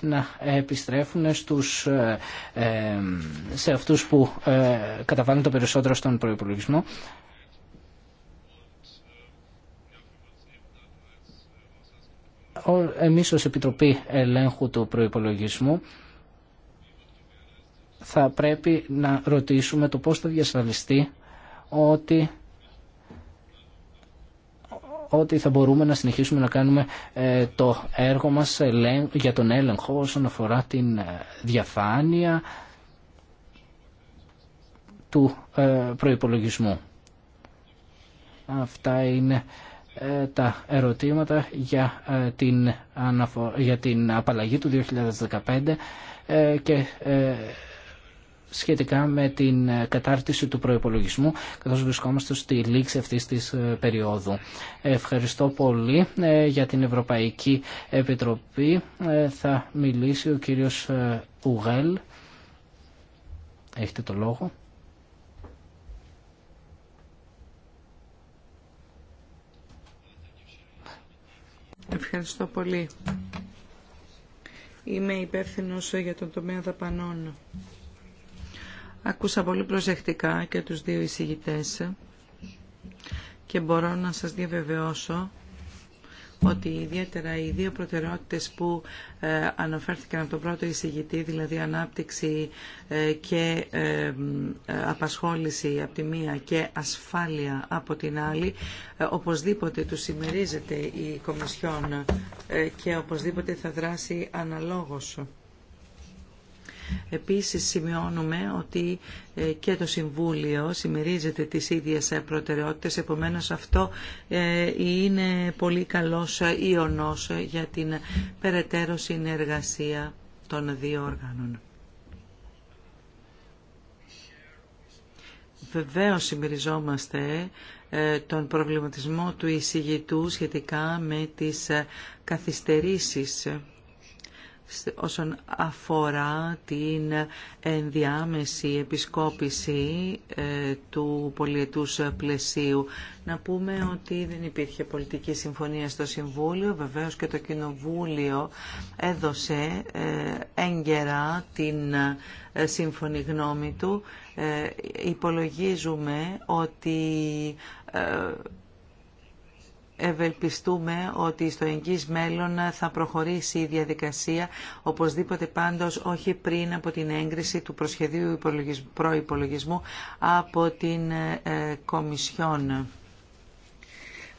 να επιστρέφουν στους, σε αυτούς που καταβάλουν το περισσότερο στον προπολογισμό εμείς ως Επιτροπή Ελέγχου του Προϋπολογισμού θα πρέπει να ρωτήσουμε το πώς θα διασφαλιστεί ότι ότι θα μπορούμε να συνεχίσουμε να κάνουμε ε, το έργο μας για τον έλεγχο όσον αφορά την ε, διαφάνεια του ε, προϋπολογισμού. Αυτά είναι ε, τα ερωτήματα για ε, την, αναφο... για την απαλλαγή του 2015 ε, και σχετικά με την κατάρτιση του προϋπολογισμού καθώς βρισκόμαστε στη λήξη αυτής της περίοδου. Ευχαριστώ πολύ για την Ευρωπαϊκή Επιτροπή. Θα μιλήσει ο κύριος Ουγέλ. Έχετε το λόγο. Ευχαριστώ πολύ. Είμαι υπεύθυνο για τον τομέα δαπανών. Ακούσα πολύ προσεκτικά και τους δύο εισηγητές και μπορώ να σας διαβεβαιώσω ότι ιδιαίτερα οι δύο προτεραιότητες που ε, αναφέρθηκαν από τον πρώτο εισηγητή, δηλαδή ανάπτυξη ε, και ε, απασχόληση από τη μία και ασφάλεια από την άλλη, οπωσδήποτε του συμμερίζεται η Κομισιόν και οπωσδήποτε θα δράσει αναλόγως. Επίσης σημειώνουμε ότι ε, και το Συμβούλιο συμμερίζεται τις ίδιες ε, προτεραιότητες, επομένως αυτό ε, είναι πολύ καλός ιονός για την περαιτέρω συνεργασία των δύο οργάνων. Βεβαίως συμμεριζόμαστε τον προβληματισμό του εισηγητού σχετικά με τις καθυστερήσεις όσον αφορά την ενδιάμεση επισκόπηση ε, του πολιετούς πλαισίου. Να πούμε ότι δεν υπήρχε πολιτική συμφωνία στο Συμβούλιο. Βεβαίως και το Κοινοβούλιο έδωσε ε, έγκαιρα την ε, σύμφωνη γνώμη του. Υπολογίζουμε ότι ευελπιστούμε ότι στο εγγύς μέλλον θα προχωρήσει η διαδικασία οπωσδήποτε πάντως όχι πριν από την έγκριση του προσχεδίου προϋπολογισμού από την ε, Κομισιόν.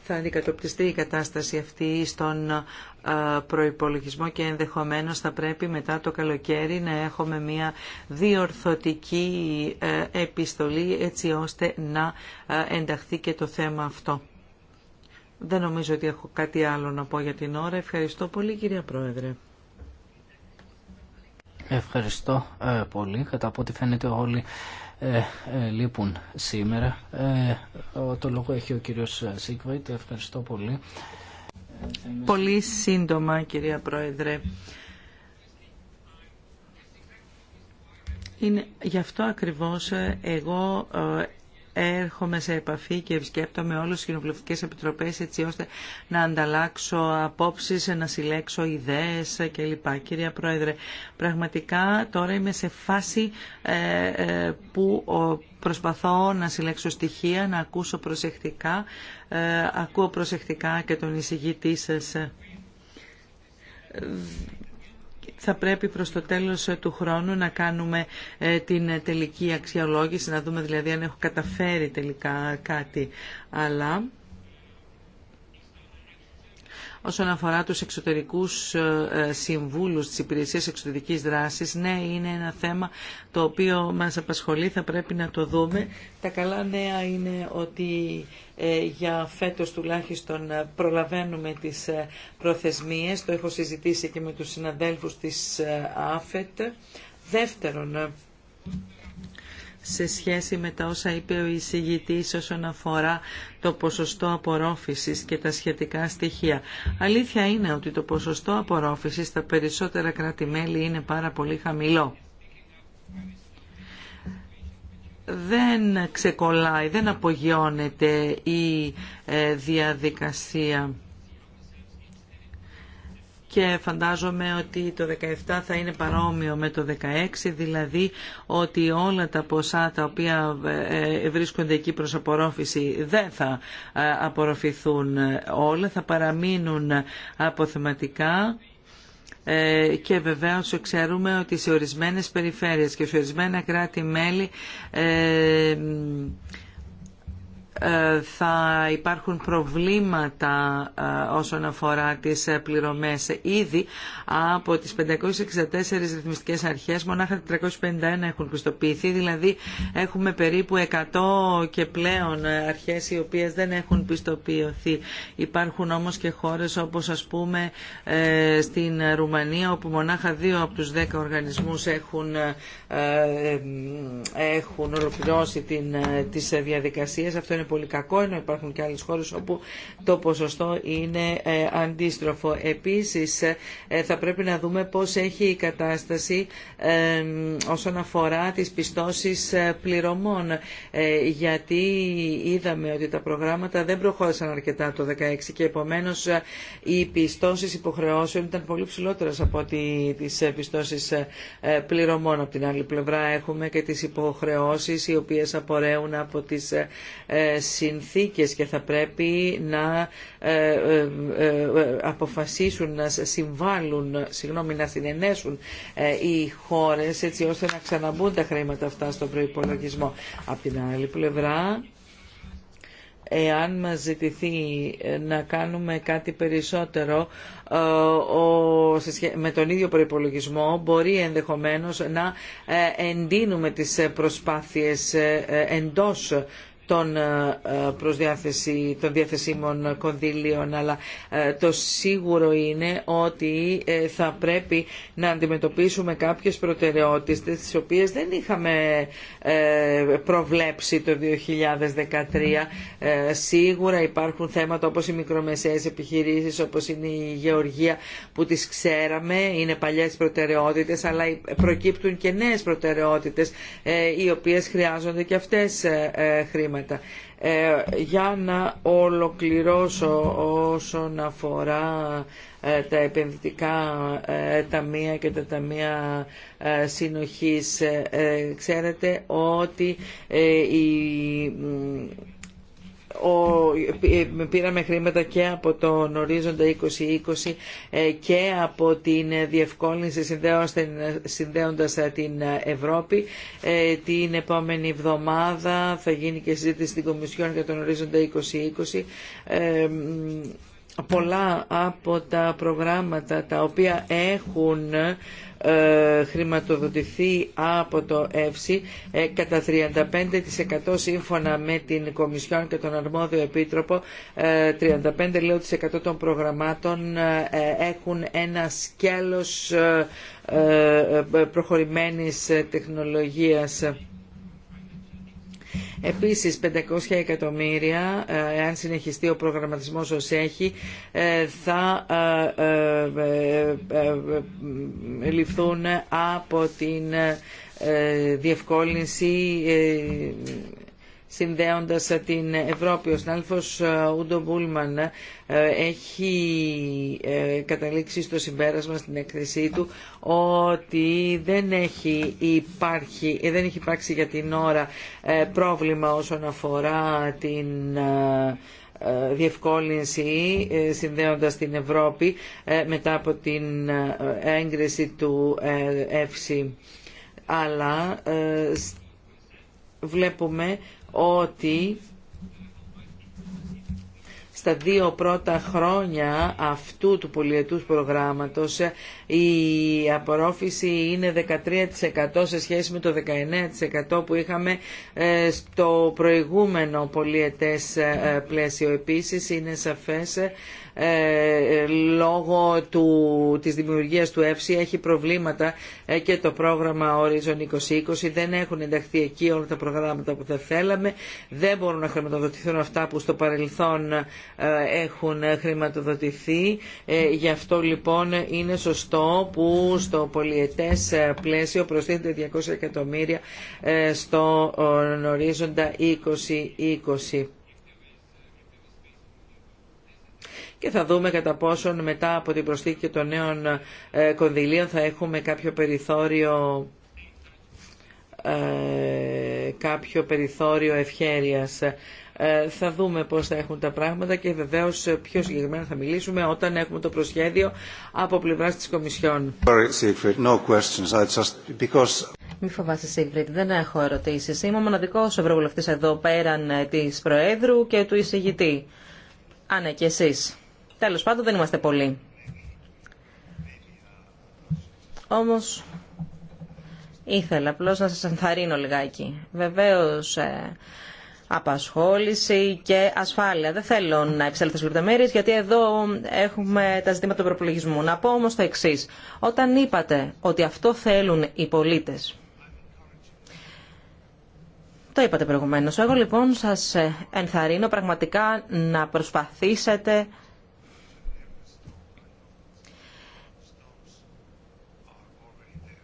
Θα αντικατοπτριστεί η κατάσταση αυτή στον ε, προϋπολογισμό και ενδεχομένως θα πρέπει μετά το καλοκαίρι να έχουμε μια διορθωτική ε, επιστολή έτσι ώστε να ενταχθεί και το θέμα αυτό. Δεν νομίζω ότι έχω κάτι άλλο να πω για την ώρα. Ευχαριστώ πολύ κυρία Πρόεδρε. Ευχαριστώ ε, πολύ. Κατά από ό,τι φαίνεται όλοι ε, ε, λείπουν σήμερα. Ε, το λόγο έχει ο κύριος Σίγκβαιτ. Ε, Ευχαριστώ πολύ. Πολύ σύντομα κυρία Πρόεδρε. Είναι γι' αυτό ακριβώς εγώ έρχομαι σε επαφή και επισκέπτομαι όλες τις κοινοβουλευτικές επιτροπές έτσι ώστε να ανταλλάξω απόψεις, να συλλέξω ιδέες κλπ. Κυρία Πρόεδρε, πραγματικά τώρα είμαι σε φάση ε, ε, που προσπαθώ να συλλέξω στοιχεία, να ακούσω προσεκτικά, ε, ακούω προσεκτικά και τον εισηγητή σας θα πρέπει προς το τέλος ε, του χρόνου να κάνουμε ε, την ε, τελική αξιολόγηση, να δούμε δηλαδή αν έχω καταφέρει τελικά κάτι. Αλλά Όσον αφορά τους εξωτερικούς ε, ε, συμβούλους της Υπηρεσίας Εξωτερικής Δράσης, ναι, είναι ένα θέμα το οποίο μας απασχολεί, θα πρέπει να το δούμε. Τα καλά νέα είναι ότι ε, για φέτος τουλάχιστον προλαβαίνουμε τις προθεσμίες, το έχω συζητήσει και με τους συναδέλφους της ΑΦΕΤ. Δεύτερον, σε σχέση με τα όσα είπε ο εισηγητής όσον αφορά το ποσοστό απορρόφησης και τα σχετικά στοιχεία. Αλήθεια είναι ότι το ποσοστό απορρόφησης στα περισσότερα κράτη-μέλη είναι πάρα πολύ χαμηλό. Δεν ξεκολλάει, δεν απογειώνεται η ε, διαδικασία και φαντάζομαι ότι το 17 θα είναι παρόμοιο με το 16, δηλαδή ότι όλα τα ποσά τα οποία ε, ε, βρίσκονται εκεί προς απορρόφηση δεν θα ε, απορροφηθούν όλα, θα παραμείνουν αποθεματικά και βεβαίως ξέρουμε ότι σε ορισμένες περιφέρειες και σε ορισμένα κράτη-μέλη ε, θα υπάρχουν προβλήματα ε, όσον αφορά τις ε, πληρωμές ήδη από τις 564 ρυθμιστικές αρχές μονάχα 351 έχουν πιστοποιηθεί δηλαδή έχουμε περίπου 100 και πλέον αρχές οι οποίες δεν έχουν πιστοποιηθεί υπάρχουν όμως και χώρες όπως ας πούμε στην Ρουμανία όπου μονάχα δύο από τους 10 οργανισμούς έχουν, έχουν ολοκληρώσει τις διαδικασίες αυτό είναι πολύ κακό, ενώ υπάρχουν και άλλες χώρες όπου το ποσοστό είναι ε, αντίστροφο. Επίσης, ε, θα πρέπει να δούμε πώς έχει η κατάσταση ε, όσον αφορά τις πιστώσεις πληρωμών, γιατί είδαμε ότι τα προγράμματα δεν προχώρησαν αρκετά το 2016 και επομένως οι πιστώσεις υποχρεώσεων ήταν πολύ ψηλότερες από τις πιστώσεις πληρωμών. Από την άλλη πλευρά έχουμε και τις υποχρεώσεις οι οποίες απορρέουν από τις συνθήκες και θα πρέπει να ε, ε, ε, αποφασίσουν να συμβάλλουν, συγγνώμη, να συνενέσουν οι χώρες έτσι ώστε να ξαναμπούν τα χρήματα αυτά στο προϋπολογισμό. από την άλλη πλευρά, εάν μας ζητηθεί να κάνουμε κάτι περισσότερο με τον ίδιο προϋπολογισμό μπορεί ενδεχομένως να εντείνουμε τις προσπάθειες εντός των, ε, ε, προσδιάθεση, των διαθεσίμων κονδύλιων, αλλά ε, το σίγουρο είναι ότι θα πρέπει να αντιμετωπίσουμε κάποιες προτεραιότητες, τις οποίες δεν είχαμε προβλέψει το 2013. Σίγουρα υπάρχουν θέματα όπως οι μικρομεσαίες επιχειρήσεις, όπως είναι η γεωργία που τις ξέραμε, είναι παλιές προτεραιότητες, αλλά προκύπτουν και νέες προτεραιότητες, οι οποίες χρειάζονται και αυτές χρήματα ε, για να ολοκληρώσω όσον αφορά ε, τα επενδυτικά ε, ταμεία και τα ταμεία ε, συνοχής, ξέρετε ότι η ε, ε, πήραμε χρήματα και από τον ορίζοντα 2020 ε, και από την διευκόλυνση συνδέοντας την Ευρώπη. Την επόμενη εβδομάδα θα γίνει και συζήτηση στην Κομισιόν για τον ορίζοντα 2020 πολλά από τα προγράμματα τα οποία έχουν ε, χρηματοδοτηθεί από το ΕΦΣΥ ε, κατά 35% σύμφωνα με την Κομισιόν και τον Αρμόδιο Επίτροπο 35% ε, των προγραμμάτων έχουν ένα σκέλος προχωρημένης τεχνολογίας Επίσης 500 εκατομμύρια, ε, εάν συνεχιστεί ο προγραμματισμός ως έχει, ε, θα ε, ληφθούν από την διευκόλυνση συνδέοντας την Ευρώπη. Ο συνάδελφος ε, Ούντο Μπούλμαν ε, έχει ε, καταλήξει στο συμπέρασμα στην έκθεσή του ότι δεν έχει, υπάρχει, δεν έχει υπάρξει για την ώρα πρόβλημα όσον αφορά την διευκόλυνση συνδέοντας την Ευρώπη μετά από την έγκριση του ΕΦΣΥ. Αλλά βλέπουμε ότι στα δύο πρώτα χρόνια αυτού του πολυετούς προγράμματος η απορρόφηση είναι 13% σε σχέση με το 19% που είχαμε ε, στο προηγούμενο πολιετές ε, πλαίσιο. Επίσης είναι σαφές ε, λόγω του, της δημιουργίας του ΕΦΣΙ έχει προβλήματα και το πρόγραμμα Horizon 2020 δεν έχουν ενταχθεί εκεί όλα τα προγράμματα που θα θέλαμε δεν μπορούν να χρηματοδοτηθούν αυτά που στο παρελθόν έχουν χρηματοδοτηθεί γι' αυτό λοιπόν είναι σωστό αυτό που στο πολιετές ε, πλαίσιο προσθέτει 200 εκατομμύρια ε, στο ε, ορίζοντα 2020. και θα δούμε κατά πόσον μετά από την προσθήκη των νέων κονδυλίων θα έχουμε κάποιο περιθώριο κάποιο περιθώριο ευχέρειας ε, θα δούμε πώς θα έχουν τα πράγματα και βεβαίως πιο συγκεκριμένα θα μιλήσουμε όταν έχουμε το προσχέδιο από πλευράς της Κομισιόν. Μην φοβάσαι, Σίγκριτ, δεν έχω ερωτήσει. Είμαι ο μοναδικό ευρωβουλευτή εδώ πέραν ε, τη Προέδρου και του εισηγητή. Α, ναι, και εσεί. Τέλο πάντων, δεν είμαστε πολλοί. Όμω, ήθελα απλώ να σα ενθαρρύνω λιγάκι. Βεβαίω, ε, απασχόληση και ασφάλεια. Δεν θέλω να επιστρέψω στι λεπτομέρειε γιατί εδώ έχουμε τα ζητήματα του προπολογισμού. Να πω όμω το εξή. Όταν είπατε ότι αυτό θέλουν οι πολίτε. Το είπατε προηγουμένω. Εγώ λοιπόν σα ενθαρρύνω πραγματικά να προσπαθήσετε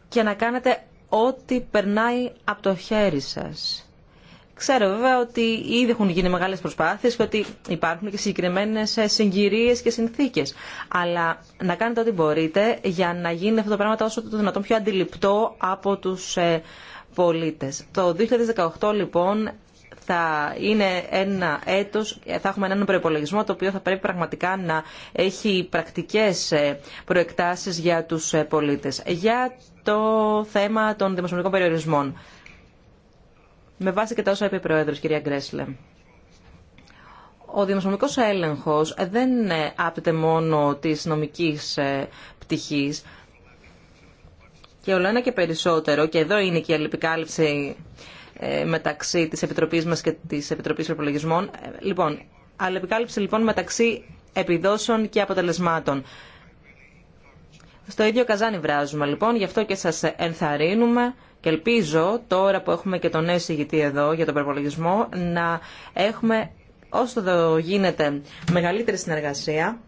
και να κάνετε ό,τι περνάει από το χέρι σας Ξέρω βέβαια ότι ήδη έχουν γίνει μεγάλες προσπάθειες και ότι υπάρχουν και συγκεκριμένες ε, συγκυρίες και συνθήκες. Αλλά να κάνετε ό,τι μπορείτε για να γίνει αυτό το πράγμα όσο το δυνατόν πιο αντιληπτό από τους ε, πολίτες. Το 2018 λοιπόν θα είναι ένα έτος, θα έχουμε έναν προπολογισμό το οποίο θα πρέπει πραγματικά να έχει πρακτικές ε, προεκτάσεις για τους πολίτες. Για το θέμα των δημοσιονομικών περιορισμών με βάση και τα όσα είπε η Πρόεδρος, κυρία Γκρέσλε. Ο δημοσιονομικός έλεγχος δεν άπτεται μόνο της νομικής ε, πτυχής και όλο ένα και περισσότερο, και εδώ είναι και η αλληλεπικάλυψη ε, μεταξύ της Επιτροπής μας και της Επιτροπής Προπολογισμών. Ε, λοιπόν, αλληλεπικάλυψη λοιπόν μεταξύ επιδόσεων και αποτελεσμάτων. Στο ίδιο καζάνι βράζουμε λοιπόν, γι' αυτό και σας ενθαρρύνουμε και ελπίζω τώρα που έχουμε και τον νέο συγητή εδώ για τον προπολογισμό να έχουμε όσο το γίνεται μεγαλύτερη συνεργασία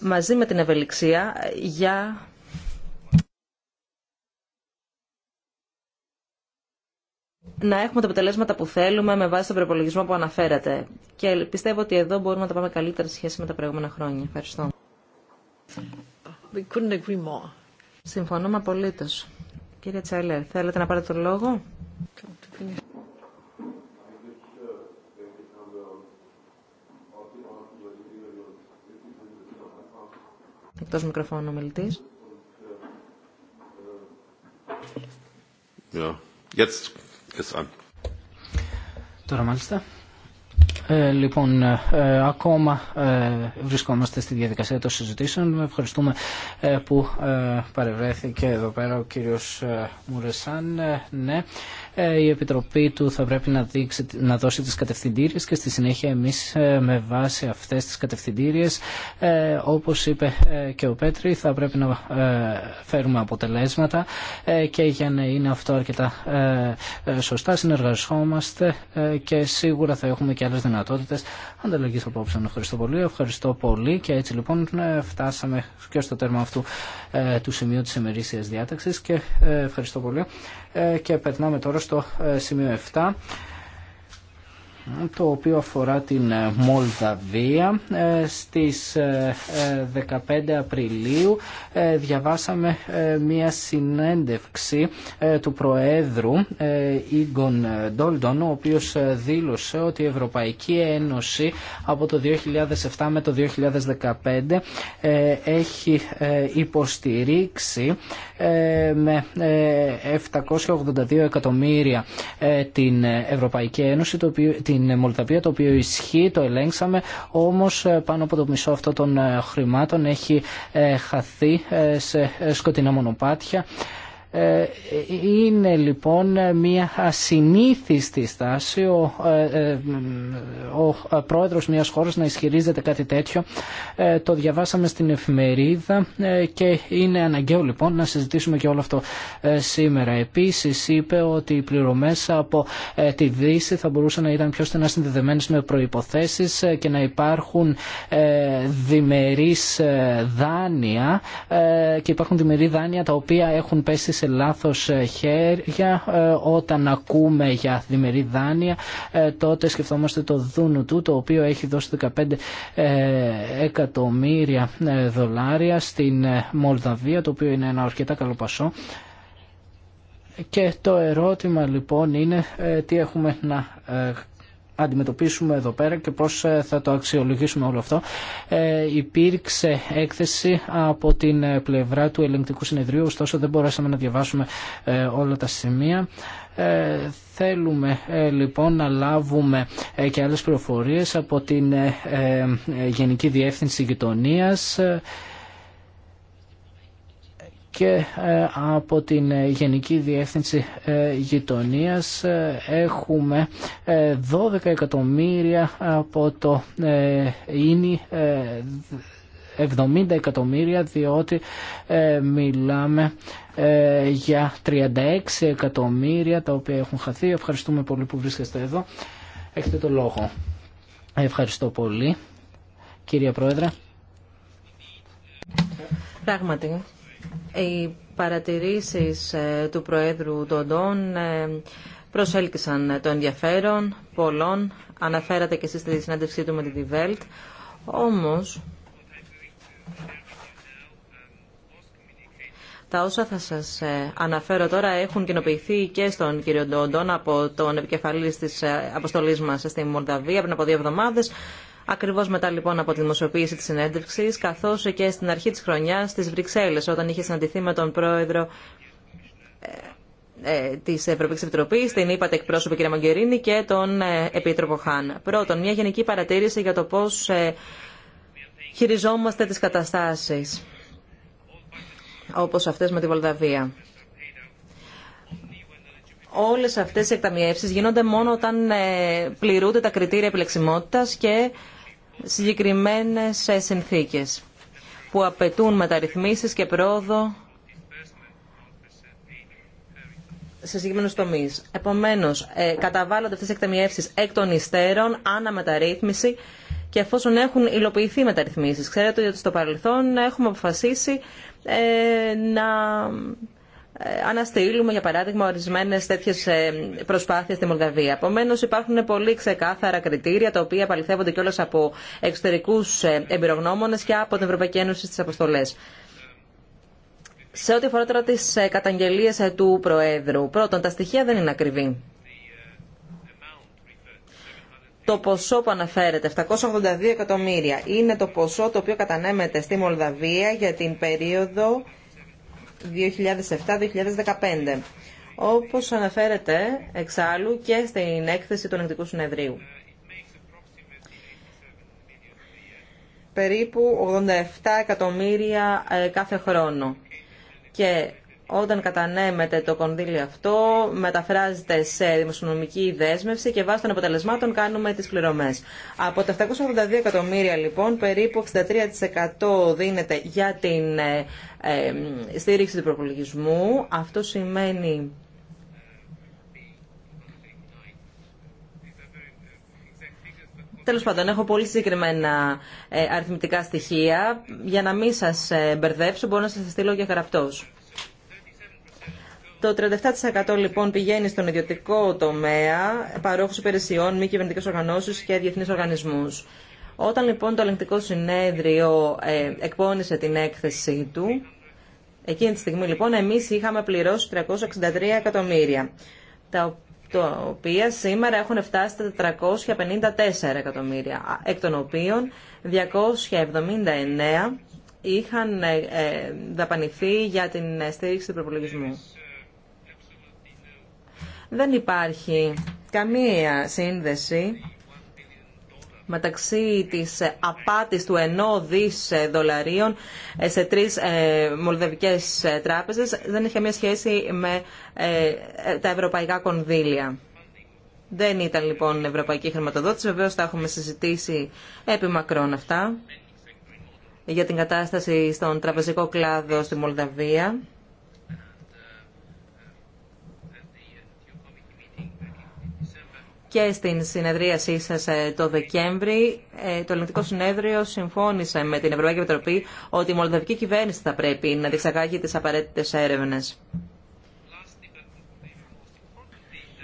μαζί με την ευελιξία για να έχουμε τα αποτελέσματα που θέλουμε με βάση τον προπολογισμό που αναφέρατε. Και πιστεύω ότι εδώ μπορούμε να τα πάμε καλύτερα σε σχέση με τα προηγούμενα χρόνια. Ευχαριστώ. We Συμφωνούμε απολύτω. Κύριε Τσάιλερ, θέλετε να πάρετε το λόγο. Εκτός μικροφώνου μιλητής. Yeah. Jetzt ist an. Τώρα μάλιστα. Ε, λοιπόν, ε, ακόμα ε, βρισκόμαστε στη διαδικασία των συζητήσεων. Ευχαριστούμε που παρευρέθηκε εδώ πέρα ο κύριος Μουρεσάν. Ναι, ε, η Επιτροπή του θα πρέπει να, να δώσει τις κατευθυντήριες και στη συνέχεια εμείς ε, με βάση αυτές τις κατευθυντήριες ε, όπως είπε και ο Πέτρη θα πρέπει να φέρουμε αποτελέσματα και για να είναι αυτό αρκετά σωστά συνεργαζόμαστε και σίγουρα θα έχουμε και άλλες δυνατότητες ανταλλαγής απόψεων. Ευχαριστώ πολύ. Ευχαριστώ πολύ και έτσι λοιπόν φτάσαμε και στο τέρμα αυτού του σημείου της ημερήσιας διάταξης και ευχαριστώ πολύ και περνάμε τώρα στο ε, σημείο 7 το οποίο αφορά την ε, Μολδαβία. Ε, στις 15 ε, Απριλίου διαβάσαμε μία συνέντευξη του Προέδρου Ίγκον Ντόλτον, ο οποίος δήλωσε ότι η Ευρωπαϊκή Ένωση από το 2007 με το 2015 έχει υποστηρίξει με 782 εκατομμύρια την Ευρωπαϊκή Ένωση, την στην Μολδαβία το οποίο ισχύει, το ελέγξαμε όμως ε, πάνω από το μισό αυτό των ε, χρημάτων έχει ε, χαθεί σε σκοτεινά μονοπάτια ε, είναι λοιπόν μια ασυνήθιστη στάση ο, ε, ε, ο πρόεδρος μιας χώρας να ισχυρίζεται κάτι τέτοιο το διαβάσαμε στην εφημερίδα και είναι αναγκαίο λοιπόν να συζητήσουμε και όλο αυτό σήμερα επίσης είπε ότι οι πληρωμές από τη Δύση θα μπορούσαν να ήταν πιο στενά συνδεδεμένες με προϋποθέσεις και να υπάρχουν διμερείς δάνεια και υπάρχουν διμερεί δάνεια τα οποία έχουν πέσει σε λάθος ε, χέρια. Ε, όταν ακούμε για διμερή δάνεια ε, τότε σκεφτόμαστε το δούνου του το οποίο έχει δώσει 15 εκατομμύρια δολάρια στην Μολδαβία το οποίο είναι ένα αρκετά πασό και το ερώτημα λοιπόν είναι τι έχουμε να αντιμετωπίσουμε εδώ πέρα και πώς ε, θα το αξιολογήσουμε όλο αυτό. Ε, υπήρξε έκθεση από την ε, πλευρά του ελεγκτικού συνεδρίου, ωστόσο δεν μπορέσαμε να διαβάσουμε όλα τα σημεία. Θέλουμε λοιπόν να λάβουμε και άλλες πληροφορίες από την Γενική Διεύθυνση Γειτονίας και ε, από την Γενική Διεύθυνση ε, Γειτονίας ε, έχουμε 12 εκατομμύρια από το ίνι 70 εκατομμύρια διότι μιλάμε για 36 εκατομμύρια τα οποία έχουν χαθεί. Ευχαριστούμε πολύ που βρίσκεστε εδώ. Έχετε το λόγο. Ευχαριστώ πολύ. Κύριε Πρόεδρε. Πράγματι, οι παρατηρήσεις ε, του Προέδρου Ντοντών ε, προσέλκυσαν το ενδιαφέρον πολλών. Αναφέρατε και εσείς στη συνάντησή του με τη Διβέλτ. Όμως, Τα όσα θα σας ε, αναφέρω τώρα έχουν κοινοποιηθεί και στον κύριο Ντόντον από τον επικεφαλής της αποστολής μας στη Μολδαβία πριν από δύο εβδομάδες. Ακριβώ μετά λοιπόν από τη δημοσιοποίηση τη συνέντευξη, καθώ και στην αρχή τη χρονιά στι Βρυξέλλε, όταν είχε συναντηθεί με τον πρόεδρο ε, ε, τη Ευρωπαϊκή Επιτροπή, την είπατε εκπρόσωπο κ. Μαγκερίνη και τον ε, Επίτροπο Χάν. Πρώτον, μια γενική παρατήρηση για το πώ χειριζόμαστε τι καταστάσει όπω αυτέ με τη Βολδαβία. Όλες αυτές οι εκταμιεύσεις γίνονται μόνο όταν πληρούνται τα κριτήρια επιλεξιμότητας και συγκεκριμένες συνθήκες που απαιτούν μεταρρυθμίσεις και πρόοδο σε συγκεκριμένου τομεί. Επομένω, ε, καταβάλλονται αυτέ οι εκτεμιεύσει εκ των υστέρων, αναμεταρρύθμιση και εφόσον έχουν υλοποιηθεί μεταρρυθμίσει. Ξέρετε ότι στο παρελθόν έχουμε αποφασίσει ε, να ε, αναστείλουμε για παράδειγμα ορισμένε τέτοιε προσπάθειε στη Μολδαβία. Επομένω, υπάρχουν πολύ ξεκάθαρα κριτήρια τα οποία παληθεύονται κιόλας από εξωτερικού ε, εμπειρογνώμονε και από την Ευρωπαϊκή Ένωση στι αποστολέ. Σε ό,τι αφορά τώρα τι ε, καταγγελίε του Προέδρου, πρώτον, τα στοιχεία δεν είναι ακριβή. Το ποσό που αναφέρεται, 782 εκατομμύρια, είναι το ποσό το οποίο κατανέμεται στη Μολδαβία για την περίοδο 2007-2015, όπως αναφέρεται εξάλλου και στην έκθεση του Ελεκτικού Συνεδρίου. Περίπου 87 εκατομμύρια ε, κάθε χρόνο. Και όταν κατανέμεται το κονδύλι αυτό, μεταφράζεται σε δημοσιονομική δέσμευση και βάσει των αποτελεσμάτων κάνουμε τις πληρωμές. Από τα 782 εκατομμύρια λοιπόν, περίπου 63% δίνεται για την ε, ε, στήριξη του προπολογισμού. Αυτό σημαίνει... Τέλος πάντων, έχω πολύ συγκεκριμένα ε, αριθμητικά στοιχεία. Για να μην σας μπερδέψω, μπορώ να σας στείλω και γραπτός. Το 37% λοιπόν πηγαίνει στον ιδιωτικό τομέα, παρόχους υπηρεσιών, μη κυβερνητικέ οργανώσει και διεθνείς οργανισμούς. Όταν λοιπόν το ελεγκτικό συνέδριο ε, εκπώνησε την έκθεσή του, εκείνη τη στιγμή λοιπόν εμείς είχαμε πληρώσει 363 εκατομμύρια, τα οποία σήμερα έχουν φτάσει στα 454 εκατομμύρια, εκ των οποίων 279 είχαν ε, ε, δαπανηθεί για την στήριξη του προπολογισμού. Δεν υπάρχει καμία σύνδεση μεταξύ της απάτης του ενό δις δολαρίων σε τρεις ε, μολδαβικές τράπεζες δεν έχει καμία σχέση με ε, ε, τα ευρωπαϊκά κονδύλια. Δεν ήταν λοιπόν ευρωπαϊκή χρηματοδότηση, βεβαίως τα έχουμε συζητήσει επί μακρόν αυτά για την κατάσταση στον τραπεζικό κλάδο στη Μολδαβία. και στην συνεδρίασή σας ε, το Δεκέμβρη, ε, το Ελληνικό Συνέδριο συμφώνησε με την Ευρωπαϊκή Επιτροπή ότι η Μολδαβική κυβέρνηση θα πρέπει να διεξαγάγει τι απαραίτητες έρευνε.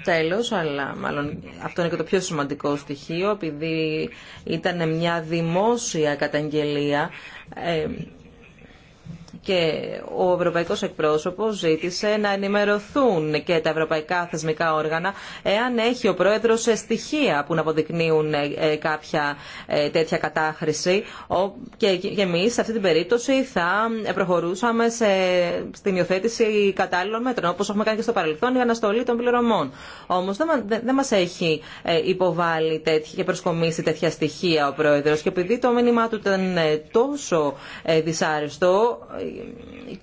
Τέλο, αλλά μάλλον αυτό είναι και το πιο σημαντικό στοιχείο, επειδή ήταν μια δημόσια καταγγελία ε, και ο Ευρωπαϊκός Εκπρόσωπος ζήτησε να ενημερωθούν και τα ευρωπαϊκά θεσμικά όργανα εάν έχει ο Πρόεδρος στοιχεία που να αποδεικνύουν ε, ε, κάποια ε, τέτοια κατάχρηση και εμείς σε αυτή την περίπτωση θα προχωρούσαμε σε, στην υιοθέτηση κατάλληλων μέτρων όπως έχουμε κάνει και στο παρελθόν για αναστολή των πληρωμών. Όμως δεν μας έχει υποβάλει τέτοια, και προσκομίσει τέτοια στοιχεία ο Πρόεδρος και επειδή το μήνυμά του ήταν τόσο δυσάρεστο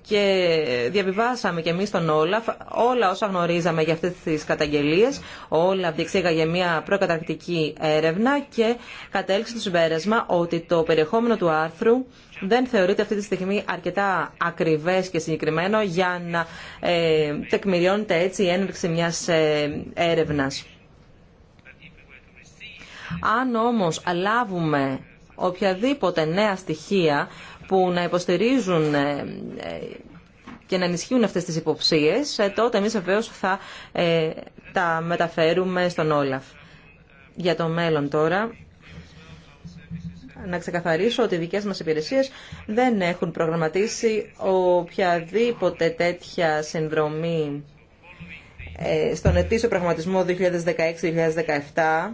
και διαβιβάσαμε και εμείς τον Όλαφ όλα όσα γνωρίζαμε για αυτές τις καταγγελίες. όλα Όλαφ διεξήγαγε μια προκαταρκτική έρευνα και κατέληξε το συμπέρασμα ότι το περιεχόμενο του άρθρου δεν θεωρείται αυτή τη στιγμή αρκετά ακριβές και συγκεκριμένο για να ε, τεκμηριώνεται έτσι η έναρξη μιας ε, έρευνας. Αν όμως λάβουμε οποιαδήποτε νέα στοιχεία που να υποστηρίζουν ε, ε, και να ενισχύουν αυτές τις υποψίες, ε, τότε εμείς βεβαίω θα τα μεταφέρουμε στον Όλαφ. Για το μέλλον τώρα, να ξεκαθαρίσω ότι οι δικές μας υπηρεσίες δεν έχουν προγραμματίσει οποιαδήποτε τέτοια συνδρομή στον ετήσιο πραγματισμό 2016-2017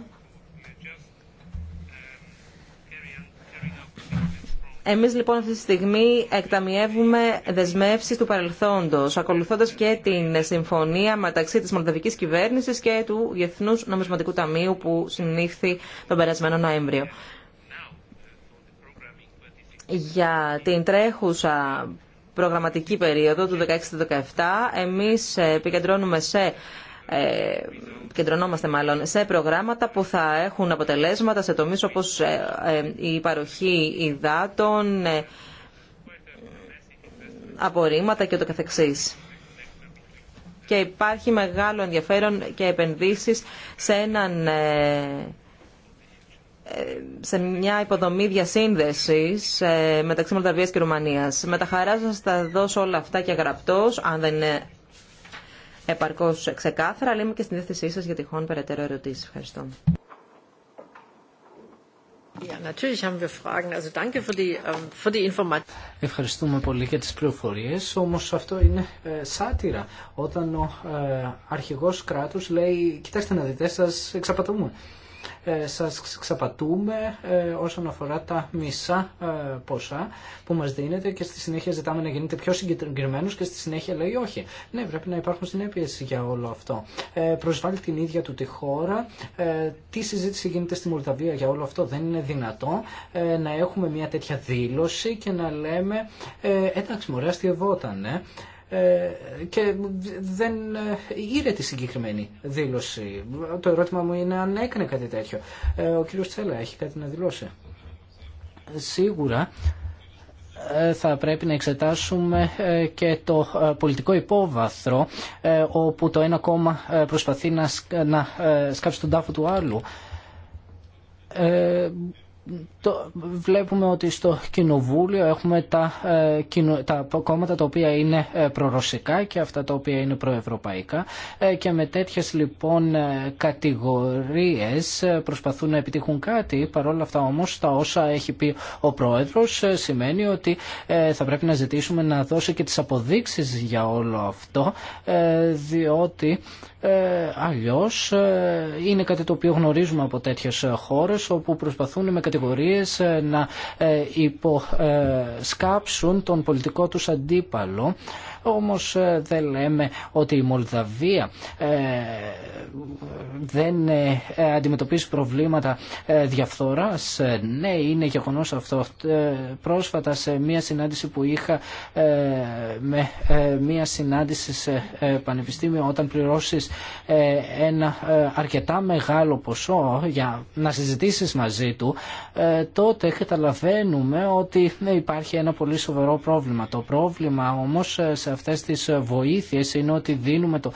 Εμείς λοιπόν αυτή τη στιγμή εκταμιεύουμε δεσμεύσεις του παρελθόντος, ακολουθώντας και την συμφωνία μεταξύ της Μολδαβικής Κυβέρνησης και του Διεθνούς Νομισματικού Ταμείου που συνήθει τον περασμένο Νοέμβριο. Για την τρέχουσα προγραμματική περίοδο του 2016-2017, εμείς επικεντρώνουμε σε ε, κεντρωνόμαστε μάλλον σε προγράμματα που θα έχουν αποτελέσματα σε τομείς όπως ε, ε, η παροχή υδάτων, απορρίμματα και το καθεξής. Και υπάρχει μεγάλο ενδιαφέρον και επενδύσεις σε, έναν, σε μια υποδομή διασύνδεσης μεταξύ Μολδαβίας και Ρουμανίας. Με τα χαρά σας θα δώσω όλα αυτά και γραπτός, αν δεν είναι επαρκώς ξεκάθαρα, αλλά είμαι και στην διάθεσή σα για τυχόν περαιτέρω ερωτήσεις. Ευχαριστώ. Ευχαριστούμε πολύ για τις πληροφορίες, όμως αυτό είναι ε, σάτυρα. Όταν ο ε, αρχηγός κράτους λέει, κοιτάξτε να δείτε, σας εξαπατούμε. Ε, σας ξαπατούμε ε, όσον αφορά τα μισά ε, ποσά που μας δίνετε και στη συνέχεια ζητάμε να γίνετε πιο συγκεκριμένους και στη συνέχεια λέει όχι. Ναι, πρέπει να υπάρχουν συνέπειες για όλο αυτό. Προσβάλλει την ίδια του τη χώρα. Τι συζήτηση γίνεται στη Μολδαβία για όλο αυτό. Δεν είναι δυνατό να έχουμε μια τέτοια δήλωση και να λέμε εντάξει μωρέ αστευότανε». Ε, και δεν ε, είδε τη συγκεκριμένη δήλωση. Το ερώτημα μου είναι αν έκανε κάτι τέτοιο. Ε, ο κύριος Τσέλα έχει κάτι να δηλώσει. Σίγουρα θα πρέπει να εξετάσουμε και το πολιτικό υπόβαθρο όπου το ένα κόμμα προσπαθεί να σκάψει τον τάφο του άλλου το, βλέπουμε ότι στο κοινοβούλιο έχουμε τα, ε, τα κόμματα τα οποία είναι ε, προρωσικά και αυτά τα οποία είναι προευρωπαϊκά ε, και με τέτοιες λοιπόν κατηγορίες προσπαθούν να επιτύχουν κάτι παρόλα αυτά όμως τα όσα έχει πει ο πρόεδρος σημαίνει ότι θα πρέπει να ζητήσουμε να δώσει και τις αποδείξεις για όλο αυτό διότι ε, αλλιώς ε, είναι κάτι το οποίο γνωρίζουμε από τέτοιες ε, χώρες όπου προσπαθούν με κατηγορίες να υποσκάψουν τον πολιτικό τους αντίπαλο όμως ε, δεν λέμε ότι η Μολδαβία ε, δεν ε, αντιμετωπίζει προβλήματα διαφθοράς. Ναι, είναι γεγονός αυτό. Πρόσφατα σε μία συνάντηση που είχα με μία συνάντηση σε πανεπιστήμιο όταν πληρώσεις ένα αρκετά μεγάλο ποσό για να συζητήσεις μαζί του τότε καταλαβαίνουμε ότι ναι, υπάρχει ένα πολύ σοβαρό πρόβλημα. Το πρόβλημα όμως σε αυτές τις ε, βοήθειες είναι ότι δίνουμε το,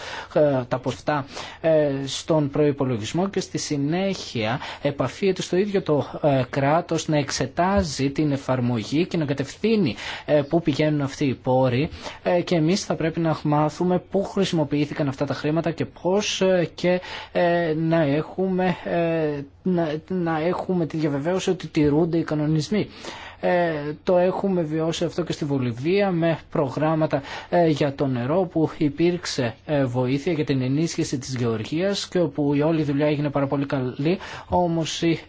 τα ποστά ε, στον προϋπολογισμό και στη συνέχεια επαφίεται στο ίδιο το ε, κράτος να εξετάζει την εφαρμογή και να κατευθύνει πού πηγαίνουν αυτοί οι πόροι και εμείς θα πρέπει να μάθουμε πού χρησιμοποιήθηκαν αυτά τα χρήματα και πώς και να έχουμε, να, να έχουμε τη διαβεβαίωση ότι τηρούνται οι κανονισμοί. Ε, το έχουμε βιώσει αυτό και στη Βολιβία με προγράμματα ε, για το νερό που υπήρξε ε, βοήθεια για την ενίσχυση της γεωργίας και όπου η όλη δουλειά έγινε πάρα πολύ καλή όμως η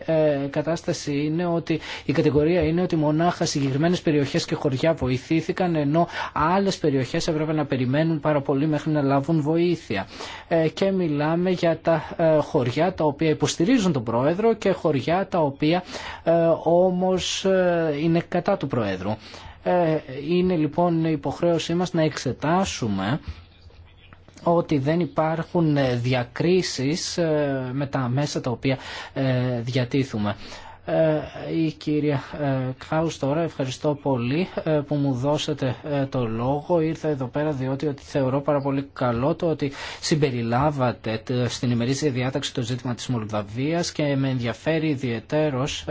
κατάσταση είναι ότι η κατηγορία είναι ότι μονάχα συγκεκριμένες περιοχές και χωριά βοηθήθηκαν ενώ άλλες περιοχές έπρεπε να περιμένουν πάρα πολύ μέχρι να λάβουν βοήθεια και μιλάμε για τα χωριά τα οποία υποστηρίζουν τον πρόεδρο και χωριά τα οποία όμως είναι κατά του Προέδρου. Ε, είναι λοιπόν υποχρέωσή μας να εξετάσουμε ότι δεν υπάρχουν διακρίσεις ε, με τα μέσα τα οποία ε, διατίθουμε. Η κυρία Κάους τώρα ευχαριστώ πολύ που μου δώσατε το λόγο. Ήρθα εδώ πέρα διότι θεωρώ πάρα πολύ καλό το ότι συμπεριλάβατε στην ημερήσια διάταξη το ζήτημα της Μολδαβίας και με ενδιαφέρει ιδιαιτέρως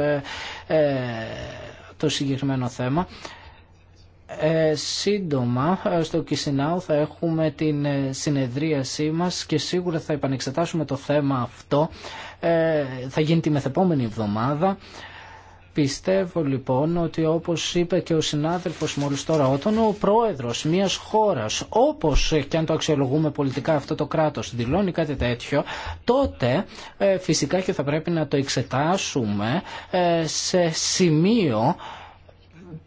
το συγκεκριμένο θέμα. Ε, σύντομα ε, στο Κισινάου θα έχουμε την ε, συνεδρίασή μας και σίγουρα θα επανεξετάσουμε το θέμα αυτό. Ε, θα γίνει τη μεθεπόμενη εβδομάδα. Πιστεύω λοιπόν ότι όπως είπε και ο συνάδελφος μόλις τώρα, όταν ο πρόεδρος μιας χώρας, όπως και αν το αξιολογούμε πολιτικά αυτό το κράτος, δηλώνει κάτι τέτοιο, τότε ε, φυσικά και θα πρέπει να το εξετάσουμε ε, σε σημείο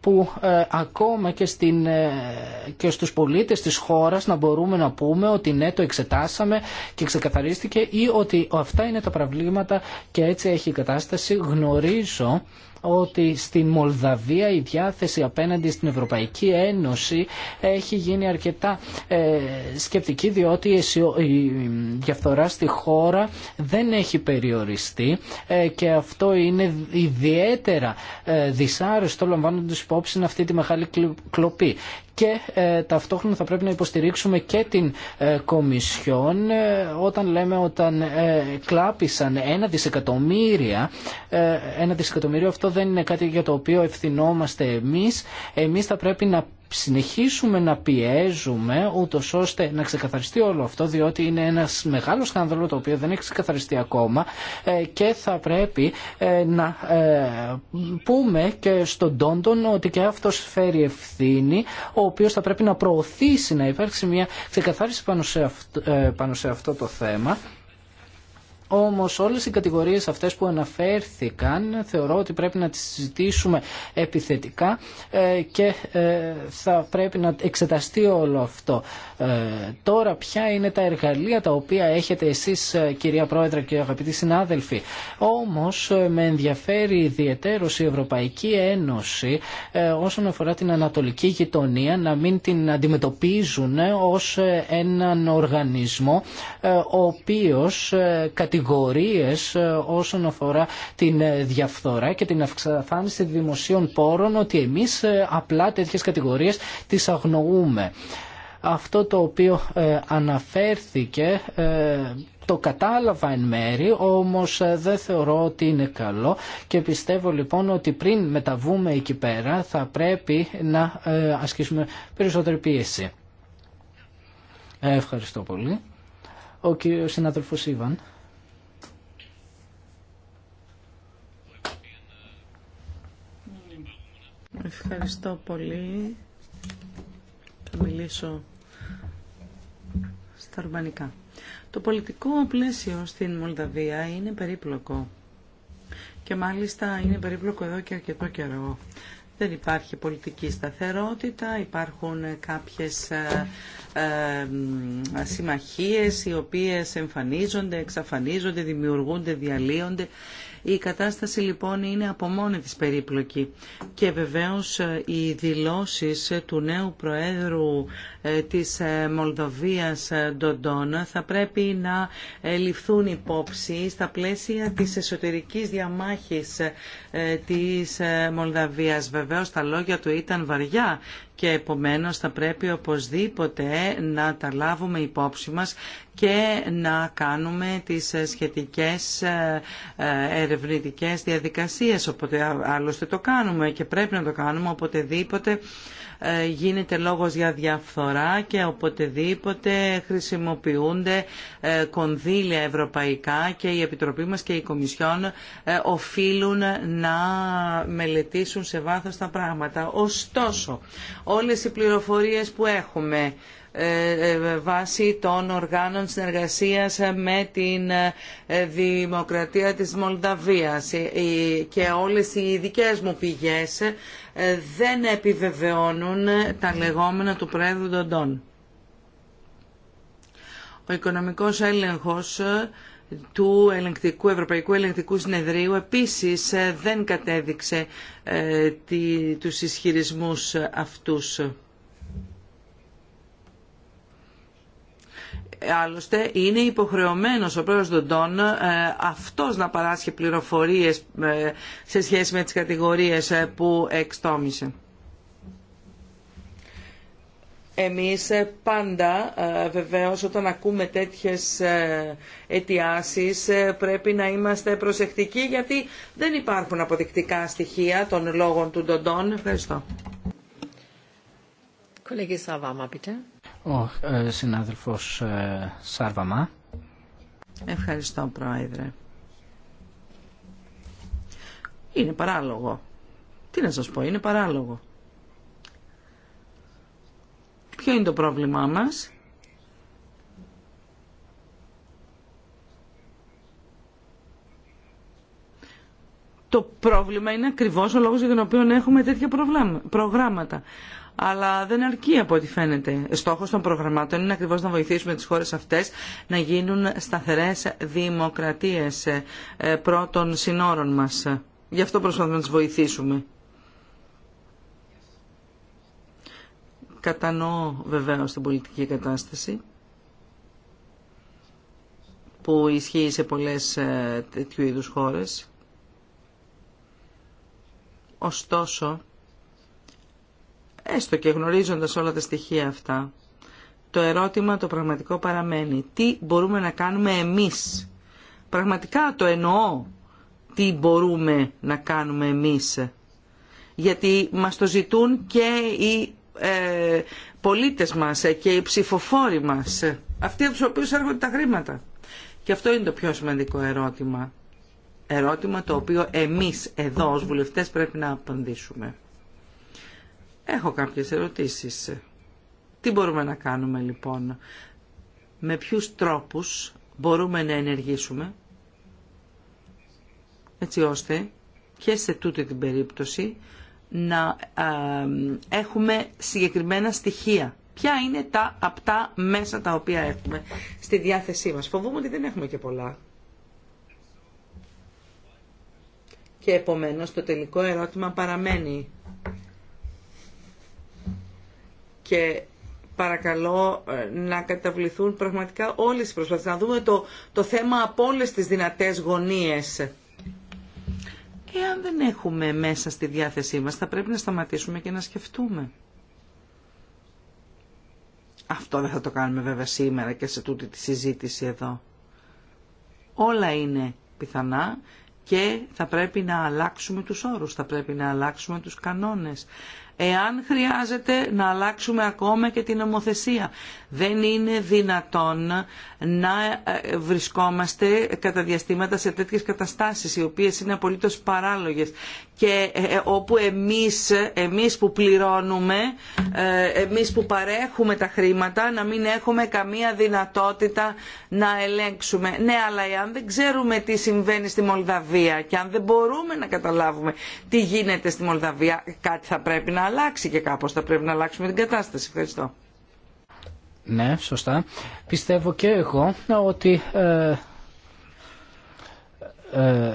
που ε, ακόμα και, στην, ε, και στους πολίτες της χώρας να μπορούμε να πούμε ότι ναι το εξετάσαμε και ξεκαθαρίστηκε ή ότι αυτά είναι τα προβλήματα και έτσι έχει η κατάσταση. Γνωρίζω ότι στην Μολδαβία η διάθεση απέναντι στην Ευρωπαϊκή Ένωση έχει γίνει αρκετά ε, σκεπτική διότι η διαφθορά στη χώρα δεν έχει περιοριστεί ε, και αυτό είναι ιδιαίτερα ε, δυσάρεστο λαμβάνοντας υπόψη αυτή τη μεγάλη κλοπή και ε, ταυτόχρονα θα πρέπει να υποστηρίξουμε και την ε, Κομισιόν ε, όταν λέμε όταν κλάπησαν ένα δισεκατομμύρια ένα δισεκατομμύριο αυτό δεν είναι κάτι για το οποίο ευθυνόμαστε εμείς εμείς θα πρέπει να συνεχίσουμε να πιέζουμε ούτω ώστε να ξεκαθαριστεί όλο αυτό διότι είναι ένας μεγάλος σκάνδαλο το οποίο δεν έχει ξεκαθαριστεί ακόμα ε, και θα πρέπει ε, να ε, πούμε και στον Τόντον ότι και αυτός φέρει ευθύνη ο οποίος θα πρέπει να προωθήσει να υπάρξει μια ξεκαθάριση πάνω πάνω σε αυτό το θέμα Όμω, όλες οι κατηγορίες αυτές που αναφέρθηκαν θεωρώ ότι πρέπει να τις συζητήσουμε επιθετικά ε, και ε, θα πρέπει να εξεταστεί όλο αυτό. Ε, τώρα ποια είναι τα εργαλεία τα οποία έχετε εσείς κυρία Πρόεδρε και αγαπητοί συνάδελφοι. Όμως με ενδιαφέρει ιδιαιτέρω η Ευρωπαϊκή Ένωση όσον αφορά την ανατολική γειτονία να μην την αντιμετωπίζουν ως έναν οργανισμό ο οποίος κατηγορίες ε, όσον αφορά την ε, διαφθορά και την αυξαφάνιση δημοσίων πόρων ότι εμείς ε, απλά τέτοιες κατηγορίες τις αγνοούμε. Αυτό το οποίο αναφέρθηκε το κατάλαβα εν μέρη, όμως δεν θεωρώ ότι είναι καλό και πιστεύω λοιπόν ότι πριν μεταβούμε εκεί πέρα θα πρέπει να ασκήσουμε περισσότερη πίεση. Ευχαριστώ πολύ. Ο κύριος συνάδελφος Ιβαν. Ευχαριστώ πολύ. Θα μιλήσω στα Το πολιτικό πλαίσιο στην Μολδαβία είναι περίπλοκο. Και μάλιστα είναι περίπλοκο εδώ και αρκετό καιρό. Δεν υπάρχει πολιτική σταθερότητα, υπάρχουν κάποιες ε, ε συμμαχίες οι οποίες εμφανίζονται, εξαφανίζονται, δημιουργούνται, διαλύονται. Η κατάσταση λοιπόν είναι από μόνη της περίπλοκη και βεβαίως ε, οι δηλώσεις ε, του νέου Προέδρου ε, της ε, Μολδοβίας ε, Ντοντόνα θα πρέπει να ληφθούν υπόψη στα πλαίσια της εσωτερικής διαμάχης της Μολδαβίας. Βεβαίως τα λόγια του ήταν βαριά και επομένως θα πρέπει οπωσδήποτε να τα λάβουμε υπόψη μας και να κάνουμε τις σχετικές ερευνητικές διαδικασίες. Οπότε άλλωστε το κάνουμε και πρέπει να το κάνουμε οποτεδήποτε ε, γίνεται λόγος για διαφθορά και οποτεδήποτε χρησιμοποιούνται ε, κονδύλια ευρωπαϊκά και η Επιτροπή μας και η Κομισιόν ε, οφείλουν να μελετήσουν σε βάθος τα πράγματα. Ωστόσο, όλες οι πληροφορίες που έχουμε ε, ε, βάση των οργάνων συνεργασίας με την ε, Δημοκρατία της Μολδαβίας και όλες οι δικές μου πηγές δεν επιβεβαιώνουν τα λεγόμενα του Πρόεδρου Ντοντών. Ο οικονομικός έλεγχος του ελεγκτικού, Ευρωπαϊκού Ελεγκτικού Συνεδρίου επίσης δεν κατέδειξε ε, τη, τους ισχυρισμούς αυτούς. Άλλωστε είναι υποχρεωμένος ο πρόεδρος Δοντών ε, αυτός να παράσχει πληροφορίες ε, σε σχέση με τις κατηγορίες ε, που εξτόμησε. Εμείς πάντα βεβαίως όταν ακούμε τέτοιες αιτιάσεις πρέπει να είμαστε προσεκτικοί γιατί δεν υπάρχουν αποδεικτικά στοιχεία των λόγων του Ντοντών. Ευχαριστώ ο ε, συνάδελφος ε, Σάρβαμα. Ευχαριστώ Πρόεδρε. Είναι παράλογο. Τι να σας πω, είναι παράλογο. Ποιο είναι το πρόβλημά μας. Το πρόβλημα είναι ακριβώς ο λόγος για τον οποίο έχουμε τέτοια προγράμματα αλλά δεν αρκεί από ό,τι φαίνεται. Στόχο των προγραμμάτων είναι ακριβώ να βοηθήσουμε τις χώρες αυτές να γίνουν σταθερές δημοκρατίες ε, πρώτων συνόρων μας. Γι' αυτό προσπαθούμε να τι βοηθήσουμε. Κατανοώ βεβαίως την πολιτική κατάσταση που ισχύει σε πολλές ε, τέτοιου είδους χώρες. Ωστόσο, έστω και γνωρίζοντας όλα τα στοιχεία αυτά. Το ερώτημα το πραγματικό παραμένει. Τι μπορούμε να κάνουμε εμείς. Πραγματικά το εννοώ. Τι μπορούμε να κάνουμε εμείς. Γιατί μας το ζητούν και οι ε, πολίτες μας και οι ψηφοφόροι μας. Αυτοί από τους οποίους έρχονται τα χρήματα. Και αυτό είναι το πιο σημαντικό ερώτημα. Ερώτημα το οποίο εμείς εδώ ως βουλευτές πρέπει να απαντήσουμε. Έχω κάποιες ερωτήσεις. Τι μπορούμε να κάνουμε λοιπόν, με ποιους τρόπους μπορούμε να ενεργήσουμε, έτσι ώστε και σε τούτη την περίπτωση να έχουμε συγκεκριμένα στοιχεία. Ποια είναι τα απτά μέσα τα οποία έχουμε στη διάθεσή μας. Φοβούμαι ότι δεν έχουμε και πολλά. Και επομένως το τελικό ερώτημα παραμένει και παρακαλώ ε, να καταβληθούν πραγματικά όλες οι προσπάθειες, να δούμε το, το θέμα από όλες τις δυνατές γωνίες. Εάν δεν έχουμε μέσα στη διάθεσή μας, θα πρέπει να σταματήσουμε και να σκεφτούμε. Αυτό δεν θα το κάνουμε βέβαια σήμερα και σε τούτη τη συζήτηση εδώ. Όλα είναι πιθανά και θα πρέπει να αλλάξουμε τους όρους, θα πρέπει να αλλάξουμε τους κανόνες εάν χρειάζεται να αλλάξουμε ακόμα και την νομοθεσία. Δεν είναι δυνατόν να ε, βρισκόμαστε κατά διαστήματα σε τέτοιες καταστάσεις οι οποίες είναι απολύτως παράλογες και ε, ε, όπου εμείς, εμείς που πληρώνουμε, εμείς που παρέχουμε τα χρήματα να μην έχουμε καμία δυνατότητα να ελέγξουμε. Ναι, αλλά εάν δεν ξέρουμε τι συμβαίνει στη Μολδαβία και αν δεν μπορούμε να καταλάβουμε τι γίνεται στη Μολδαβία, κάτι θα πρέπει να αλλάξει και κάπως θα πρέπει να αλλάξουμε την κατάσταση. Ευχαριστώ. Ναι, σωστά. Πιστεύω και εγώ ότι ε, ε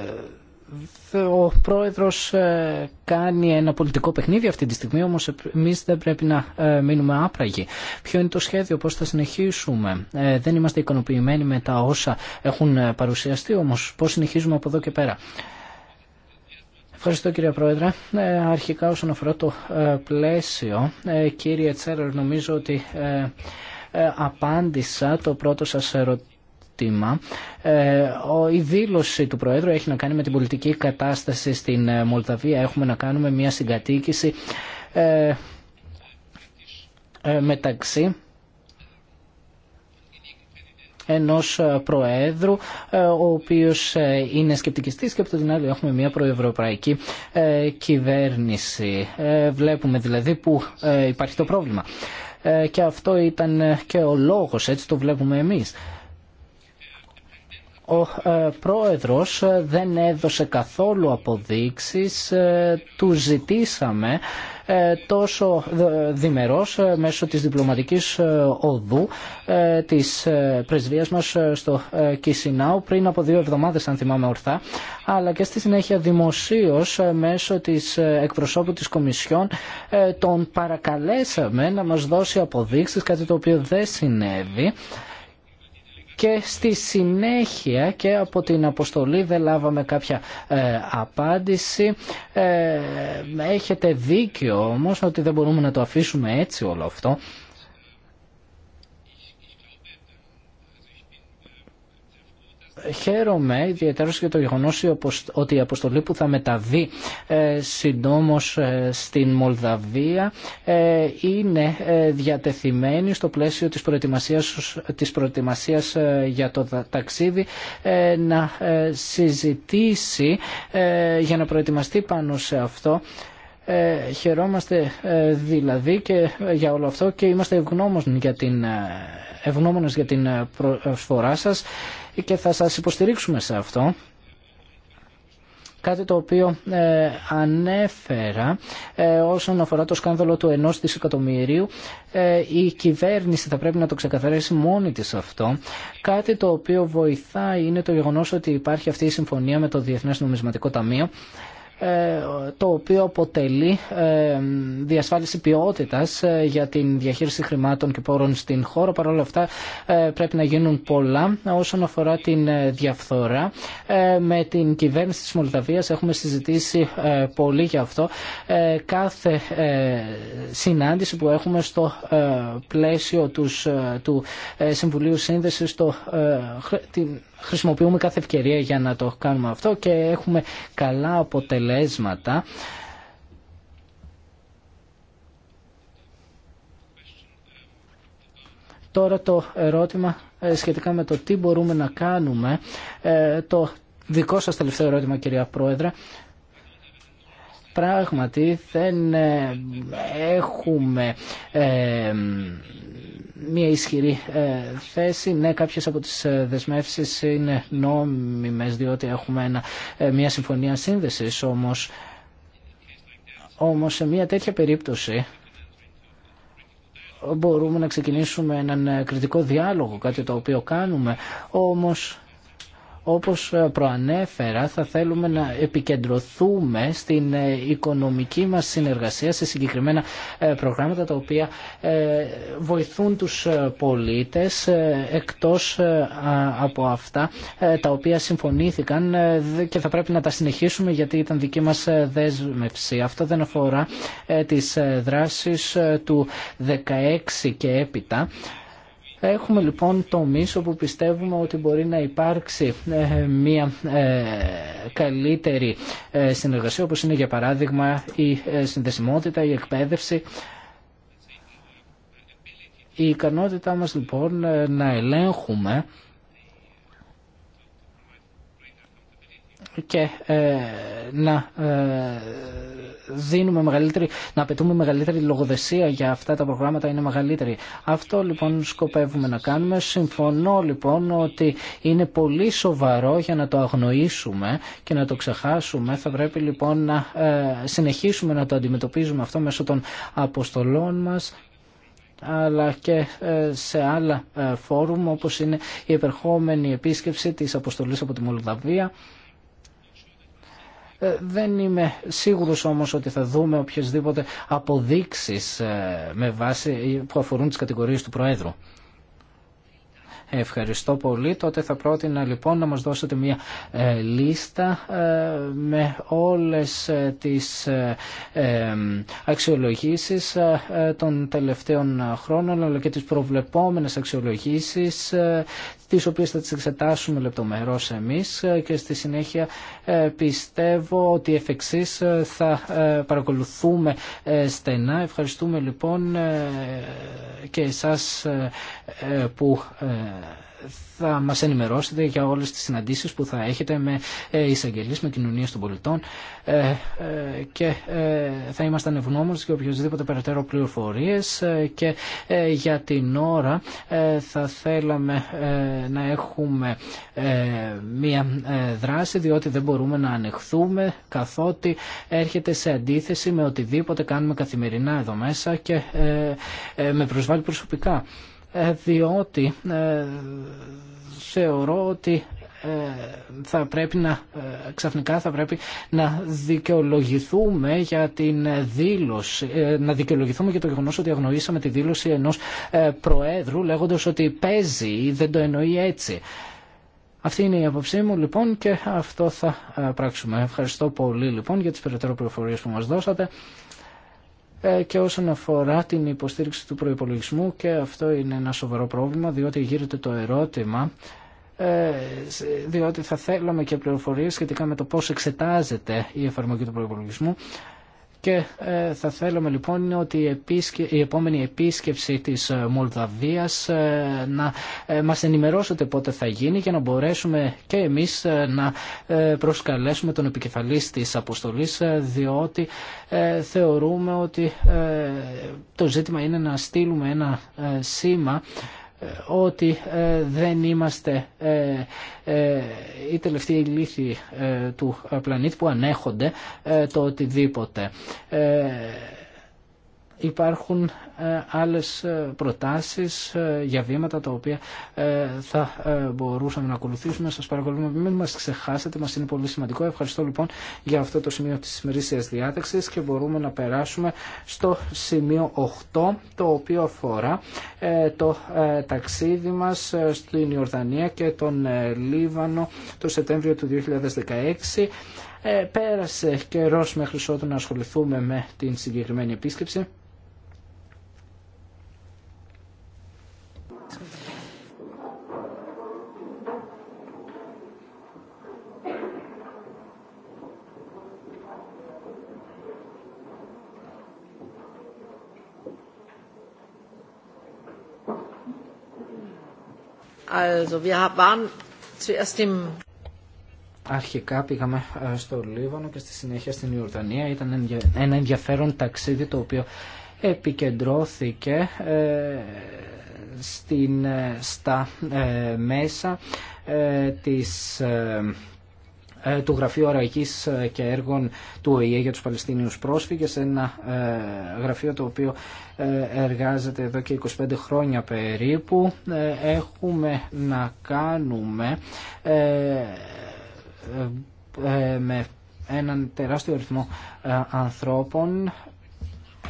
ο πρόεδρος ε, κάνει ένα πολιτικό παιχνίδι αυτή τη στιγμή, όμως εμείς δεν πρέπει να ε, μείνουμε άπραγοι. Ποιο είναι το σχέδιο, πώς θα συνεχίσουμε. δεν είμαστε ικανοποιημένοι με τα όσα έχουν παρουσιαστεί, όμως πώς συνεχίζουμε από εδώ και πέρα. Ευχαριστώ κύριε Πρόεδρε. αρχικά όσον αφορά το πλαίσιο, κύριε Τσέρερ, νομίζω ότι ε, απάντησα το πρώτο σας ερωτήμα ε, η δήλωση του Προέδρου έχει να κάνει με την πολιτική κατάσταση στην ε, Μολδαβία. Έχουμε να κάνουμε μια συγκατοίκηση μεταξύ ενός Προέδρου ο οποίος είναι σκεπτικιστής και από την άλλη έχουμε μια προευρωπαϊκή κυβέρνηση. Βλέπουμε δηλαδή που υπάρχει το πρόβλημα. Ε, και αυτό ήταν ε, και ο λόγος, έτσι το βλέπουμε εμείς. Ο ε, πρόεδρος δεν έδωσε καθόλου αποδείξεις, του ζητήσαμε ε, τόσο διμερός ε, μέσω της διπλωματικής ε, οδού της πρεσβείας μας στο Κισινάου πριν από δύο εβδομάδες αν θυμάμαι ορθά αλλά και στη συνέχεια δημοσίως μέσω της εκπροσώπου της Κομισιόν τον παρακαλέσαμε να μας δώσει αποδείξεις κάτι το οποίο δεν συνέβη και στη συνέχεια και από την αποστολή δεν λάβαμε κάποια ε, απάντηση. Ε, έχετε δίκιο όμως ότι δεν μπορούμε να το αφήσουμε έτσι όλο αυτό. χαίρομαι ιδιαίτερα για το γεγονό ότι η αποστολή που θα μεταβεί ε, συντόμως ε, στην Μολδαβία ε, είναι διατεθειμένη στο πλαίσιο της προετοιμασίας, της προετοιμασίας για το ταξίδι να συζητήσει για να προετοιμαστεί πάνω σε αυτό ε, χαιρόμαστε δηλαδή και για όλο αυτό και είμαστε ευγνώμονες για την, ευγνώμονες για την προσφορά σας και θα σας υποστηρίξουμε σε αυτό. Κάτι το οποίο ε, ανέφερα ε, όσον αφορά το σκάνδαλο του ενός δισεκατομμυρίου. Ε, η κυβέρνηση θα πρέπει να το ξεκαθαρίσει μόνη της αυτό. Κάτι το οποίο βοηθάει είναι το γεγονός ότι υπάρχει αυτή η συμφωνία με το Διεθνές Νομισματικό Ταμείο ε, το οποίο αποτελεί ε, διασφάλιση ποιότητας ε, για την διαχείριση χρημάτων και πόρων στην χώρα. Παρ' όλα αυτά πρέπει να γίνουν πολλά όσον αφορά την διαφθορά. Με την κυβέρνηση της Μολδαβία. έχουμε συζητήσει πολύ για αυτό. Κάθε συνάντηση που έχουμε στο πλαίσιο του Συμβουλίου Σύνδεσης το, χρησιμοποιούμε κάθε ευκαιρία για να το κάνουμε αυτό και έχουμε καλά αποτελέσματα. Τώρα το ερώτημα ε, σχετικά με το τι μπορούμε να κάνουμε. Ε, το δικό σας τελευταίο ερώτημα κυρία Πρόεδρε. Πράγματι δεν ε, έχουμε μια ισχυρή ε, θέση. Ναι, κάποιες από τις ε, δεσμεύσεις είναι νόμιμες διότι έχουμε ένα, ε, μια συμφωνία σύνδεσης όμως, όμως σε μια τέτοια περίπτωση μπορούμε να ξεκινήσουμε έναν κριτικό διάλογο, κάτι το οποίο κάνουμε όμως όπως προανέφερα θα θέλουμε να επικεντρωθούμε στην ε, οικονομική μας συνεργασία σε συγκεκριμένα ε, προγράμματα τα οποία ε, βοηθούν τους πολίτες εκτός από αυτά τα οποία συμφωνήθηκαν και θα πρέπει να τα συνεχίσουμε γιατί ήταν δική μας δέσμευση. Αυτό δεν αφορά τις δράσεις του 16 και έπειτα Έχουμε λοιπόν το μίσο που πιστεύουμε ότι μπορεί να υπάρξει ε, μια ε, καλύτερη ε, συνεργασία όπως είναι για παράδειγμα η συνδεσιμότητα, η εκπαίδευση. Η ικανότητά μας λοιπόν να ελέγχουμε και ε, να ε, δίνουμε μεγαλύτερη, να απαιτούμε μεγαλύτερη λογοδεσία για αυτά τα προγράμματα είναι μεγαλύτερη. Αυτό λοιπόν σκοπεύουμε να κάνουμε. Συμφωνώ λοιπόν ότι είναι πολύ σοβαρό για να το αγνοήσουμε και να το ξεχάσουμε. Θα πρέπει λοιπόν να ε, συνεχίσουμε να το αντιμετωπίζουμε αυτό μέσω των αποστολών μας αλλά και σε άλλα φόρουμ όπως είναι η επερχόμενη επίσκεψη της αποστολής από τη Μολδαβία ε, δεν είμαι σίγουρος όμως ότι θα δούμε οποιασδήποτε αποδείξεις ε, με βάση ε, που αφορούν τις κατηγορίες του Προέδρου. Ευχαριστώ πολύ. Τότε θα πρότεινα λοιπόν να μας δώσετε μια λίστα με όλες τις αξιολογήσεις των τελευταίων χρόνων αλλά και τις προβλεπόμενες αξιολογήσεις τις οποίες θα τις εξετάσουμε λεπτομερώς εμείς ε, και στη συνέχεια ε, πιστεύω ότι εφ' εξής ε, θα παρακολουθούμε στενά. Ευχαριστούμε λοιπόν και εσάς που θα μας ενημερώσετε για όλες τις συναντήσεις που θα έχετε με ε, εισαγγελίες, με κοινωνίε των πολιτών ε, ε, και θα ήμασταν ευγνώμονες για οποιοδήποτε περαιτέρω πληροφορίες και για την ώρα θα θέλαμε να έχουμε μία δράση διότι δεν μπορούμε να ανεχθούμε καθότι έρχεται σε αντίθεση με οτιδήποτε κάνουμε καθημερινά εδώ μέσα και με προσβάλλει προσωπικά διότι ε, θεωρώ ότι ε, θα πρέπει να ε, ξαφνικά θα πρέπει να δικαιολογηθούμε για την δήλωση να δικαιολογηθούμε για το γεγονός ότι αγνοήσαμε τη δήλωση ενός προέδρου λέγοντας ότι παίζει ή δεν το εννοεί έτσι αυτή είναι η άποψή μου λοιπόν και αυτό θα πράξουμε. Ευχαριστώ πολύ λοιπόν για τις περαιτέρω πληροφορίες που μας δώσατε. Ε, και όσον αφορά την υποστήριξη του προϋπολογισμού και αυτό είναι ένα σοβαρό πρόβλημα διότι γύρεται το ερώτημα ε, διότι θα θέλαμε και πληροφορίες σχετικά με το πώς εξετάζεται η εφαρμογή του προϋπολογισμού και ε, θα θέλουμε λοιπόν ότι η επόμενη επίσκεψη της ε, Μολδαβίας ε, να μας ενημερώσετε πότε θα γίνει για να μπορέσουμε και εμείς να προσκαλέσουμε τον επικεφαλής της αποστολής διότι θεωρούμε ότι το ζήτημα είναι να στείλουμε ένα σήμα ότι ε, δεν είμαστε οι ε, ε, τελευταίοι λύθοι του πλανήτη που ανέχονται το οτιδήποτε υπάρχουν ε, άλλες ε, προτάσεις ε, για βήματα τα οποία θα μπορούσαμε να ακολουθήσουμε. Σας παρακολουθούμε, μην μας ξεχάσετε, μας είναι πολύ σημαντικό. Ευχαριστώ λοιπόν για αυτό το σημείο της ημερήσιας διάταξης και μπορούμε να περάσουμε στο σημείο 8 το οποίο αφορά το ταξίδι μας στην Ιορδανία και τον Λίβανο το Σεπτέμβριο του 2016. Πέρασε καιρός μέχρι ότου να ασχοληθούμε με την συγκεκριμένη επίσκεψη. Αρχικά πήγαμε ε, στο Λίβανο και στη συνέχεια στην Ιορδανία. Ήταν ένα ενδιαφέρον ταξίδι το οποίο επικεντρώθηκε ε, στην, ε, στα μέσα της ε, του Γραφείου Αραϊκής ε, και Έργων του ΟΗΕ για τους Παλαιστίνιους πρόσφυγες, ένα ε, γραφείο το οποίο εργάζεται εδώ και 25 χρόνια περίπου. Έχουμε να κάνουμε με έναν τεράστιο αριθμό ανθρώπων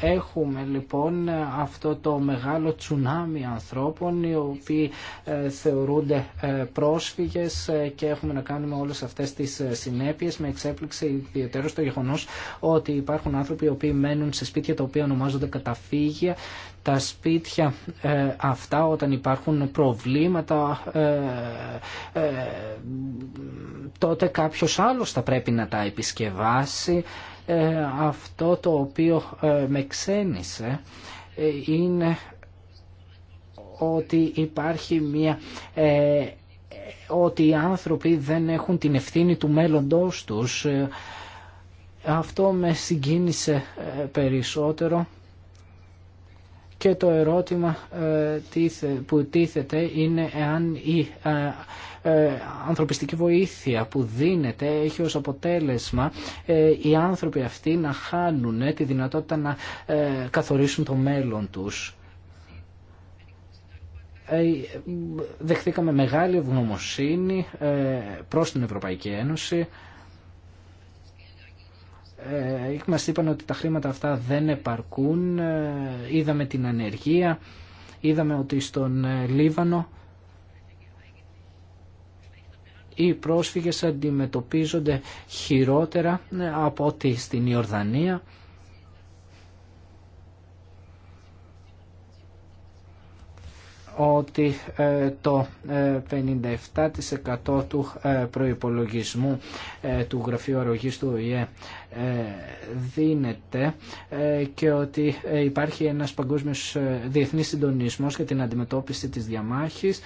Έχουμε λοιπόν αυτό το μεγάλο τσουνάμι ανθρώπων οι οποίοι ε, θεωρούνται ε, πρόσφυγες ε, και έχουμε να κάνουμε όλες αυτές τις συνέπειες. Με εξέπληξη ιδιαίτερο το γεγονός ότι υπάρχουν άνθρωποι οι οποίοι μένουν σε σπίτια τα οποία ονομάζονται καταφύγια τα σπίτια αυτά όταν υπάρχουν προβλήματα ε, ε, τότε κάποιος άλλος θα πρέπει να τα επισκευάσει ε, αυτό το οποίο ε, με ξένησε ε, είναι ότι υπάρχει μια ότι οι άνθρωποι δεν έχουν την ευθύνη του μέλλοντός τους. Αυτό με συγκίνησε περισσότερο και το ερώτημα ε, που τίθεται είναι εάν η ε, ε, ανθρωπιστική βοήθεια που δίνεται έχει ως αποτέλεσμα οι άνθρωποι αυτοί να χάνουν τη δυνατότητα να καθορίσουν το μέλλον τους δεχθήκαμε μεγάλη ευγνωμοσύνη προς την Ευρωπαϊκή Ένωση ε, μας είπαν ότι τα χρήματα αυτά δεν επαρκούν, ε, είδαμε την ανεργία, είδαμε ότι στον ε, Λίβανο οι πρόσφυγες αντιμετωπίζονται χειρότερα από ό,τι στην Ιορδανία. ότι το 57% του προϋπολογισμού του Γραφείου Αρρωγής του ΟΗΕ ε, δίνεται ε, και ότι ε, υπάρχει ένας παγκόσμιος διεθνής συντονισμός για την αντιμετώπιση της διαμάχης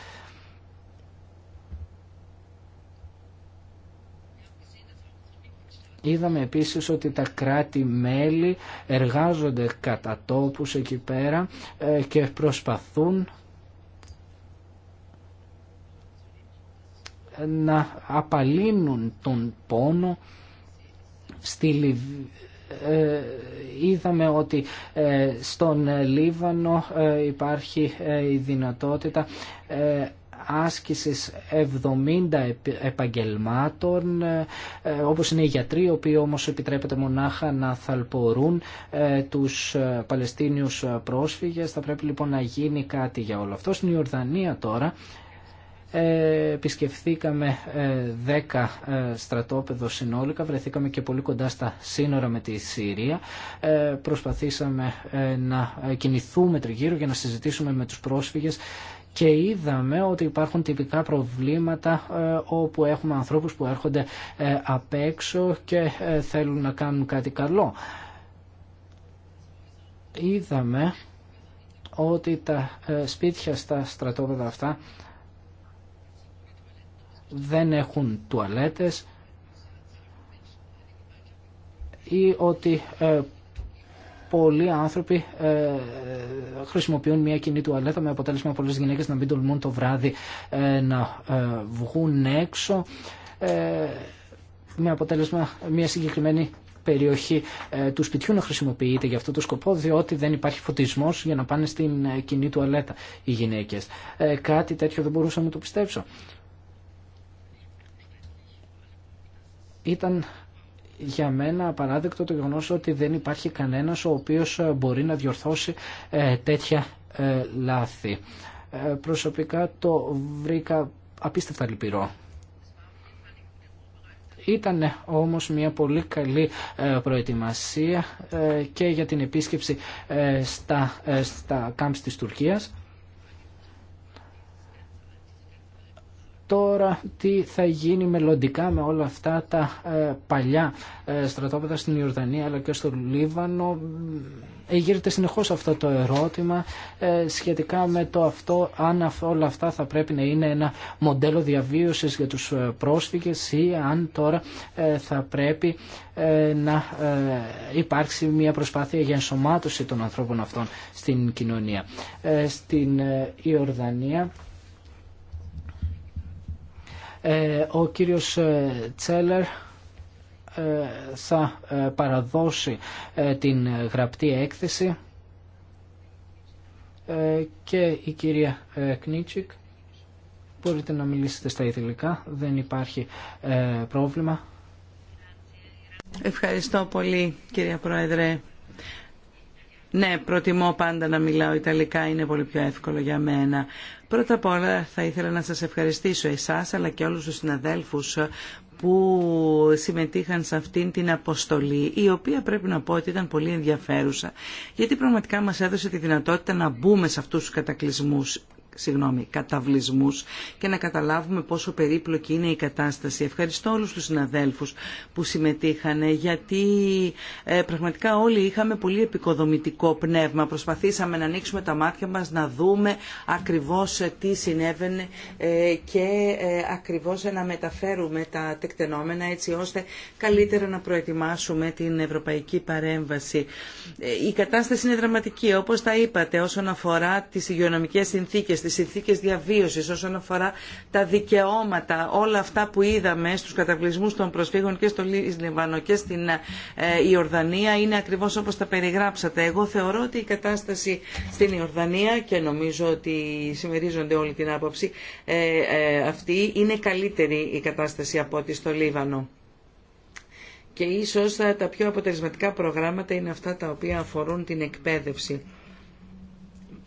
Είδαμε επίσης ότι τα κράτη-μέλη εργάζονται κατά τόπους εκεί πέρα και προσπαθούν να απαλύνουν τον πόνο Στη ε, είδαμε ότι ε, στον Λίβανο ε, υπάρχει η δυνατότητα άσκησης 70 επαγγελμάτων όπως είναι οι γιατροί οι οποίοι όμως επιτρέπεται μονάχα να θαλπορούν τους Παλαιστίνιους πρόσφυγες θα πρέπει λοιπόν να γίνει κάτι για όλο αυτό στην Ιορδανία τώρα επισκεφθήκαμε 10 ε, ε, στρατόπεδο συνόλικα, βρεθήκαμε και πολύ κοντά στα σύνορα με τη Συρία. Ε, προσπαθήσαμε να κινηθούμε τριγύρω για να συζητήσουμε με τους πρόσφυγες και είδαμε ότι υπάρχουν τυπικά προβλήματα όπου έχουμε ανθρώπους που έρχονται απ' έξω και θέλουν να κάνουν κάτι καλό. Είδαμε ότι τα σπίτια στα στρατόπεδα αυτά δεν έχουν τουαλέτες ή ότι ε, πολλοί άνθρωποι ε, χρησιμοποιούν μια κοινή τουαλέτα με αποτέλεσμα πολλές γυναίκες να μην τολμούν το βράδυ ε, να βγουν έξω με αποτέλεσμα μια συγκεκριμένη περιοχή του σπιτιού να χρησιμοποιείται για αυτό το σκοπό, διότι δεν υπάρχει φωτισμός για να πάνε στην κοινή τουαλέτα οι γυναίκε. κάτι τέτοιο δεν μπορούσα να το πιστέψω. Ήταν για μένα απαράδεκτο το γεγονό ότι δεν υπάρχει κανένας ο οποίος ε, μπορεί να διορθώσει ε, τέτοια ε, λάθη. Προσωπικά το βρήκα απίστευτα λυπηρό. Ήταν όμως μια πολύ καλή προετοιμασία και για την επίσκεψη στα, στα κάμψη της Τουρκίας τώρα τι θα γίνει μελλοντικά με όλα αυτά τα ε, παλιά ε, στρατόπεδα στην Ιορδανία αλλά και στο Λίβανο. Ε, γύρεται συνεχώς αυτό το ερώτημα σχετικά με το αυτό αν όλα αυτά θα πρέπει να είναι ένα μοντέλο διαβίωσης για τους πρόσφυγες ή αν τώρα θα πρέπει να υπάρξει μια προσπάθεια για ενσωμάτωση των ανθρώπων αυτών στην κοινωνία. Στην Ιορδανία ε, ο κύριος ε, Τσέλερ ε, θα παραδώσει την γραπτή έκθεση και η κυρία Κνίτσικ μπορείτε να μιλήσετε στα Ιταλικά, δεν υπάρχει πρόβλημα. Ευχαριστώ πολύ κυρία Πρόεδρε. Ναι, προτιμώ πάντα να μιλάω Ιταλικά, είναι πολύ πιο εύκολο για μένα. Πρώτα απ' όλα θα ήθελα να σας ευχαριστήσω εσάς αλλά και όλους τους συναδέλφους που συμμετείχαν σε αυτήν την αποστολή, η οποία πρέπει να πω ότι ήταν πολύ ενδιαφέρουσα, γιατί πραγματικά μας έδωσε τη δυνατότητα να μπούμε σε αυτούς τους κατακλυσμούς συγγνώμη, καταβλισμούς και να καταλάβουμε πόσο περίπλοκη είναι η κατάσταση. Ευχαριστώ όλους τους συναδέλφους που συμμετείχαν ε, γιατί ε, πραγματικά όλοι είχαμε πολύ επικοδομητικό πνεύμα. Προσπαθήσαμε να ανοίξουμε τα μάτια μας, να δούμε ακριβώς ε, τι συνέβαινε και ε, ακριβώς να μεταφέρουμε τα τεκτενόμενα έτσι ώστε καλύτερα να προετοιμάσουμε την ευρωπαϊκή παρέμβαση. Η κατάσταση είναι δραματική όπως τα είπατε όσον αφορά τις υγειονομικές συνθήκες τις συνθήκες διαβίωσης, όσον αφορά τα δικαιώματα, όλα αυτά που είδαμε στους καταβλισμούς των προσφύγων και στο Λιβανό και στην ε, Ιορδανία είναι ακριβώς όπως τα περιγράψατε. Εγώ θεωρώ ότι η κατάσταση στην Ιορδανία και νομίζω ότι συμμερίζονται όλη την άποψη ε, ε, αυτή, είναι καλύτερη η κατάσταση από ό,τι στο Λίβανο και ίσως τα πιο αποτελεσματικά προγράμματα είναι αυτά τα οποία αφορούν την εκπαίδευση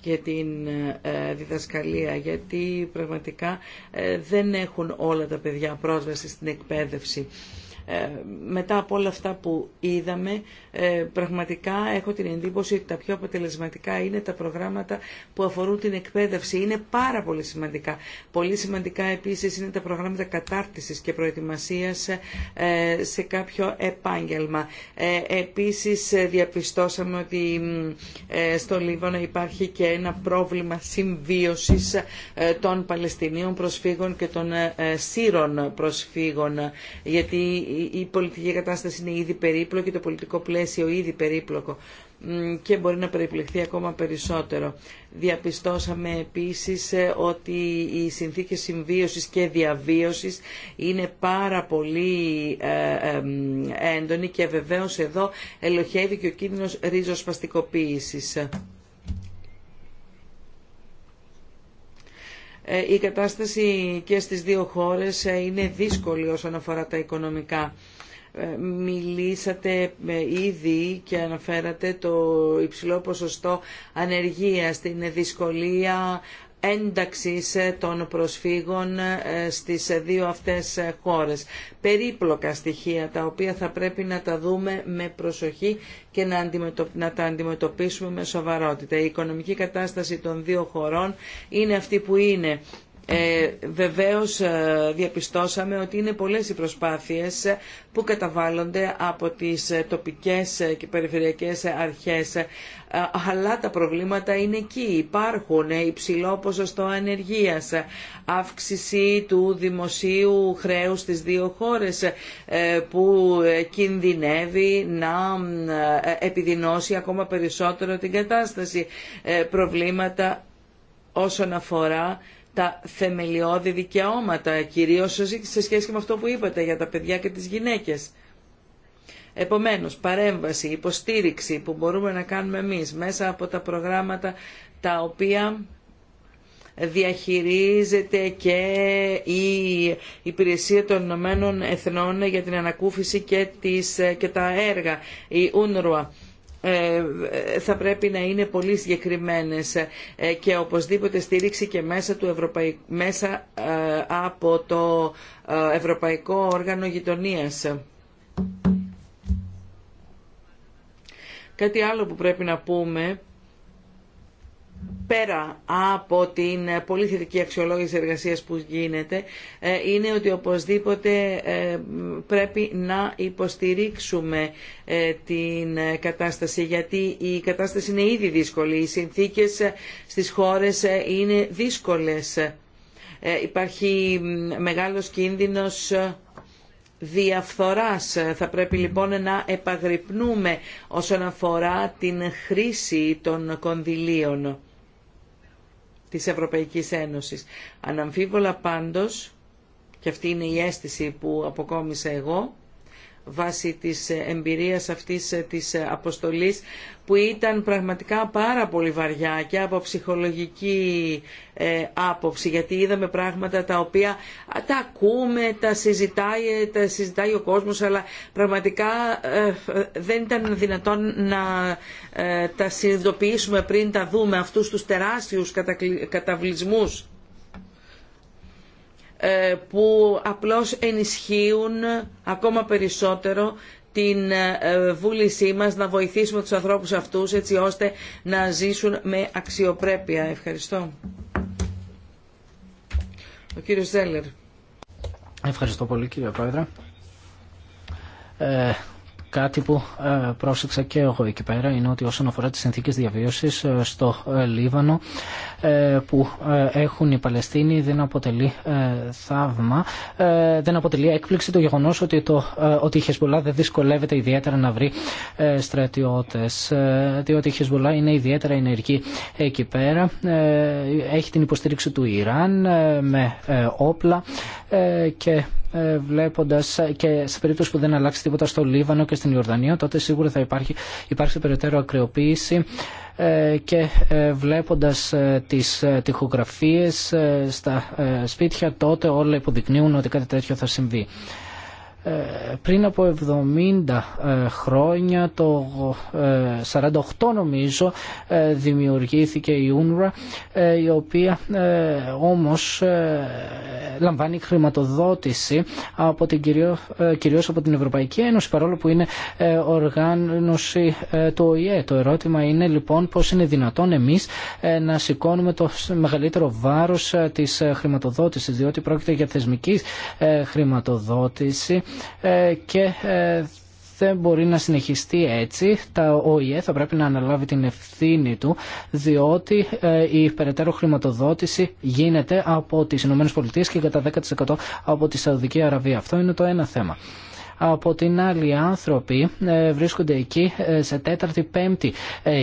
και την ε, διδασκαλία γιατί πραγματικά ε, δεν έχουν όλα τα παιδιά πρόσβαση στην εκπαίδευση. Ε, μετά από όλα αυτά που είδαμε, ε, πραγματικά έχω την εντύπωση ότι τα πιο αποτελεσματικά είναι τα προγράμματα που αφορούν την εκπαίδευση. Είναι πάρα πολύ σημαντικά. Πολύ σημαντικά επίσης είναι τα προγράμματα κατάρτισης και προετοιμασίας ε, σε κάποιο επάγγελμα. Επίσης διαπιστώσαμε ότι στο Λίβανο υπάρχει και ένα πρόβλημα συμβίωσης των Παλαιστινίων προσφύγων και των Σύρων προσφύγων, γιατί η πολιτική κατάσταση είναι ήδη περίπλοκη, το πολιτικό πλαίσιο ήδη περίπλοκο και μπορεί να περιπληκθεί ακόμα περισσότερο. Διαπιστώσαμε επίσης ε, ότι οι συνθήκες συμβίωσης και διαβίωσης είναι πάρα πολύ ε, ε, έντονοι και βεβαίως εδώ ελοχεύει και ο κίνδυνος ρίζοσπαστικοποίησης. Ε, η κατάσταση και στις δύο χώρες ε, είναι δύσκολη όσον αφορά τα οικονομικά. Ε, μιλήσατε ήδη και αναφέρατε το υψηλό ποσοστό ανεργίας, την δυσκολία ένταξης των προσφύγων ε, στις δύο αυτές χώρες. Περίπλοκα στοιχεία τα οποία θα πρέπει να τα δούμε με προσοχή και να τα αντιμετωπίσουμε με σοβαρότητα. Η οικονομική κατάσταση των δύο χωρών είναι αυτή που είναι ε, βεβαίως ε, διαπιστώσαμε ότι είναι πολλές οι προσπάθειες που καταβάλλονται από τις ε, τοπικές ε, και περιφερειακές αρχές αλλά τα προβλήματα είναι εκεί. Υπάρχουν υψηλό ποσοστό ανεργίας, αύξηση του δημοσίου χρέους στις δύο χώρες που κινδυνεύει να επιδεινώσει ακόμα περισσότερο την κατάσταση. Προβλήματα όσον αφορά τα θεμελιώδη δικαιώματα, κυρίως σε σχέση με αυτό που είπατε για τα παιδιά και τις γυναίκες. Επομένως, παρέμβαση, υποστήριξη που μπορούμε να κάνουμε εμείς μέσα από τα προγράμματα τα οποία διαχειρίζεται και η Υπηρεσία των Ηνωμένων Εθνών για την Ανακούφιση και, και τα έργα, η UNRWA ε, θα πρέπει να είναι πολύ συγκεκριμένες ε, και οπωσδήποτε στήριξη και μέσα, του ε, από το Ευρωπαϊκό Όργανο Γειτονίας. Κάτι άλλο που πρέπει να πούμε πέρα από την πολύ θετική αξιολόγηση εργασίας που γίνεται ε, είναι ότι οπωσδήποτε ε, πρέπει να υποστηρίξουμε ε, την κατάσταση γιατί η κατάσταση είναι ήδη δύσκολη, οι συνθήκες στις χώρες είναι δύσκολες. Υπάρχει μεγάλος κίνδυνος διαφθοράς. Θα πρέπει λοιπόν να επαγρυπνούμε όσον αφορά την χρήση των κονδυλίων της Ευρωπαϊκής Ένωσης. Αναμφίβολα πάντως, και αυτή είναι η αίσθηση που αποκόμισα εγώ, βάσει της εμπειρίας αυτής της αποστολής που ήταν πραγματικά πάρα πολύ βαριά και από ψυχολογική ε, άποψη γιατί είδαμε πράγματα τα οποία τα ακούμε, τα συζητάει, ε, τα συζητάει ο κόσμος αλλά πραγματικά ε, δεν ήταν δυνατόν να τα συνειδητοποιήσουμε πριν τα δούμε αυτούς τους τεράστιους καταβλισμούς ε, που απλώς ενισχύουν ακόμα περισσότερο την ε, βούλησή μας να βοηθήσουμε τους ανθρώπους αυτούς έτσι ώστε να ζήσουν με αξιοπρέπεια. Ευχαριστώ. Ο κύριος Ζέλερ. Ευχαριστώ πολύ κύριε Πρόεδρε. Ε, Κάτι που ε, πρόσεξα και εγώ εκεί πέρα είναι ότι όσον αφορά τις συνθήκες διαβίωσης ε, στο ε, Λίβανο που έχουν οι Παλαιστίνοι δεν αποτελεί θαύμα, δεν αποτελεί έκπληξη το γεγονός ότι, το, ότι η Χεσμολά δεν δυσκολεύεται ιδιαίτερα να βρει στρατιώτες διότι η Χεσμολά είναι ιδιαίτερα ενεργή εκεί πέρα, έχει την υποστήριξη του Ιράν με όπλα και ε, βλέποντας και σε περίπτωση που δεν αλλάξει τίποτα στο Λίβανο και στην Ιορδανία τότε σίγουρα θα υπάρχει, υπάρξει περαιτέρω ακρεοποίηση ε, και ε, βλέποντας τις τυχογραφίες στα σπίτια τότε όλα υποδεικνύουν ότι κάτι τέτοιο θα συμβεί. Ε, πριν από 70 ε, χρόνια, το 48 ε, νομίζω, δημιουργήθηκε η UNRWA, η οποία όμως λαμβάνει χρηματοδότηση από την κυρίως, κυρίως από την Ευρωπαϊκή Ένωση, παρόλο που είναι οργάνωση του ΟΗΕ. Το ερώτημα είναι λοιπόν πώς είναι δυνατόν εμείς να σηκώνουμε το μεγαλύτερο βάρος της χρηματοδότησης, διότι πρόκειται για θεσμική χρηματοδότηση ε, και ε, δεν μπορεί να συνεχιστεί έτσι. Τα ΟΗΕ θα πρέπει να αναλάβει την ευθύνη του, διότι ε, η περαιτέρω χρηματοδότηση γίνεται από τις ΗΠΑ και κατά 10% από τη Σαουδική Αραβία. Αυτό είναι το ένα θέμα. Από την άλλη, οι άνθρωποι βρίσκονται εκεί σε τέταρτη-πέμπτη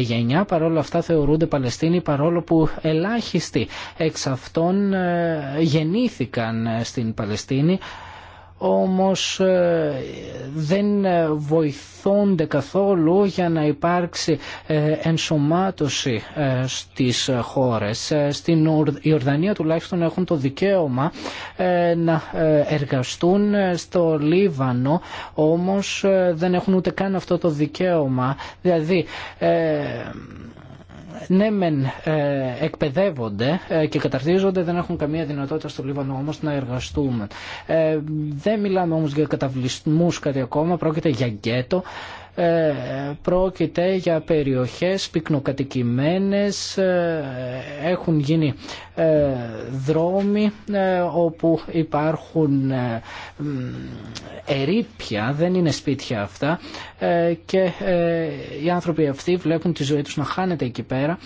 γενιά. Παρόλα αυτά θεωρούνται Παλαιστίνοι, παρόλο που ελάχιστοι εξ αυτών γεννήθηκαν στην Παλαιστίνη όμως ε, δεν βοηθούνται καθόλου για να υπάρξει ε, ενσωμάτωση ε, στις χώρες. Στην Ιορδανία τουλάχιστον έχουν το δικαίωμα να εργαστούν στο Λίβανο όμως δεν έχουν ούτε καν αυτό το δικαίωμα. Δηλαδή ναι μεν ε, εκπαιδεύονται ε, και καταρτίζονται, δεν έχουν καμία δυνατότητα στο Λίβανο όμως να εργαστούμε. δεν μιλάμε όμως για καταβλισμούς κάτι ακόμα, πρόκειται για γκέτο. Ε, πρόκειται για περιοχές πυκνοκατοικημένες, ε, έχουν γίνει ε, δρόμοι όπου υπάρχουν ερήπια, δεν είναι σπίτια αυτά και οι άνθρωποι αυτοί βλέπουν τη ζωή τους να χάνεται εκεί πέρα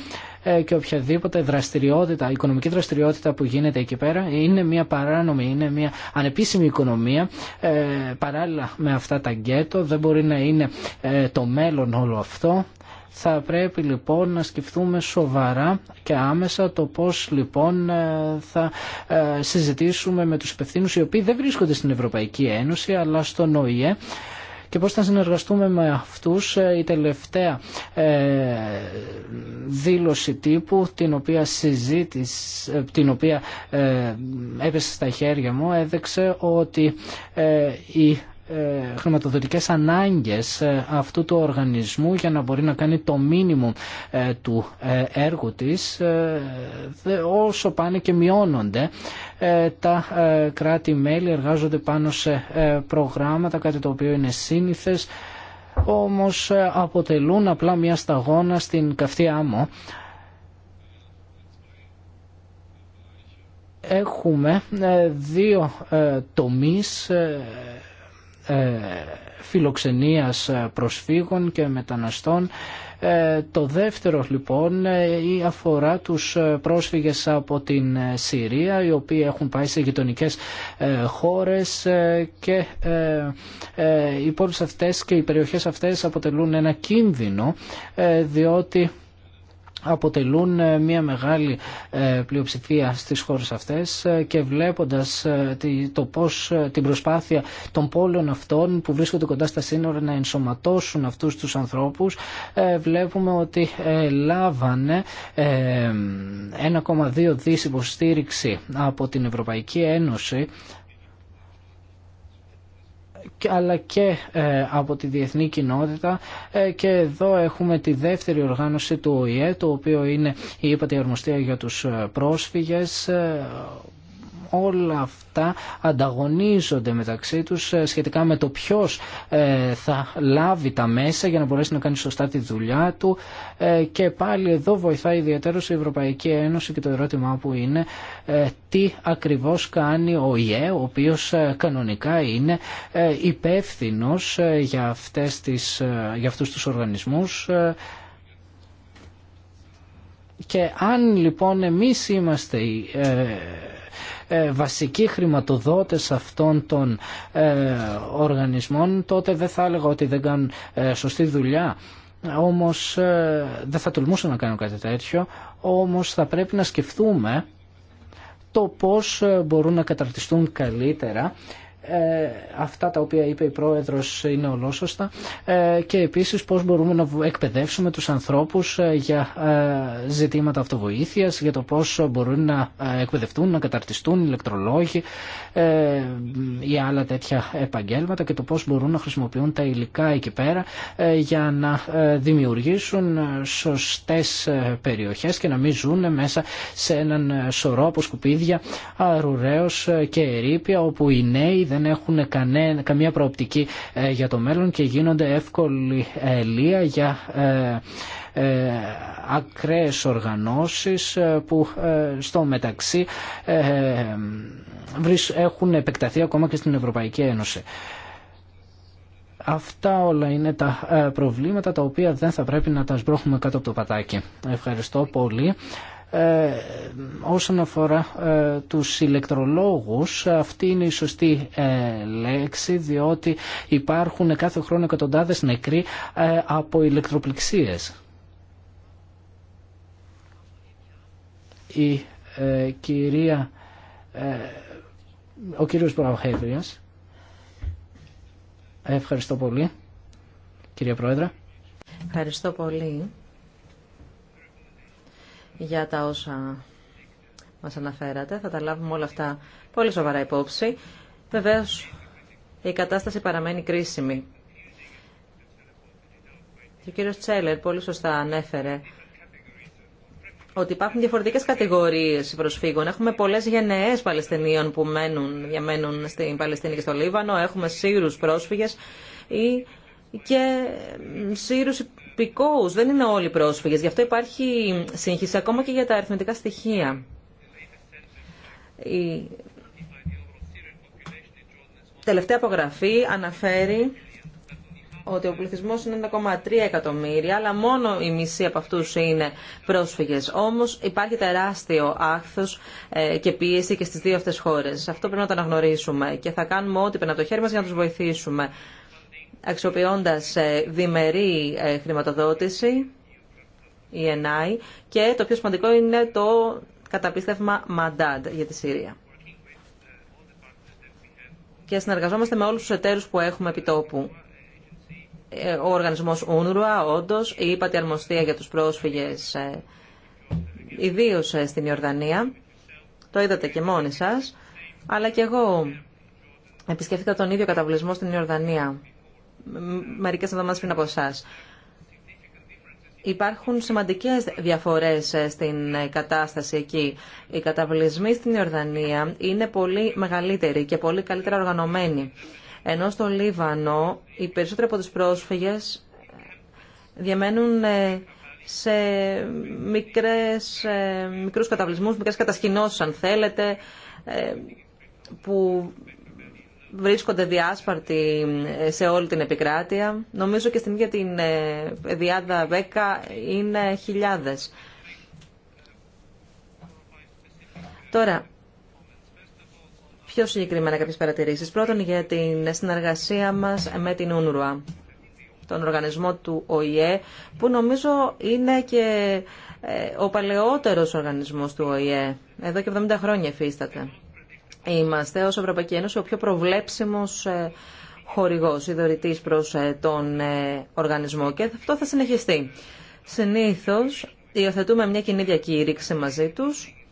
ε, και οποιαδήποτε δραστηριότητα, οικονομική δραστηριότητα που γίνεται εκεί πέρα είναι μια παράνομη, είναι μια ανεπίσημη οικονομία ε, παράλληλα με αυτά τα γκέτο, δεν μπορεί να είναι ε, το μέλλον όλο αυτό. Θα πρέπει λοιπόν να σκεφτούμε σοβαρά και άμεσα το πώς λοιπόν θα συζητήσουμε με τους υπευθύνους οι οποίοι δεν βρίσκονται στην Ευρωπαϊκή Ένωση αλλά στον ΟΗΕ και πώς θα συνεργαστούμε με αυτούς. Ε, η τελευταία ε, δήλωση τύπου την οποία συζήτησε, την οποία ε, έπεσε στα χέρια μου έδειξε ότι η χρηματοδοτικές ανάγκες αυτού του οργανισμού για να μπορεί να κάνει το μήνυμο του έργου της όσο πάνε και μειώνονται ε, τα ε, κράτη-μέλη εργάζονται πάνω σε ε, προγράμματα, κάτι το οποίο είναι σύνηθες, όμως αποτελούν απλά μια σταγόνα στην καυτή άμμο. Έχουμε δύο τομείς φιλοξενίας προσφύγων και μεταναστών ε, το δεύτερο λοιπόν ε, η αφορά τους ε, πρόσφυγες από την Συρία οι οποίοι έχουν πάει σε γειτονικέ χώρες και οι πόλεις αυτές και οι περιοχές αυτές αποτελούν ένα κίνδυνο διότι αποτελούν ε, μια μεγάλη ε, πλειοψηφία στις χώρες αυτές ε, και βλέποντας το πώς την προσπάθεια των πόλεων αυτών που βρίσκονται κοντά στα σύνορα να ενσωματώσουν αυτούς τους ανθρώπους βλέπουμε ότι λάβανε 1,2 δις υποστήριξη από την Ευρωπαϊκή Ένωση αλλά και ε, από τη διεθνή κοινότητα ε, και εδώ έχουμε τη δεύτερη οργάνωση του ΟΗΕ το οποίο είναι η ύπατη για τους ε, πρόσφυγες όλα αυτά ανταγωνίζονται μεταξύ τους ε, σχετικά με το ποιος ε, θα λάβει τα μέσα για να μπορέσει να κάνει σωστά τη δουλειά του ε, και πάλι εδώ βοηθάει ιδιαίτερως η Ευρωπαϊκή Ένωση και το ερώτημά που είναι τι ακριβώς κάνει ο ΙΕ ο οποίος κανονικά είναι υπεύθυνο για, αυτές τις, για αυτούς τους οργανισμούς και αν λοιπόν εμείς είμαστε ε, βασικοί χρηματοδότες αυτών των ε, οργανισμών τότε δεν θα έλεγα ότι δεν κάνουν ε, σωστή δουλειά όμως δεν θα τολμούσα να κάνω κάτι τέτοιο όμως θα πρέπει να σκεφτούμε το πώς μπορούν να καταρτιστούν καλύτερα ε, αυτά τα οποία είπε η Πρόεδρος είναι ολόσωστα ε, και επίσης πώς μπορούμε να εκπαιδεύσουμε τους ανθρώπους ε, για ζητήματα αυτοβοήθειας, για το πώς μπορούν να εκπαιδευτούν, να καταρτιστούν ηλεκτρολόγοι ή άλλα τέτοια επαγγέλματα και το πώς μπορούν να χρησιμοποιούν τα υλικά εκεί πέρα για να δημιουργήσουν σωστές περιοχές και να μην ζουν μέσα σε έναν σωρό από σκουπίδια, αρουραίος και ερήπια όπου οι νέοι δεν δεν έχουν καμία προοπτική ε, για το μέλλον και γίνονται εύκολη ε, λία για ε, ε ακραίες οργανώσεις που στο μεταξύ έχουν επεκταθεί ακόμα και στην Ευρωπαϊκή Ένωση. Αυτά όλα είναι τα προβλήματα τα οποία δεν θα πρέπει να τα σπρώχνουμε κάτω από το πατάκι. Ευχαριστώ πολύ. Ε, όσον αφορά ε, τους ηλεκτρολόγους αυτή είναι η σωστή ε, λέξη διότι υπάρχουν κάθε χρόνο εκατοντάδες νεκροί από ηλεκτροπληξίες. Η κυρία ο κύριος Παπαχέβριας Ευχαριστώ πολύ Κυρία Πρόεδρα Ευχαριστώ πολύ για τα όσα μας αναφέρατε. Θα τα λάβουμε όλα αυτά πολύ σοβαρά υπόψη. Βεβαίως, η κατάσταση παραμένει κρίσιμη. Και ο κύριος Τσέλερ πολύ σωστά ανέφερε ότι υπάρχουν διαφορετικές κατηγορίες προσφύγων. Έχουμε πολλές γενναίες Παλαιστινίων που μένουν, διαμένουν στην Παλαιστίνη και στο Λίβανο. Έχουμε Σύρους πρόσφυγες ή και Σύρους δεν είναι όλοι πρόσφυγες. Γι' αυτό υπάρχει σύγχυση ακόμα και για τα αριθμητικά στοιχεία. Η τελευταία απογραφή αναφέρει ότι ο πληθυσμό είναι 1,3 εκατομμύρια, αλλά μόνο η μισή από αυτού είναι πρόσφυγε. Όμω υπάρχει τεράστιο άχθο ε, και πίεση και στι δύο αυτέ χώρε. Αυτό πρέπει να το αναγνωρίσουμε και θα κάνουμε ό,τι πρέπει από το χέρι μα για να του βοηθήσουμε αξιοποιώντας ε, διμερή ε, χρηματοδότηση, η e ΕΝΑΗ, και το πιο σημαντικό είναι το καταπίστευμα Μαντάντ για τη Συρία. Και συνεργαζόμαστε με όλους τους εταίρους που έχουμε επιτόπου. Ε, ο οργανισμός UNRWA, όντως, η ΥΠΑΤΗ Αρμοστία για τους πρόσφυγες, ιδίως στην Ιορδανία. Το είδατε και μόνοι σας. Αλλά και εγώ επισκέφθηκα τον ίδιο καταβλισμό στην Ιορδανία μερικές εβδομάδες πριν από εσά. Υπάρχουν σημαντικέ διαφορές ε, στην ε, κατάσταση εκεί. Οι καταβλισμοί στην Ιορδανία είναι πολύ μεγαλύτεροι και πολύ καλύτερα οργανωμένοι. Ενώ στο Λίβανο οι περισσότεροι από του πρόσφυγε ε, διαμένουν σε μικρές, μικρούς καταβλισμούς, μικρές κατασκηνώσεις αν θέλετε, που βρίσκονται διάσπαρτοι ε, σε όλη την επικράτεια. Νομίζω και στην ίδια την ε, διάδα ΒΕΚΑ είναι χιλιάδες. Τώρα, πιο συγκεκριμένα κάποιες παρατηρήσεις. Πρώτον, για την συνεργασία μας με την ΟΝΡΟΑ, τον οργανισμό του ΟΗΕ, που νομίζω είναι και ε, ο παλαιότερος οργανισμός του ΟΗΕ. Εδώ και 70 χρόνια εφίσταται. Είμαστε ως Ευρωπαϊκή Ένωση ο πιο προβλέψιμος ε, χορηγός, δωρητής προς ε, τον ε, οργανισμό και αυτό θα συνεχιστεί. Συνήθως υιοθετούμε μια κοινή διακήρυξη μαζί τους,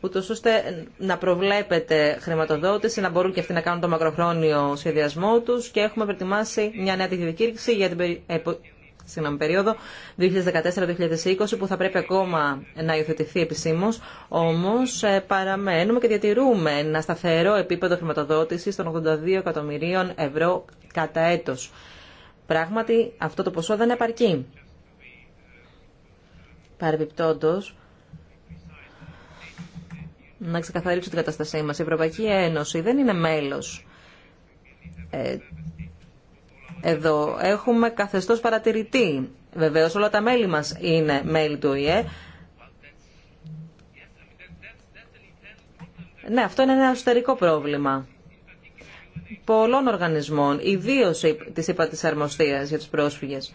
ούτως ώστε να προβλέπετε χρηματοδότηση, να μπορούν και αυτοί να κάνουν το μακροχρόνιο σχεδιασμό τους και έχουμε προετοιμάσει μια νέα διακήρυξη για την συγγνώμη, περίοδο 2014-2020 που θα πρέπει ακόμα να υιοθετηθεί επισήμω. Όμω ε, παραμένουμε και διατηρούμε ένα σταθερό επίπεδο χρηματοδότηση των 82 εκατομμυρίων ευρώ κατά έτο. Πράγματι, αυτό το ποσό δεν επαρκεί. Παρεμπιπτόντω, να ξεκαθαρίσω την κατάστασή μα. Η Ευρωπαϊκή Ένωση δεν είναι μέλο ε, εδώ έχουμε καθεστώς παρατηρητή. Βεβαίως όλα τα μέλη μας είναι μέλη του ΟΗΕ. Ναι, αυτό είναι ένα εσωτερικό πρόβλημα πολλών οργανισμών, ιδίως της ΥΠΑ της Αρμοστίας για τους πρόσφυγες.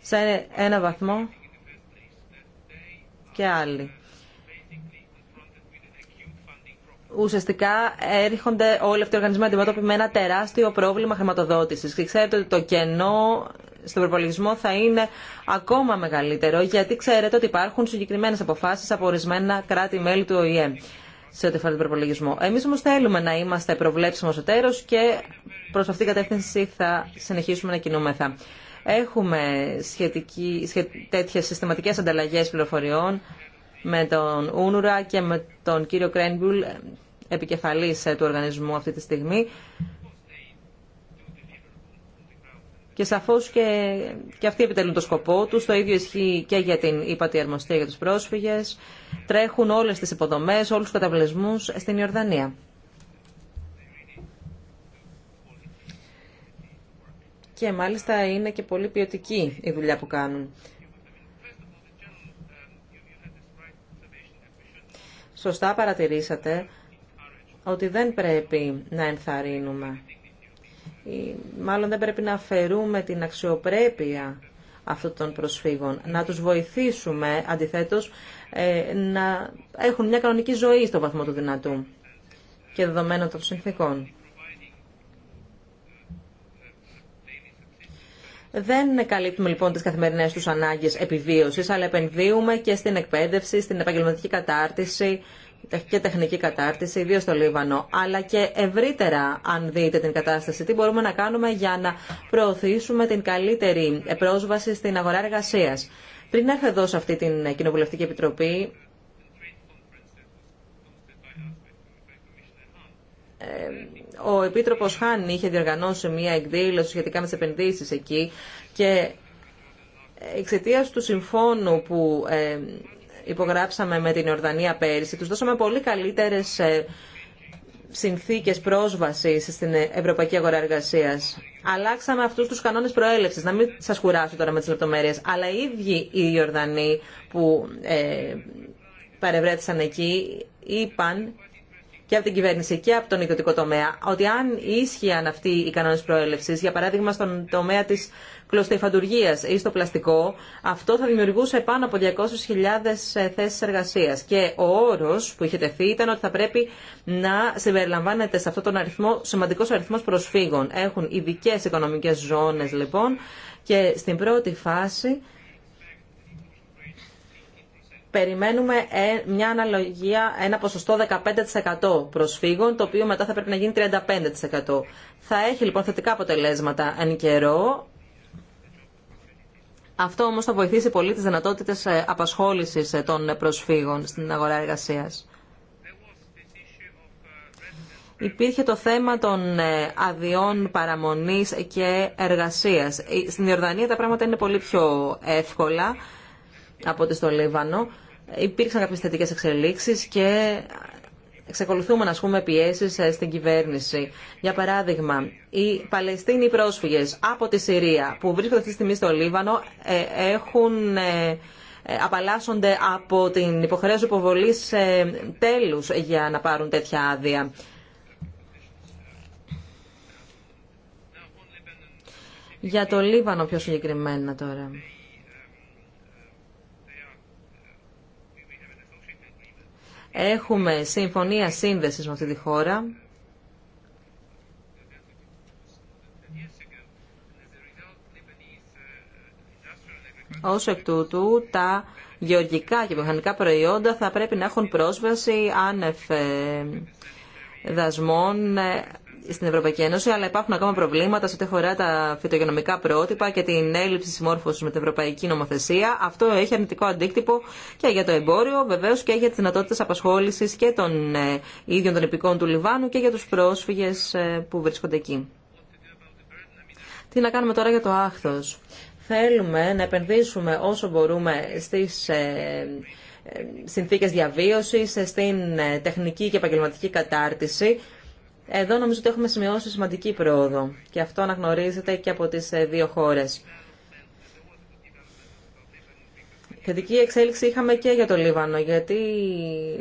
Σε ένα βαθμό και άλλοι. ουσιαστικά έρχονται όλοι αυτοί οι οργανισμοί αντιμετώπιοι με ένα τεράστιο πρόβλημα χρηματοδότηση. Και ξέρετε ότι το κενό στον προπολογισμό θα είναι ακόμα μεγαλύτερο, γιατί ξέρετε ότι υπάρχουν συγκεκριμένε αποφάσει από ορισμένα κράτη-μέλη του ΟΗΕ σε ό,τι αφορά τον προπολογισμό. Εμεί όμω θέλουμε να είμαστε προβλέψιμο εταίρο και προ αυτήν την κατεύθυνση θα συνεχίσουμε να κινούμεθα. Έχουμε σχετική, σχε, τέτοιες συστηματικές ανταλλαγές πληροφοριών με τον Ούνουρα και με τον κύριο Κρένμπουλ, ε, επικεφαλής ε, του οργανισμού αυτή τη στιγμή. Και σαφώς και, και αυτοί επιτελούν το σκοπό τους. Το ίδιο ισχύει και για την ύπατη αρμοστία για τους πρόσφυγες. Τρέχουν όλες τις υποδομές, όλους τους καταβλισμούς στην Ιορδανία. Και μάλιστα είναι και πολύ ποιοτική η δουλειά που κάνουν. σωστά παρατηρήσατε ότι δεν πρέπει να ενθαρρύνουμε ή μάλλον δεν πρέπει να αφαιρούμε την αξιοπρέπεια αυτών των προσφύγων, να τους βοηθήσουμε αντιθέτως ε, να έχουν μια κανονική ζωή στο βαθμό του δυνατού και δεδομένων των συνθήκων. Δεν καλύπτουμε λοιπόν τι καθημερινέ του ανάγκε επιβίωσης, αλλά επενδύουμε και στην εκπαίδευση, στην επαγγελματική κατάρτιση και τεχνική κατάρτιση, ιδίω στο Λίβανο, αλλά και ευρύτερα, αν δείτε την κατάσταση, τι μπορούμε να κάνουμε για να προωθήσουμε την καλύτερη πρόσβαση στην αγορά εργασία. Πριν έρθω εδώ σε αυτή την Κοινοβουλευτική Επιτροπή, ε, ο Επίτροπος Χάν είχε διοργανώσει μια εκδήλωση σχετικά με τι επενδύσει εκεί και εξαιτία του συμφώνου που ε, υπογράψαμε με την Ιορδανία πέρυσι, του δώσαμε πολύ καλύτερες ε, συνθήκες πρόσβασης στην Ευρωπαϊκή Αγορά εργασία. Αλλάξαμε αυτού τους κανόνες προέλευση, να μην σας κουράσω τώρα με τις λεπτομέρειες, αλλά οι ίδιοι οι Ιορδανοί που ε, παρευρέθησαν εκεί είπαν και από την κυβέρνηση και από τον ιδιωτικό τομέα ότι αν ίσχυαν αυτοί οι κανόνε προέλευση, για παράδειγμα στον τομέα τη κλωστοϊφαντουργία ή στο πλαστικό, αυτό θα δημιουργούσε πάνω από 200.000 θέσει εργασία. Και ο όρο που είχε τεθεί ήταν ότι θα πρέπει να συμπεριλαμβάνεται σε αυτόν τον αριθμό σημαντικό αριθμό προσφύγων. Έχουν ειδικέ οικονομικέ ζώνε λοιπόν και στην πρώτη φάση περιμένουμε ε, μια αναλογία, ένα ποσοστό 15% προσφύγων, το οποίο μετά θα πρέπει να γίνει 35%. Θα έχει λοιπόν θετικά αποτελέσματα εν καιρό. Αυτό όμως θα βοηθήσει πολύ τις δυνατότητες ε, απασχόλησης ε, των προσφύγων στην αγορά εργασίας. Υπήρχε το θέμα των αδειών παραμονής και εργασίας. Στην Ιορδανία τα πράγματα είναι πολύ πιο εύκολα από ότι στο Λίβανο υπήρξαν κάποιες θετικές εξελίξεις και εξακολουθούμε να ασκούμε πιέσει ε, στην κυβέρνηση. Για παράδειγμα, οι Παλαιστίνοι πρόσφυγε από τη Συρία που βρίσκονται αυτή τη στιγμή στο Λίβανο ε, έχουν ε, απαλλάσσονται από την υποχρέωση υποβολή τέλους για να πάρουν τέτοια άδεια. Για το Λίβανο πιο συγκεκριμένα τώρα. Έχουμε συμφωνία σύνδεσης με αυτή τη χώρα. Όσο εκ τούτου, τα γεωργικά και μηχανικά προϊόντα θα πρέπει να έχουν πρόσβαση άνευ ε, δασμών ε, στην Ευρωπαϊκή Ένωση, αλλά υπάρχουν ακόμα προβλήματα σε ό,τι αφορά τα φυτογενομικά πρότυπα και την έλλειψη συμμόρφωση με την Ευρωπαϊκή Νομοθεσία. Αυτό έχει αρνητικό αντίκτυπο και για το εμπόριο, βεβαίω και για τι δυνατότητε απασχόληση και των ε, ίδιων των υπηκών του Λιβάνου και για του πρόσφυγε ε, που βρίσκονται εκεί. Τι να κάνουμε τώρα για το άχθο. Θέλουμε να επενδύσουμε όσο μπορούμε στις ε, συνθήκες διαβίωσης, στην τεχνική και επαγγελματική κατάρτιση εδώ νομίζω ότι έχουμε σημειώσει σημαντική πρόοδο και αυτό αναγνωρίζεται και από τις ε, δύο χώρες. Θετική εξέλιξη είχαμε και για το Λίβανο, γιατί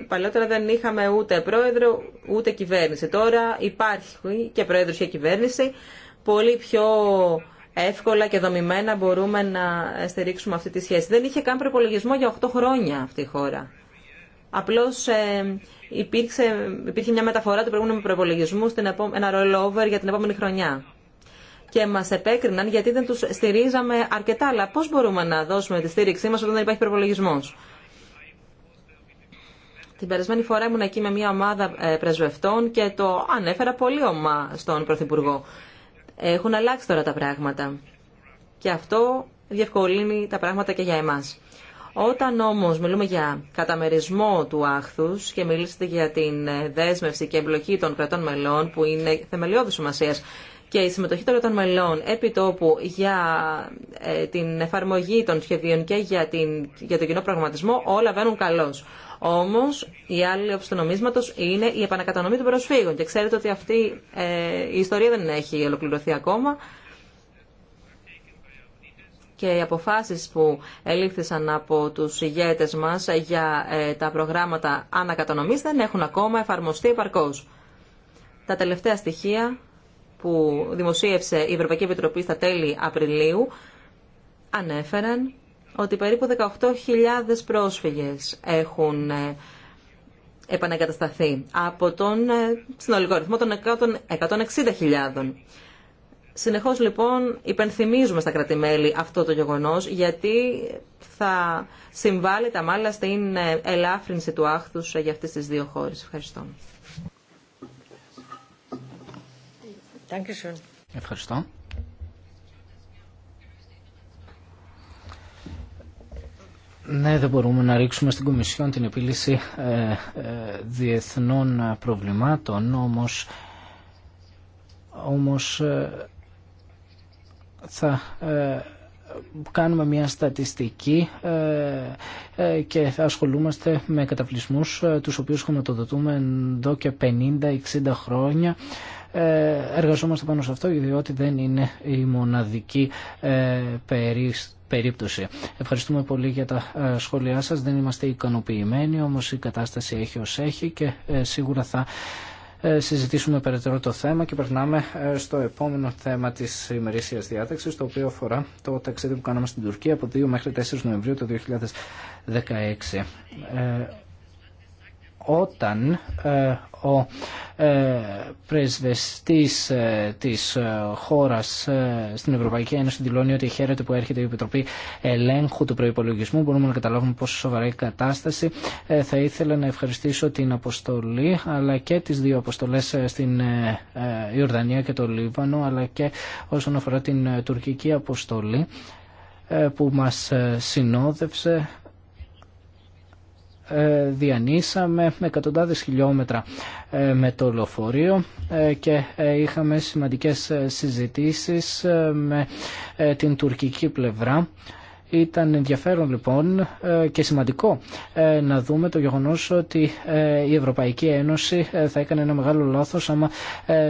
παλαιότερα δεν είχαμε ούτε πρόεδρο, ούτε κυβέρνηση. Τώρα υπάρχει και πρόεδρος και κυβέρνηση. Πολύ πιο εύκολα και δομημένα μπορούμε να στηρίξουμε αυτή τη σχέση. Δεν είχε καν προπολογισμό για 8 χρόνια αυτή η χώρα. Απλώς ε, υπήρξε, υπήρχε μια μεταφορά του προηγούμενου προπολογισμού στην ένα rollover για την επόμενη χρονιά. Και μα επέκριναν γιατί δεν του στηρίζαμε αρκετά. Αλλά πώ μπορούμε να δώσουμε τη στήριξή μα όταν δεν υπάρχει προπολογισμό. Την περασμένη φορά ήμουν εκεί με μια ομάδα ε, πρεσβευτών και το ανέφερα πολύ ομά στον Πρωθυπουργό. Έχουν αλλάξει τώρα τα πράγματα. Και αυτό διευκολύνει τα πράγματα και για εμάς. Όταν όμως μιλούμε για καταμερισμό του άχθους και μιλήσετε για την δέσμευση και εμπλοκή των κρατών μελών που είναι θεμελιώδης σημασία και η συμμετοχή των κρατών μελών επί τόπου για ε, την εφαρμογή των σχεδίων και για, την, για τον κοινό πραγματισμό όλα βαίνουν καλώς. Όμω, η άλλη όψη του νομίσματο είναι η επανακατανομή των προσφύγων. Και ξέρετε ότι αυτή ε, η ιστορία δεν έχει ολοκληρωθεί ακόμα και οι αποφάσεις που ελήφθησαν από τους ηγέτες μας για ε, τα προγράμματα ανακατανομής δεν έχουν ακόμα εφαρμοστεί επαρκώς. Τα τελευταία στοιχεία που δημοσίευσε η Ευρωπαϊκή Επιτροπή στα τέλη Απριλίου ανέφεραν ότι περίπου 18.000 πρόσφυγες έχουν ε, επανακατασταθεί από τον ε, συνολικό αριθμό των 160.000. Συνεχώς λοιπόν υπενθυμίζουμε στα κρατημέλη αυτό το γεγονός γιατί θα συμβάλλει τα μάλλα στην ελάφρυνση του άχθους για αυτές τις δύο χώρες. Ευχαριστώ. Ευχαριστώ. Ναι, δεν μπορούμε να ρίξουμε στην Κομισιόν την επίλυση ε, ε, διεθνών προβλημάτων, όμως, όμως ε, θα ε, κάνουμε μια στατιστική ε, ε, και θα ασχολούμαστε με καταπλησμούς τους οποίους χρηματοδοτούμε εδώ και 50-60 χρόνια εργαζόμαστε πάνω σε αυτό διότι δεν είναι η μοναδική περίπτωση. Ευχαριστούμε πολύ για τα σχόλιά σας. Δεν είμαστε ικανοποιημένοι όμως η κατάσταση έχει ως έχει και σίγουρα θα ε, συζητήσουμε περαιτέρω το θέμα και περνάμε ε, στο επόμενο θέμα της ημερήσιας διάταξη, το οποίο αφορά το ταξίδι που κάναμε στην Τουρκία από 2 μέχρι 4 Νοεμβρίου το 2016 όταν ε, ο ε, πρεσβεστής ε, της χώρας στην Ευρωπαϊκή Ένωση δηλώνει ότι χαίρεται που έρχεται η Επιτροπή Ελέγχου του Προϋπολογισμού. Μπορούμε να καταλάβουμε πόσο σοβαρή η κατάσταση. Θα ήθελα να ευχαριστήσω την αποστολή αλλά και τις δύο αποστολές στην Ιορδανία και το Λίβανο αλλά και όσον αφορά την τουρκική αποστολή που μας συνόδευσε ε, διανύσαμε με εκατοντάδες χιλιόμετρα ε, με το λεωφορείο ε, και είχαμε σημαντικές συζητήσεις με την τουρκική πλευρά ήταν ενδιαφέρον λοιπόν ε, και σημαντικό ε, να δούμε το γεγονός ότι ε, η Ευρωπαϊκή Ένωση θα έκανε ένα μεγάλο λάθος άμα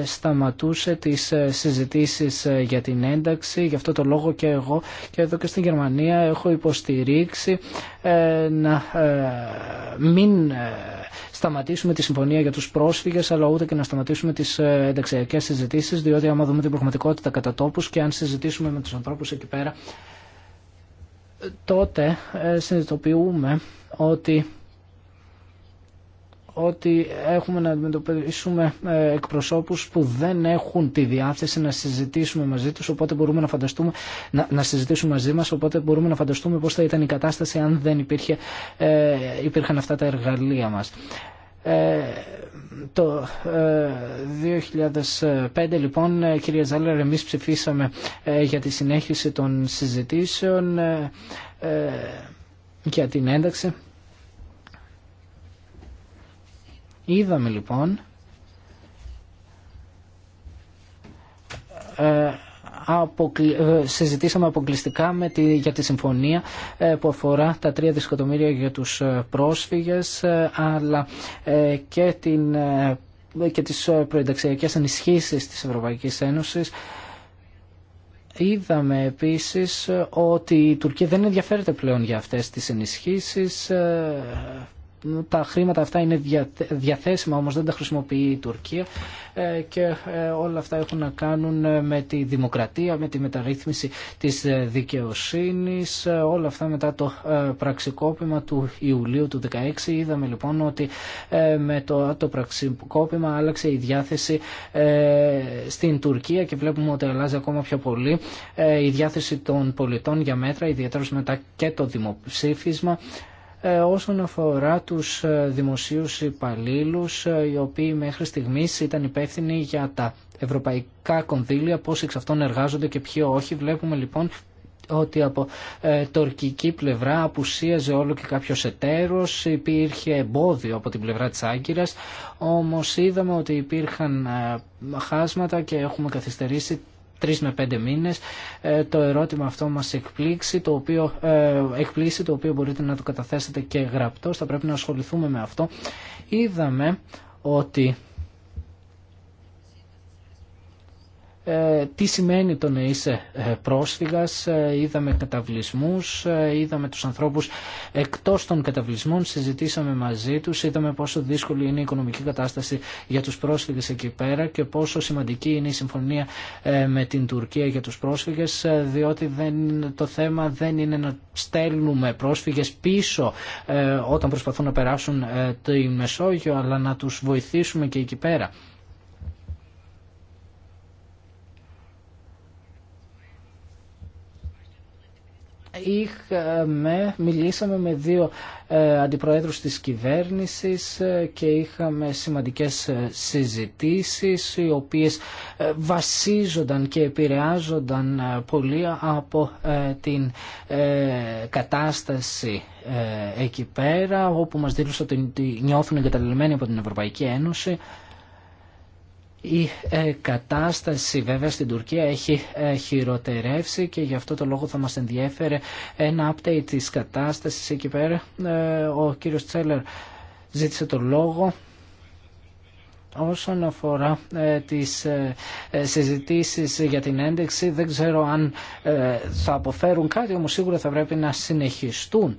σταματούσε τις συζητήσεις για την ένταξη. Γι' αυτό το λόγο και εγώ και εδώ και στην Γερμανία έχω υποστηρίξει να μην σταματήσουμε τη συμφωνία για τους πρόσφυγες αλλά ούτε και να σταματήσουμε τις ενταξιακές συζητήσεις διότι άμα δούμε την πραγματικότητα κατά τόπους και αν συζητήσουμε με τους ανθρώπους εκεί πέρα τότε ε, συνειδητοποιούμε ότι ότι έχουμε να αντιμετωπίσουμε ε, εκπροσώπους που δεν έχουν τη διάθεση να συζητήσουμε μαζί τους, οπότε μπορούμε να φανταστούμε να, συζητήσουμε μαζί μας, οπότε μπορούμε να φανταστούμε πώς θα ήταν η κατάσταση αν δεν υπήρχε, ε, υπήρχαν αυτά τα εργαλεία μας. Ε, το 2005 ε, λοιπόν ε, κύριε Ζάλλερ εμείς ψηφίσαμε ε, για τη συνέχιση των συζητήσεων για την ένταξη. Είδαμε λοιπόν ε, συζητήσαμε αποκλειστικά με τη... για τη συμφωνία ε, που αφορά τα 3 δισεκατομμύρια για τους ε, πρόσφυγες αλλά και, την... και τις προενταξιακές ενισχύσεις της Ευρωπαϊκής Ένωσης Είδαμε επίσης ότι η Τουρκία δεν ενδιαφέρεται πλέον για αυτές τις ενισχύσεις τα χρήματα αυτά είναι διαθέσιμα όμως δεν τα χρησιμοποιεί η Τουρκία ε, και ε, όλα αυτά έχουν να κάνουν ε, με τη δημοκρατία, με τη μεταρρύθμιση της δικαιοσύνης όλα αυτά μετά το πραξικόπημα του Ιουλίου του 2016 είδαμε λοιπόν ότι με το, το πραξικόπημα άλλαξε η διάθεση στην Τουρκία και βλέπουμε ότι αλλάζει ακόμα πιο πολύ η διάθεση των πολιτών για μέτρα ιδιαίτερα μετά και το δημοψήφισμα ε, όσον αφορά τους ε, δημοσίους υπαλλήλους ε, οι οποίοι μέχρι στιγμής ήταν υπεύθυνοι για τα ευρωπαϊκά κονδύλια, πώς εξ αυτών εργάζονται και ποιοι όχι. Βλέπουμε λοιπόν ότι από τορκική πλευρά απουσίαζε όλο και κάποιος εταίρος, υπήρχε εμπόδιο από την πλευρά της Άγκυρας, όμως είδαμε ότι υπήρχαν χάσματα και έχουμε καθυστερήσει τρεις με πέντε μήνες ε, το ερώτημα αυτό μας εκπλήξει το οποίο, ε, εκπλήσει το οποίο μπορείτε να το καταθέσετε και γραπτό. θα πρέπει να ασχοληθούμε με αυτό είδαμε ότι Ε, τι σημαίνει το να είσαι ε, πρόσφυγας, ε, είδαμε καταβλισμούς, είδαμε τους ανθρώπους εκτός των καταβλισμών, συζητήσαμε μαζί τους, είδαμε πόσο δύσκολη είναι η οικονομική κατάσταση για τους πρόσφυγες εκεί πέρα και πόσο σημαντική είναι η συμφωνία με την Τουρκία για τους πρόσφυγες, διότι δεν, το θέμα δεν είναι να στέλνουμε πρόσφυγες πίσω όταν προσπαθούν να περάσουν το Μεσόγειο, αλλά να τους βοηθήσουμε και εκεί πέρα. είχαμε, μιλήσαμε με δύο ε, αντιπροέδρους της κυβέρνησης ε, και είχαμε σημαντικές ε, συζητήσεις οι οποίες βασίζονταν και επηρεάζονταν πολύ από την κατάσταση εκεί πέρα όπου μας δήλωσαν ότι νιώθουν εγκαταλελειμμένοι από την Ευρωπαϊκή Ένωση η ε, κατάσταση βέβαια στην Τουρκία έχει ε, χειροτερεύσει και γι' αυτό το λόγο θα μας ενδιέφερε ένα update της κατάστασης εκεί πέρα. Ε, ο κύριος Τσέλερ ζήτησε το λόγο όσον αφορά τις συζητήσεις για την ένδειξη. Δεν ξέρω αν θα αποφέρουν κάτι, όμως σίγουρα θα πρέπει να συνεχιστούν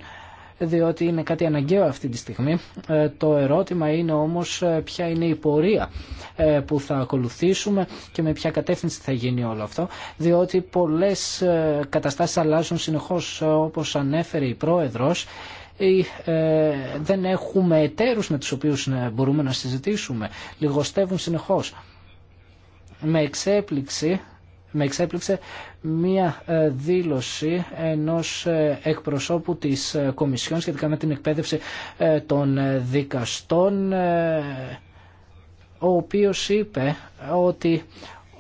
διότι είναι κάτι αναγκαίο αυτή τη στιγμή. Ε, το ερώτημα είναι όμως ε, ποια είναι η πορεία ε, που θα ακολουθήσουμε και με ποια κατεύθυνση θα γίνει όλο αυτό, διότι πολλές καταστάσεις αλλάζουν συνεχώς όπως ανέφερε η Πρόεδρος ή δεν έχουμε εταίρους με τους οποίους μπορούμε να συζητήσουμε. Λιγοστεύουν συνεχώς. Με εξέπληξη με εξέπληξε μία ε, δήλωση ενός ε, εκπροσώπου της ε, Κομισιόν σχετικά με την εκπαίδευση των δικαστών ο οποίος είπε ότι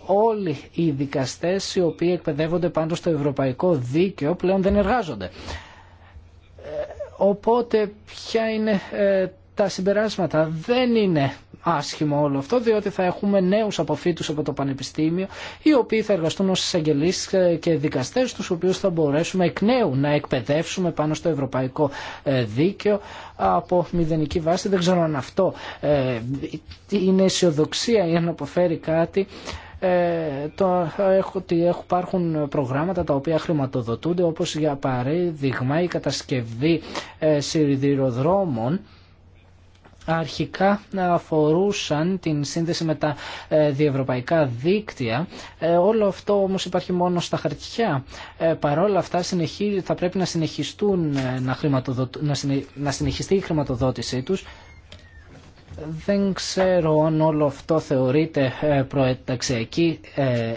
όλοι οι δικαστές οι οποίοι εκπαιδεύονται πάντως στο ευρωπαϊκό δίκαιο πλέον δεν εργάζονται. Οπότε ποια είναι τα συμπεράσματα. Δεν είναι άσχημο όλο αυτό, διότι θα έχουμε νέους αποφύτους από το Πανεπιστήμιο, οι οποίοι θα εργαστούν ως εισαγγελείς και δικαστές, τους οποίους θα μπορέσουμε εκ νέου να εκπαιδεύσουμε πάνω στο ευρωπαϊκό ε, δίκαιο από μηδενική βάση. Δεν ξέρω αν αυτό ε, είναι αισιοδοξία ή αν αποφέρει κάτι. Ε, το, έχω, ότι υπάρχουν προγράμματα τα οποία χρηματοδοτούνται όπως για παρεδειγμα η κατασκευή ε, σιδηροδρόμων αρχικά αφορούσαν την σύνδεση με τα ε, διευρωπαϊκά δίκτυα. Ε, όλο αυτό όμως υπάρχει μόνο στα χαρτιά. Ε, παρόλα αυτά θα πρέπει να συνεχιστούν να συνεχιστεί η χρηματοδότησή τους δεν ξέρω αν όλο αυτό θεωρείται προεταξιακή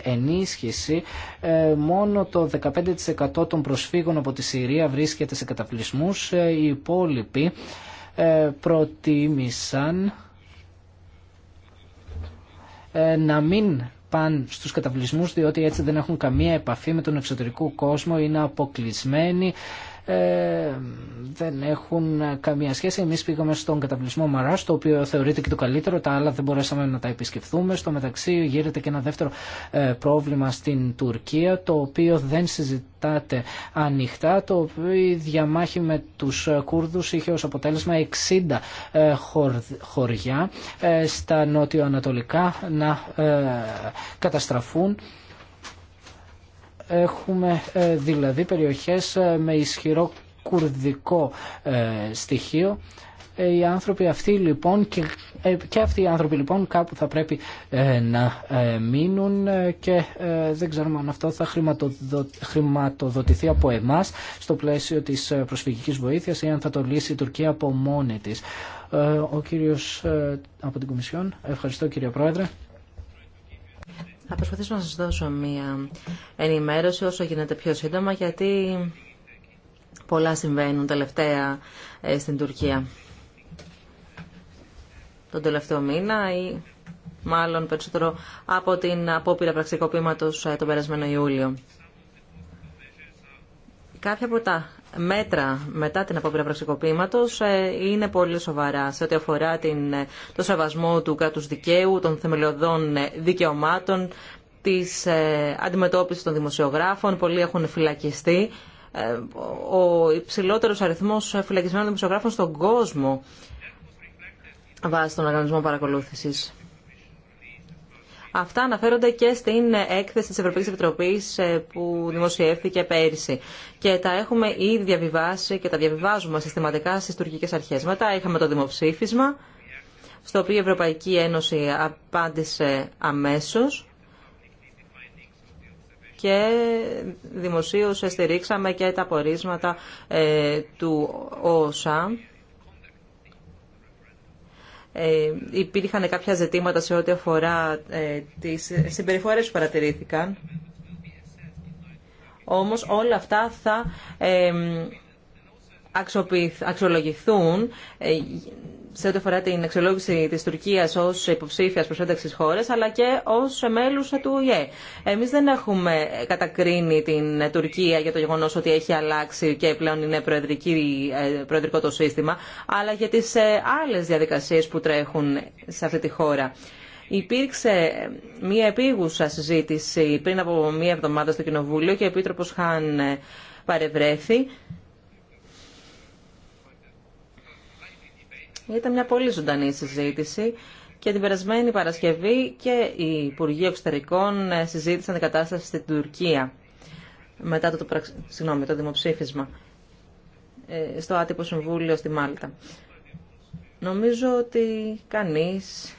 ενίσχυση. Μόνο το 15% των προσφύγων από τη Συρία βρίσκεται σε καταπλησμού Οι υπόλοιποι ε, προτίμησαν ε, να μην πάνε στους καταβλισμούς διότι έτσι δεν έχουν καμία επαφή με τον εξωτερικό κόσμο, είναι αποκλεισμένοι ε, δεν έχουν καμία σχέση. Εμεί πήγαμε στον καταπλησμό μαρά, το οποίο θεωρείται και το καλύτερο, τα άλλα δεν μπορέσαμε να τα επισκεφθούμε. Στο μεταξύ γύρεται και ένα δεύτερο ε, πρόβλημα στην Τουρκία, το οποίο δεν συζητάται ανοιχτά, το οποίο η διαμάχη με τους Κούρδους είχε ως αποτέλεσμα 60 ε, χωριά στα νότιο-ανατολικά να καταστραφούν Έχουμε ε, δηλαδή περιοχές ε, με ισχυρό κουρδικό ε, στοιχείο. Οι άνθρωποι αυτοί λοιπόν και, και αυτοί οι άνθρωποι λοιπόν κάπου θα πρέπει να μείνουν και δεν ξέρουμε αν αυτό θα χρηματοδοτηθεί από εμάς στο πλαίσιο της προσφυγικής βοήθειας ή αν θα το λύσει η Τουρκία από μόνη της. Ο κύριος από την Κομισιόν. Ευχαριστώ κύριε Πρόεδρε. Θα προσπαθήσω να σας δώσω μία ενημέρωση όσο γίνεται πιο σύντομα, γιατί πολλά συμβαίνουν τελευταία ε, στην Τουρκία. Τον τελευταίο μήνα ή μάλλον περισσότερο από την απόπειρα πραξικοπήματος ε, τον περασμένο Ιούλιο. Κάποια από τα μέτρα μετά την απόπειρα πραξικοπήματο ε, είναι πολύ σοβαρά σε ό,τι αφορά την, ε, το σεβασμό του κράτου δικαίου, των θεμελιωδών ε, δικαιωμάτων, της αντιμετώπιση των δημοσιογράφων. Πολλοί έχουν φυλακιστεί. Ο υψηλότερο αριθμός φυλακισμένων δημοσιογράφων στον κόσμο βάσει των οργανισμών παρακολούθησης. Αυτά αναφέρονται και στην έκθεση της Ευρωπαϊκής Επιτροπής ε, που δημοσιεύθηκε πέρυσι. Και τα έχουμε ήδη διαβιβάσει και τα διαβιβάζουμε συστηματικά στις τουρκικέ αρχές. Μετά είχαμε το δημοψήφισμα, στο οποίο η Ευρωπαϊκή Ένωση απάντησε αμέσως και δημοσίως στηρίξαμε και τα πορίσματα ε, του ΟΣΑ ε, υπήρχαν κάποια ζητήματα σε ό,τι αφορά ε, τις συμπεριφορές που παρατηρήθηκαν. Όμως όλα αυτά θα ε, αξιολογηθούν σε ό,τι αφορά την αξιολόγηση τη Τουρκία ω υποψήφια προ ένταξη αλλά και ω μέλου του ΟΗΕ. Εμεί δεν έχουμε κατακρίνει την Τουρκία για το γεγονό ότι έχει αλλάξει και πλέον είναι ε, προεδρικό το σύστημα, αλλά για τι ε, άλλε διαδικασίε που τρέχουν σε αυτή τη χώρα. Υπήρξε μία επίγουσα συζήτηση πριν από μία εβδομάδα στο Κοινοβούλιο και ο Επίτροπος Χαν ε, παρευρέθη Ήταν μια πολύ ζωντανή συζήτηση και την περασμένη Παρασκευή και οι Υπουργοί Εξωτερικών ε, συζήτησαν την κατάσταση στην Τουρκία μετά το, το, συγγνώμη, το δημοψήφισμα ε, στο άτυπο συμβούλιο στη Μάλτα. Νομίζω ότι κανείς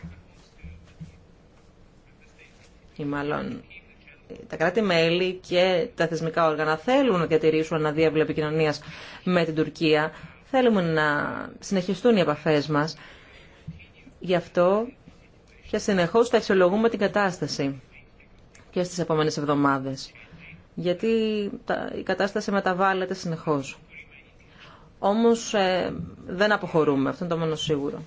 ή μάλλον τα κράτη-μέλη και τα θεσμικά όργανα θέλουν να διατηρήσουν ένα διάβλο επικοινωνία με την Τουρκία Θέλουμε να συνεχιστούν οι επαφές μας. Γι' αυτό και συνεχώς θα αξιολογούμε την κατάσταση και στις επόμενες εβδομάδες. Γιατί η κατάσταση μεταβάλλεται συνεχώς. Όμως ε, δεν αποχωρούμε, αυτό είναι το μόνο σίγουρο.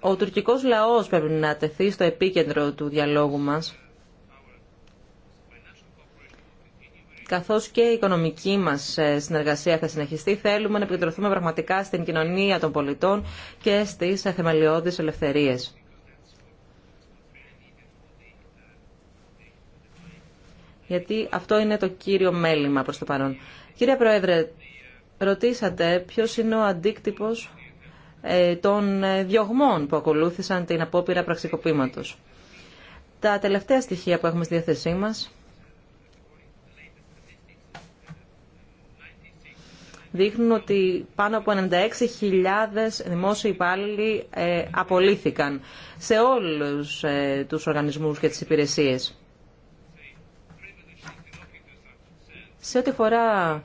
Ο τουρκικός λαός πρέπει να τεθεί στο επίκεντρο του διαλόγου μας καθώς και η οικονομική μας ε, συνεργασία θα συνεχιστεί, θέλουμε να επικεντρωθούμε πραγματικά στην κοινωνία των πολιτών και στις ε, θεμελιώδεις ελευθερίες. Γιατί αυτό είναι το κύριο μέλημα προς το παρόν. Κύριε Πρόεδρε, ρωτήσατε ποιος είναι ο αντίκτυπος ε, των διωγμών που ακολούθησαν την απόπειρα πραξικοπήματος. Τα τελευταία στοιχεία που έχουμε στη διάθεσή μας δείχνουν ότι πάνω από 96.000 δημόσιοι υπάλληλοι ε, απολύθηκαν σε όλους ε, τους οργανισμούς και τις υπηρεσίες. Σε ό,τι φορά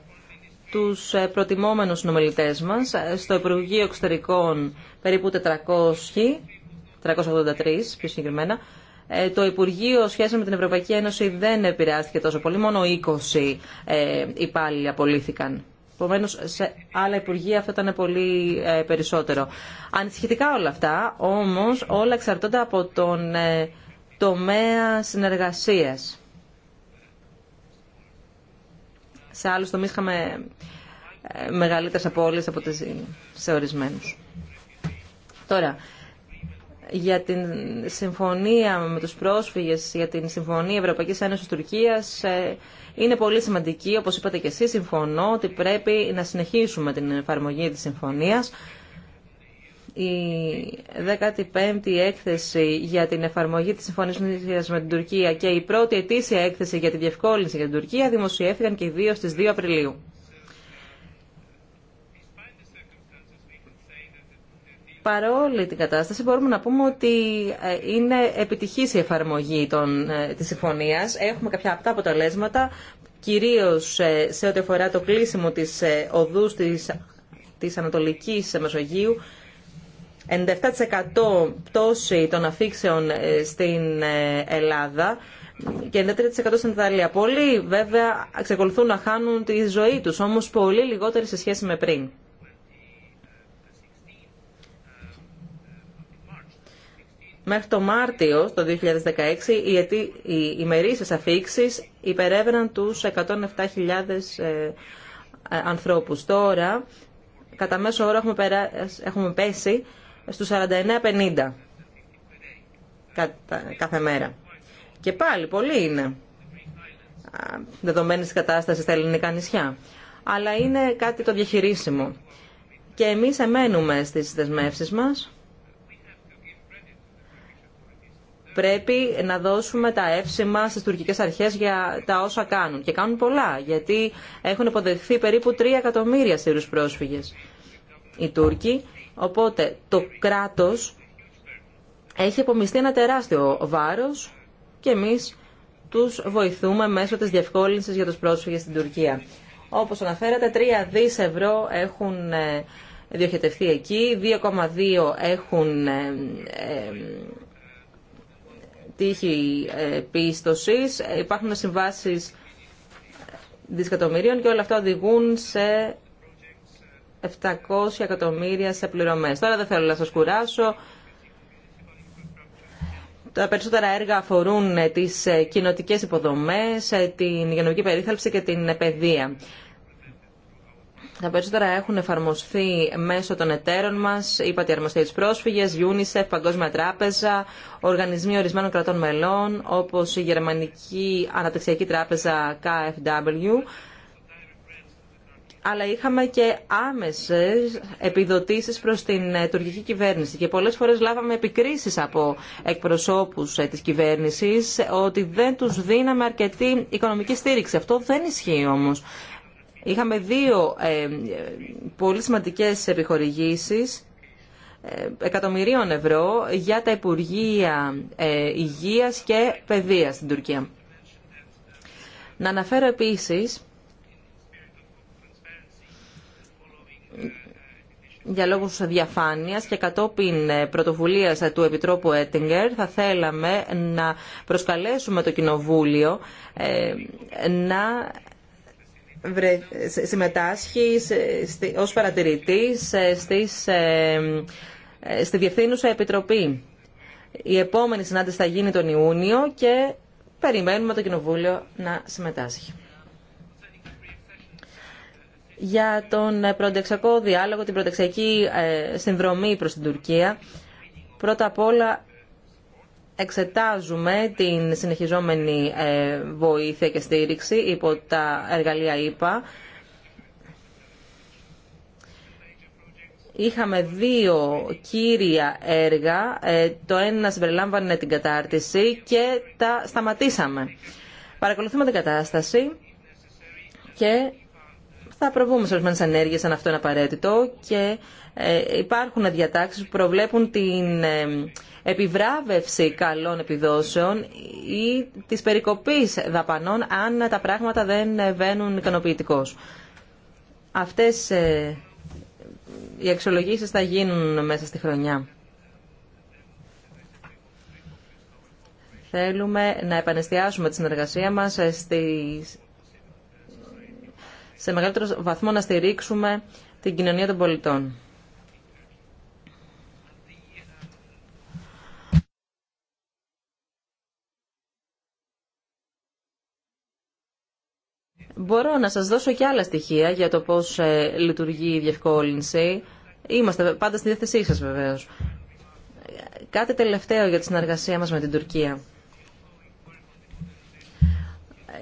τους ε, προτιμόμενους συνομιλητές μας, στο Υπουργείο Εξωτερικών περίπου 400, 383 πιο συγκεκριμένα, το Υπουργείο σχέση με την Ευρωπαϊκή Ένωση δεν επηρεάστηκε τόσο πολύ, μόνο 20 υπάλληλοι απολύθηκαν. Επομένω, σε άλλα υπουργεία αυτό ήταν πολύ ε, περισσότερο. Ανησυχητικά όλα αυτά, όμω όλα εξαρτώνται από τον ε, τομέα συνεργασία. Σε άλλου τομεί είχαμε ε, μεγαλύτερε απώλειε από τι σε ορισμένου. Τώρα, για την συμφωνία με τους πρόσφυγες, για την συμφωνία Ευρωπαϊκής Ένωσης Τουρκίας ε, είναι πολύ σημαντική. Όπως είπατε και εσείς, συμφωνώ ότι πρέπει να συνεχίσουμε την εφαρμογή της συμφωνίας. Η 15η έκθεση για την εφαρμογή της συμφωνίας με την Τουρκία και η πρώτη ετήσια έκθεση για τη διευκόλυνση για την Τουρκία δημοσιεύθηκαν και οι δύο στις 2 Απριλίου. Παρόλη την κατάσταση μπορούμε να πούμε ότι ε, είναι επιτυχής η εφαρμογή των, ε, της συμφωνίας. Έχουμε κάποια απτά αποτελέσματα, κυρίως ε, σε ό,τι αφορά το κλείσιμο της οδούς της, της Ανατολικής Μεσογείου. 97% πτώση των αφήξεων στην Ελλάδα και 93% στην Ιταλία. Πολλοί βέβαια εξακολουθούν να χάνουν τη ζωή τους, όμως πολύ λιγότεροι σε σχέση με πριν. Μέχρι το Μάρτιο το 2016 οι, ετή, οι ημερήσεις αφήξεις υπερέβαιναν τους 107.000 ε, ε, ανθρώπους. Τώρα, κατά μέσο όρο έχουμε, πέσει στους 49.50 50 κάθε μέρα. Και πάλι πολλοί είναι δεδομένη της κατάσταση στα ελληνικά νησιά. Αλλά είναι κάτι το διαχειρίσιμο. Και εμείς εμένουμε στις δεσμεύσεις μας πρέπει να δώσουμε τα εύσημα στις τουρκικές αρχές για τα όσα κάνουν. Και κάνουν πολλά, γιατί έχουν υποδεχθεί περίπου 3 εκατομμύρια Σύρους πρόσφυγες οι Τούρκοι. Οπότε το κράτος έχει απομειστεί ένα τεράστιο βάρος και εμείς τους βοηθούμε μέσω της διευκόλυνσης για τους πρόσφυγες στην Τουρκία. Όπως αναφέρατε, 3 δις ευρώ έχουν ε, διοχετευτεί εκεί, 2,2 έχουν ε, ε, τύχη ε, πίστοση, ε, υπάρχουν συμβάσει δισεκατομμυρίων και όλα αυτά οδηγούν σε 700 εκατομμύρια σε πληρωμέ. Τώρα δεν θέλω να σα κουράσω. Τα περισσότερα έργα αφορούν ε, τις κοινοτικές υποδομές, την υγειονομική περίθαλψη και την παιδεία. Τα περισσότερα έχουν εφαρμοστεί μέσω των εταίρων μα, η τη αρμοστέ τη πρόσφυγε, UNICEF, Παγκόσμια Τράπεζα, οργανισμοί ορισμένων κρατών μελών, όπω η Γερμανική Αναπτυξιακή Τράπεζα KfW. Αλλά είχαμε και άμεσες επιδοτήσεις προς την ε, τουρκική κυβέρνηση και πολλές φορές λάβαμε επικρίσεις από εκπροσώπου ε, τη κυβέρνηση, ότι δεν του δίναμε αρκετή οικονομική στήριξη. Αυτό δεν ισχύει όμω. Είχαμε δύο ε, πολύ σημαντικές επιχορηγήσεις ε, εκατομμυρίων ευρώ για τα Υπουργεία ε, Υγείας και Παιδείας στην Τουρκία. Να αναφέρω επίσης, για λόγους διαφάνειας και κατόπιν πρωτοβουλίας του Επιτρόπου Έτιγκερ θα θέλαμε να προσκαλέσουμε το Κοινοβούλιο να συμμετάσχει ως παρατηρητής στις, ε, στη Διευθύνουσα Επιτροπή. Η επόμενη συνάντηση θα γίνει τον Ιούνιο και περιμένουμε το Κοινοβούλιο να συμμετάσχει. Για τον ε, προτεξιακό διάλογο, την προτεξιακή ε, συνδρομή προς την Τουρκία, πρώτα απ' όλα εξετάζουμε την συνεχιζόμενη ε, βοήθεια και στήριξη υπό τα εργαλεία ΙΠΑ. Είχαμε δύο κύρια έργα, ε, το ένα συμπεριλάμβανε την κατάρτιση και τα σταματήσαμε. Παρακολουθούμε την κατάσταση και θα προβούμε σε ορισμένε ενέργειες αν αυτό είναι απαραίτητο και ε, υπάρχουν διατάξεις που προβλέπουν την επιβράβευση καλών επιδόσεων ή της περικοπής δαπανών αν τα πράγματα δεν βαίνουν ικανοποιητικώς. Αυτές ε, οι αξιολογήσεις θα γίνουν μέσα στη χρονιά. Θέλουμε να επανεστιάσουμε τη συνεργασία μας ε, σε μεγαλύτερο βαθμό να στηρίξουμε την κοινωνία των πολιτών. Μπορώ να σας δώσω και άλλα στοιχεία για το πώς ε, λειτουργεί η διευκόλυνση. Είμαστε πάντα στη διάθεσή σας βεβαίως. Κάτι τελευταίο για τη συνεργασία μας με την Τουρκία.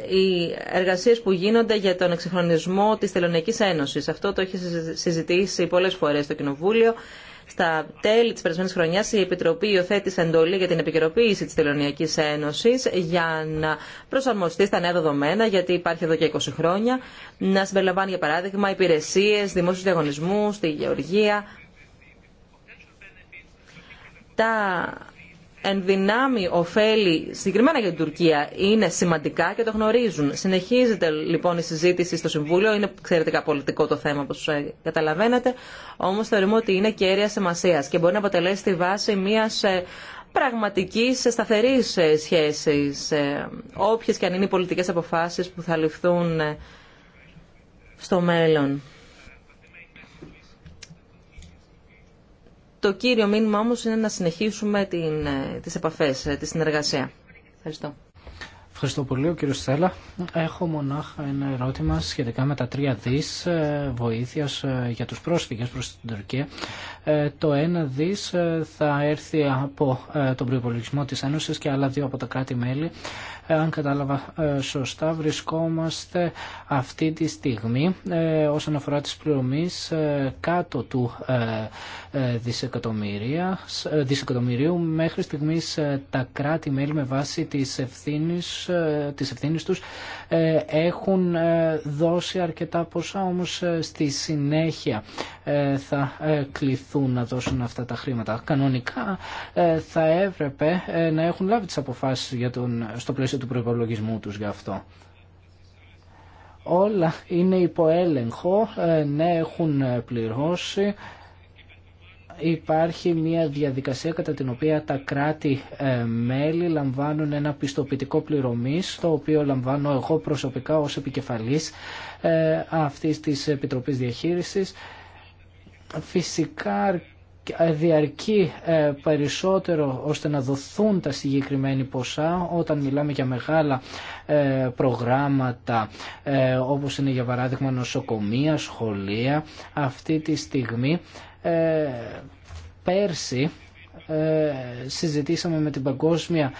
Οι εργασίες που γίνονται για τον εξυγχρονισμό της Τελωνιακής Ένωσης. Αυτό το έχει συζητήσει πολλές φορές στο Κοινοβούλιο. Στα τέλη της περασμένης χρονιάς η Επιτροπή υιοθέτησε εντολή για την επικαιροποίηση της Τελωνιακής Ένωσης για να προσαρμοστεί στα νέα δεδομένα, γιατί υπάρχει εδώ και 20 χρόνια, να συμπεριλαμβάνει για παράδειγμα υπηρεσίες, δημόσιους διαγωνισμούς, τη γεωργία. Τα ενδυνάμει, ωφέλη συγκεκριμένα για την Τουρκία είναι σημαντικά και το γνωρίζουν. Συνεχίζεται λοιπόν η συζήτηση στο Συμβούλιο, είναι εξαιρετικά πολιτικό το θέμα όπως ε, καταλαβαίνετε, όμως θεωρούμε ότι είναι κέρια σημασία και μπορεί να αποτελέσει τη βάση μιας ε, πραγματικής ε, σταθερής σχέσης, όποιες και αν είναι οι πολιτικές αποφάσεις που θα ληφθούν στο μέλλον. Το κύριο μήνυμα όμω είναι να συνεχίσουμε την, ε, τις επαφές, ε, τη συνεργασία. Ευχαριστώ. Ευχαριστώ πολύ, ο κύριο Στέλλα. Έχω μονάχα ένα ερώτημα σχετικά με τα τρία δις ε, βοήθειας για τους πρόσφυγες προς την Τουρκία. Ε, το ένα δις ε, θα έρθει από ε, τον προϋπολογισμό της Ένωσης και άλλα δύο από τα κράτη-μέλη. Αν κατάλαβα σωστά βρισκόμαστε αυτή τη στιγμή όσον αφορά τις πληρωμής κάτω του δισεκατομμυρίου μέχρι στιγμής τα κράτη-μέλη με βάση τις ευθύνες, τις τους έχουν δώσει αρκετά ποσά όμως στη συνέχεια θα κληθεί να δώσουν αυτά τα χρήματα. Κανονικά ε, θα έπρεπε ε, να έχουν λάβει τις αποφάσεις για τον, στο πλαίσιο του προπολογισμού τους για αυτό. Όλα είναι υποέλεγχο, ε, ναι έχουν πληρώσει, υπάρχει μια διαδικασία κατά την οποία τα κράτη-μέλη λαμβάνουν ένα πιστοποιητικό πληρωμής το οποίο λαμβάνω εγώ προσωπικά ως επικεφαλής αυτής της Επιτροπής Διαχείρισης φυσικά διαρκεί ε, περισσότερο ώστε να δοθούν τα συγκεκριμένη ποσά όταν μιλάμε για μεγάλα ε, προγράμματα ε, όπως είναι για παράδειγμα νοσοκομεία, σχολεία. Αυτή τη στιγμή πέρσι συζητήσαμε με την Παγκόσμια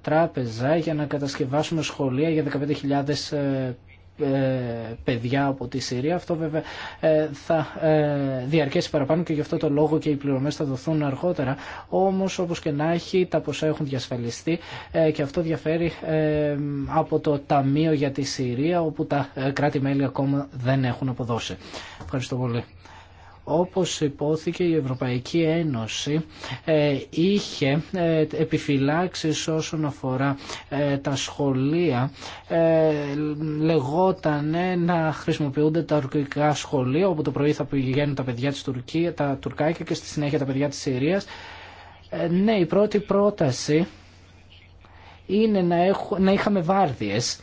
Τράπεζα για να κατασκευάσουμε σχολεία για 15.000 ε, παιδιά από τη Συρία. Αυτό βέβαια ε, θα ε, διαρκέσει παραπάνω και γι' αυτό το λόγο και οι πληρωμές θα δοθούν αργότερα. Όμως όπως και να έχει τα ποσά έχουν διασφαλιστεί και αυτό διαφέρει από το Ταμείο για τη Συρία όπου τα κράτη-μέλη ακόμα δεν έχουν αποδώσει. Ευχαριστώ πολύ. Όπως υπόθηκε η Ευρωπαϊκή Ένωση ε, είχε ε, επιφυλάξεις όσον αφορά ε, τα σχολεία. λεγόταν να χρησιμοποιούνται τα τουρκικά σχολεία όπου το πρωί θα πηγαίνουν τα παιδιά της Τουρκία, τα τουρκαϊκά και στη συνέχεια τα παιδιά της Συρίας. Ναι, η πρώτη πρόταση είναι να, έχουμε, να είχαμε βάρδιες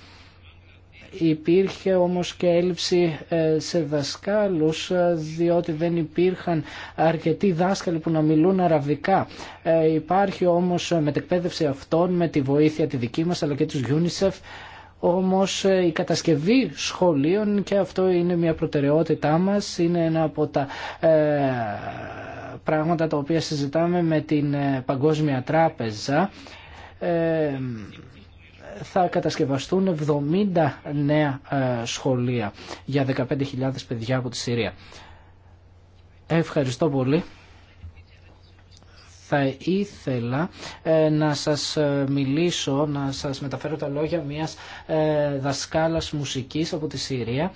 Υπήρχε όμως και έλλειψη ε, σε δασκάλους ε, διότι δεν υπήρχαν αρκετοί δάσκαλοι που να μιλούν αραβικά. Ε, υπάρχει όμως μετεκπαίδευση αυτών με τη βοήθεια τη δική μας αλλά και τους UNICEF όμως η κατασκευή σχολείων και αυτό είναι μια προτεραιότητά μας, είναι ένα από τα πράγματα τα οποία συζητάμε με την Παγκόσμια Τράπεζα θα κατασκευαστούν 70 νέα ε, σχολεία για 15.000 παιδιά από τη Συρία. Ευχαριστώ πολύ. Θα ήθελα ε, να σας ε, μιλήσω, να σας μεταφέρω τα λόγια μιας δασκάλας μουσικής από τη Συρία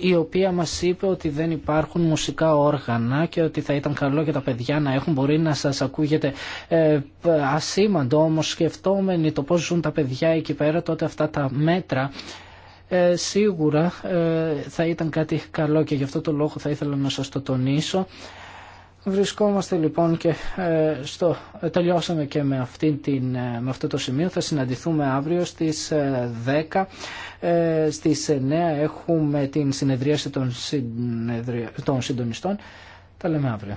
η οποία μας είπε ότι δεν υπάρχουν μουσικά όργανα και ότι θα ήταν καλό για τα παιδιά να έχουν μπορεί να σας ακούγεται ε, ασήμαντο όμως σκεφτόμενοι το πώς ζουν τα παιδιά εκεί πέρα τότε αυτά τα μέτρα ε, σίγουρα ε, θα ήταν κάτι καλό και γι' αυτό το λόγο θα ήθελα να σας το τονίσω Βρισκόμαστε λοιπόν και ε, στο, τελειώσαμε και με, αυτή την, ε, με αυτό το σημείο. Θα συναντηθούμε αύριο στις 10. Ε, στις 9 έχουμε την συνεδρίαση των, συνεδρια... των συντονιστών. Τα λέμε αύριο.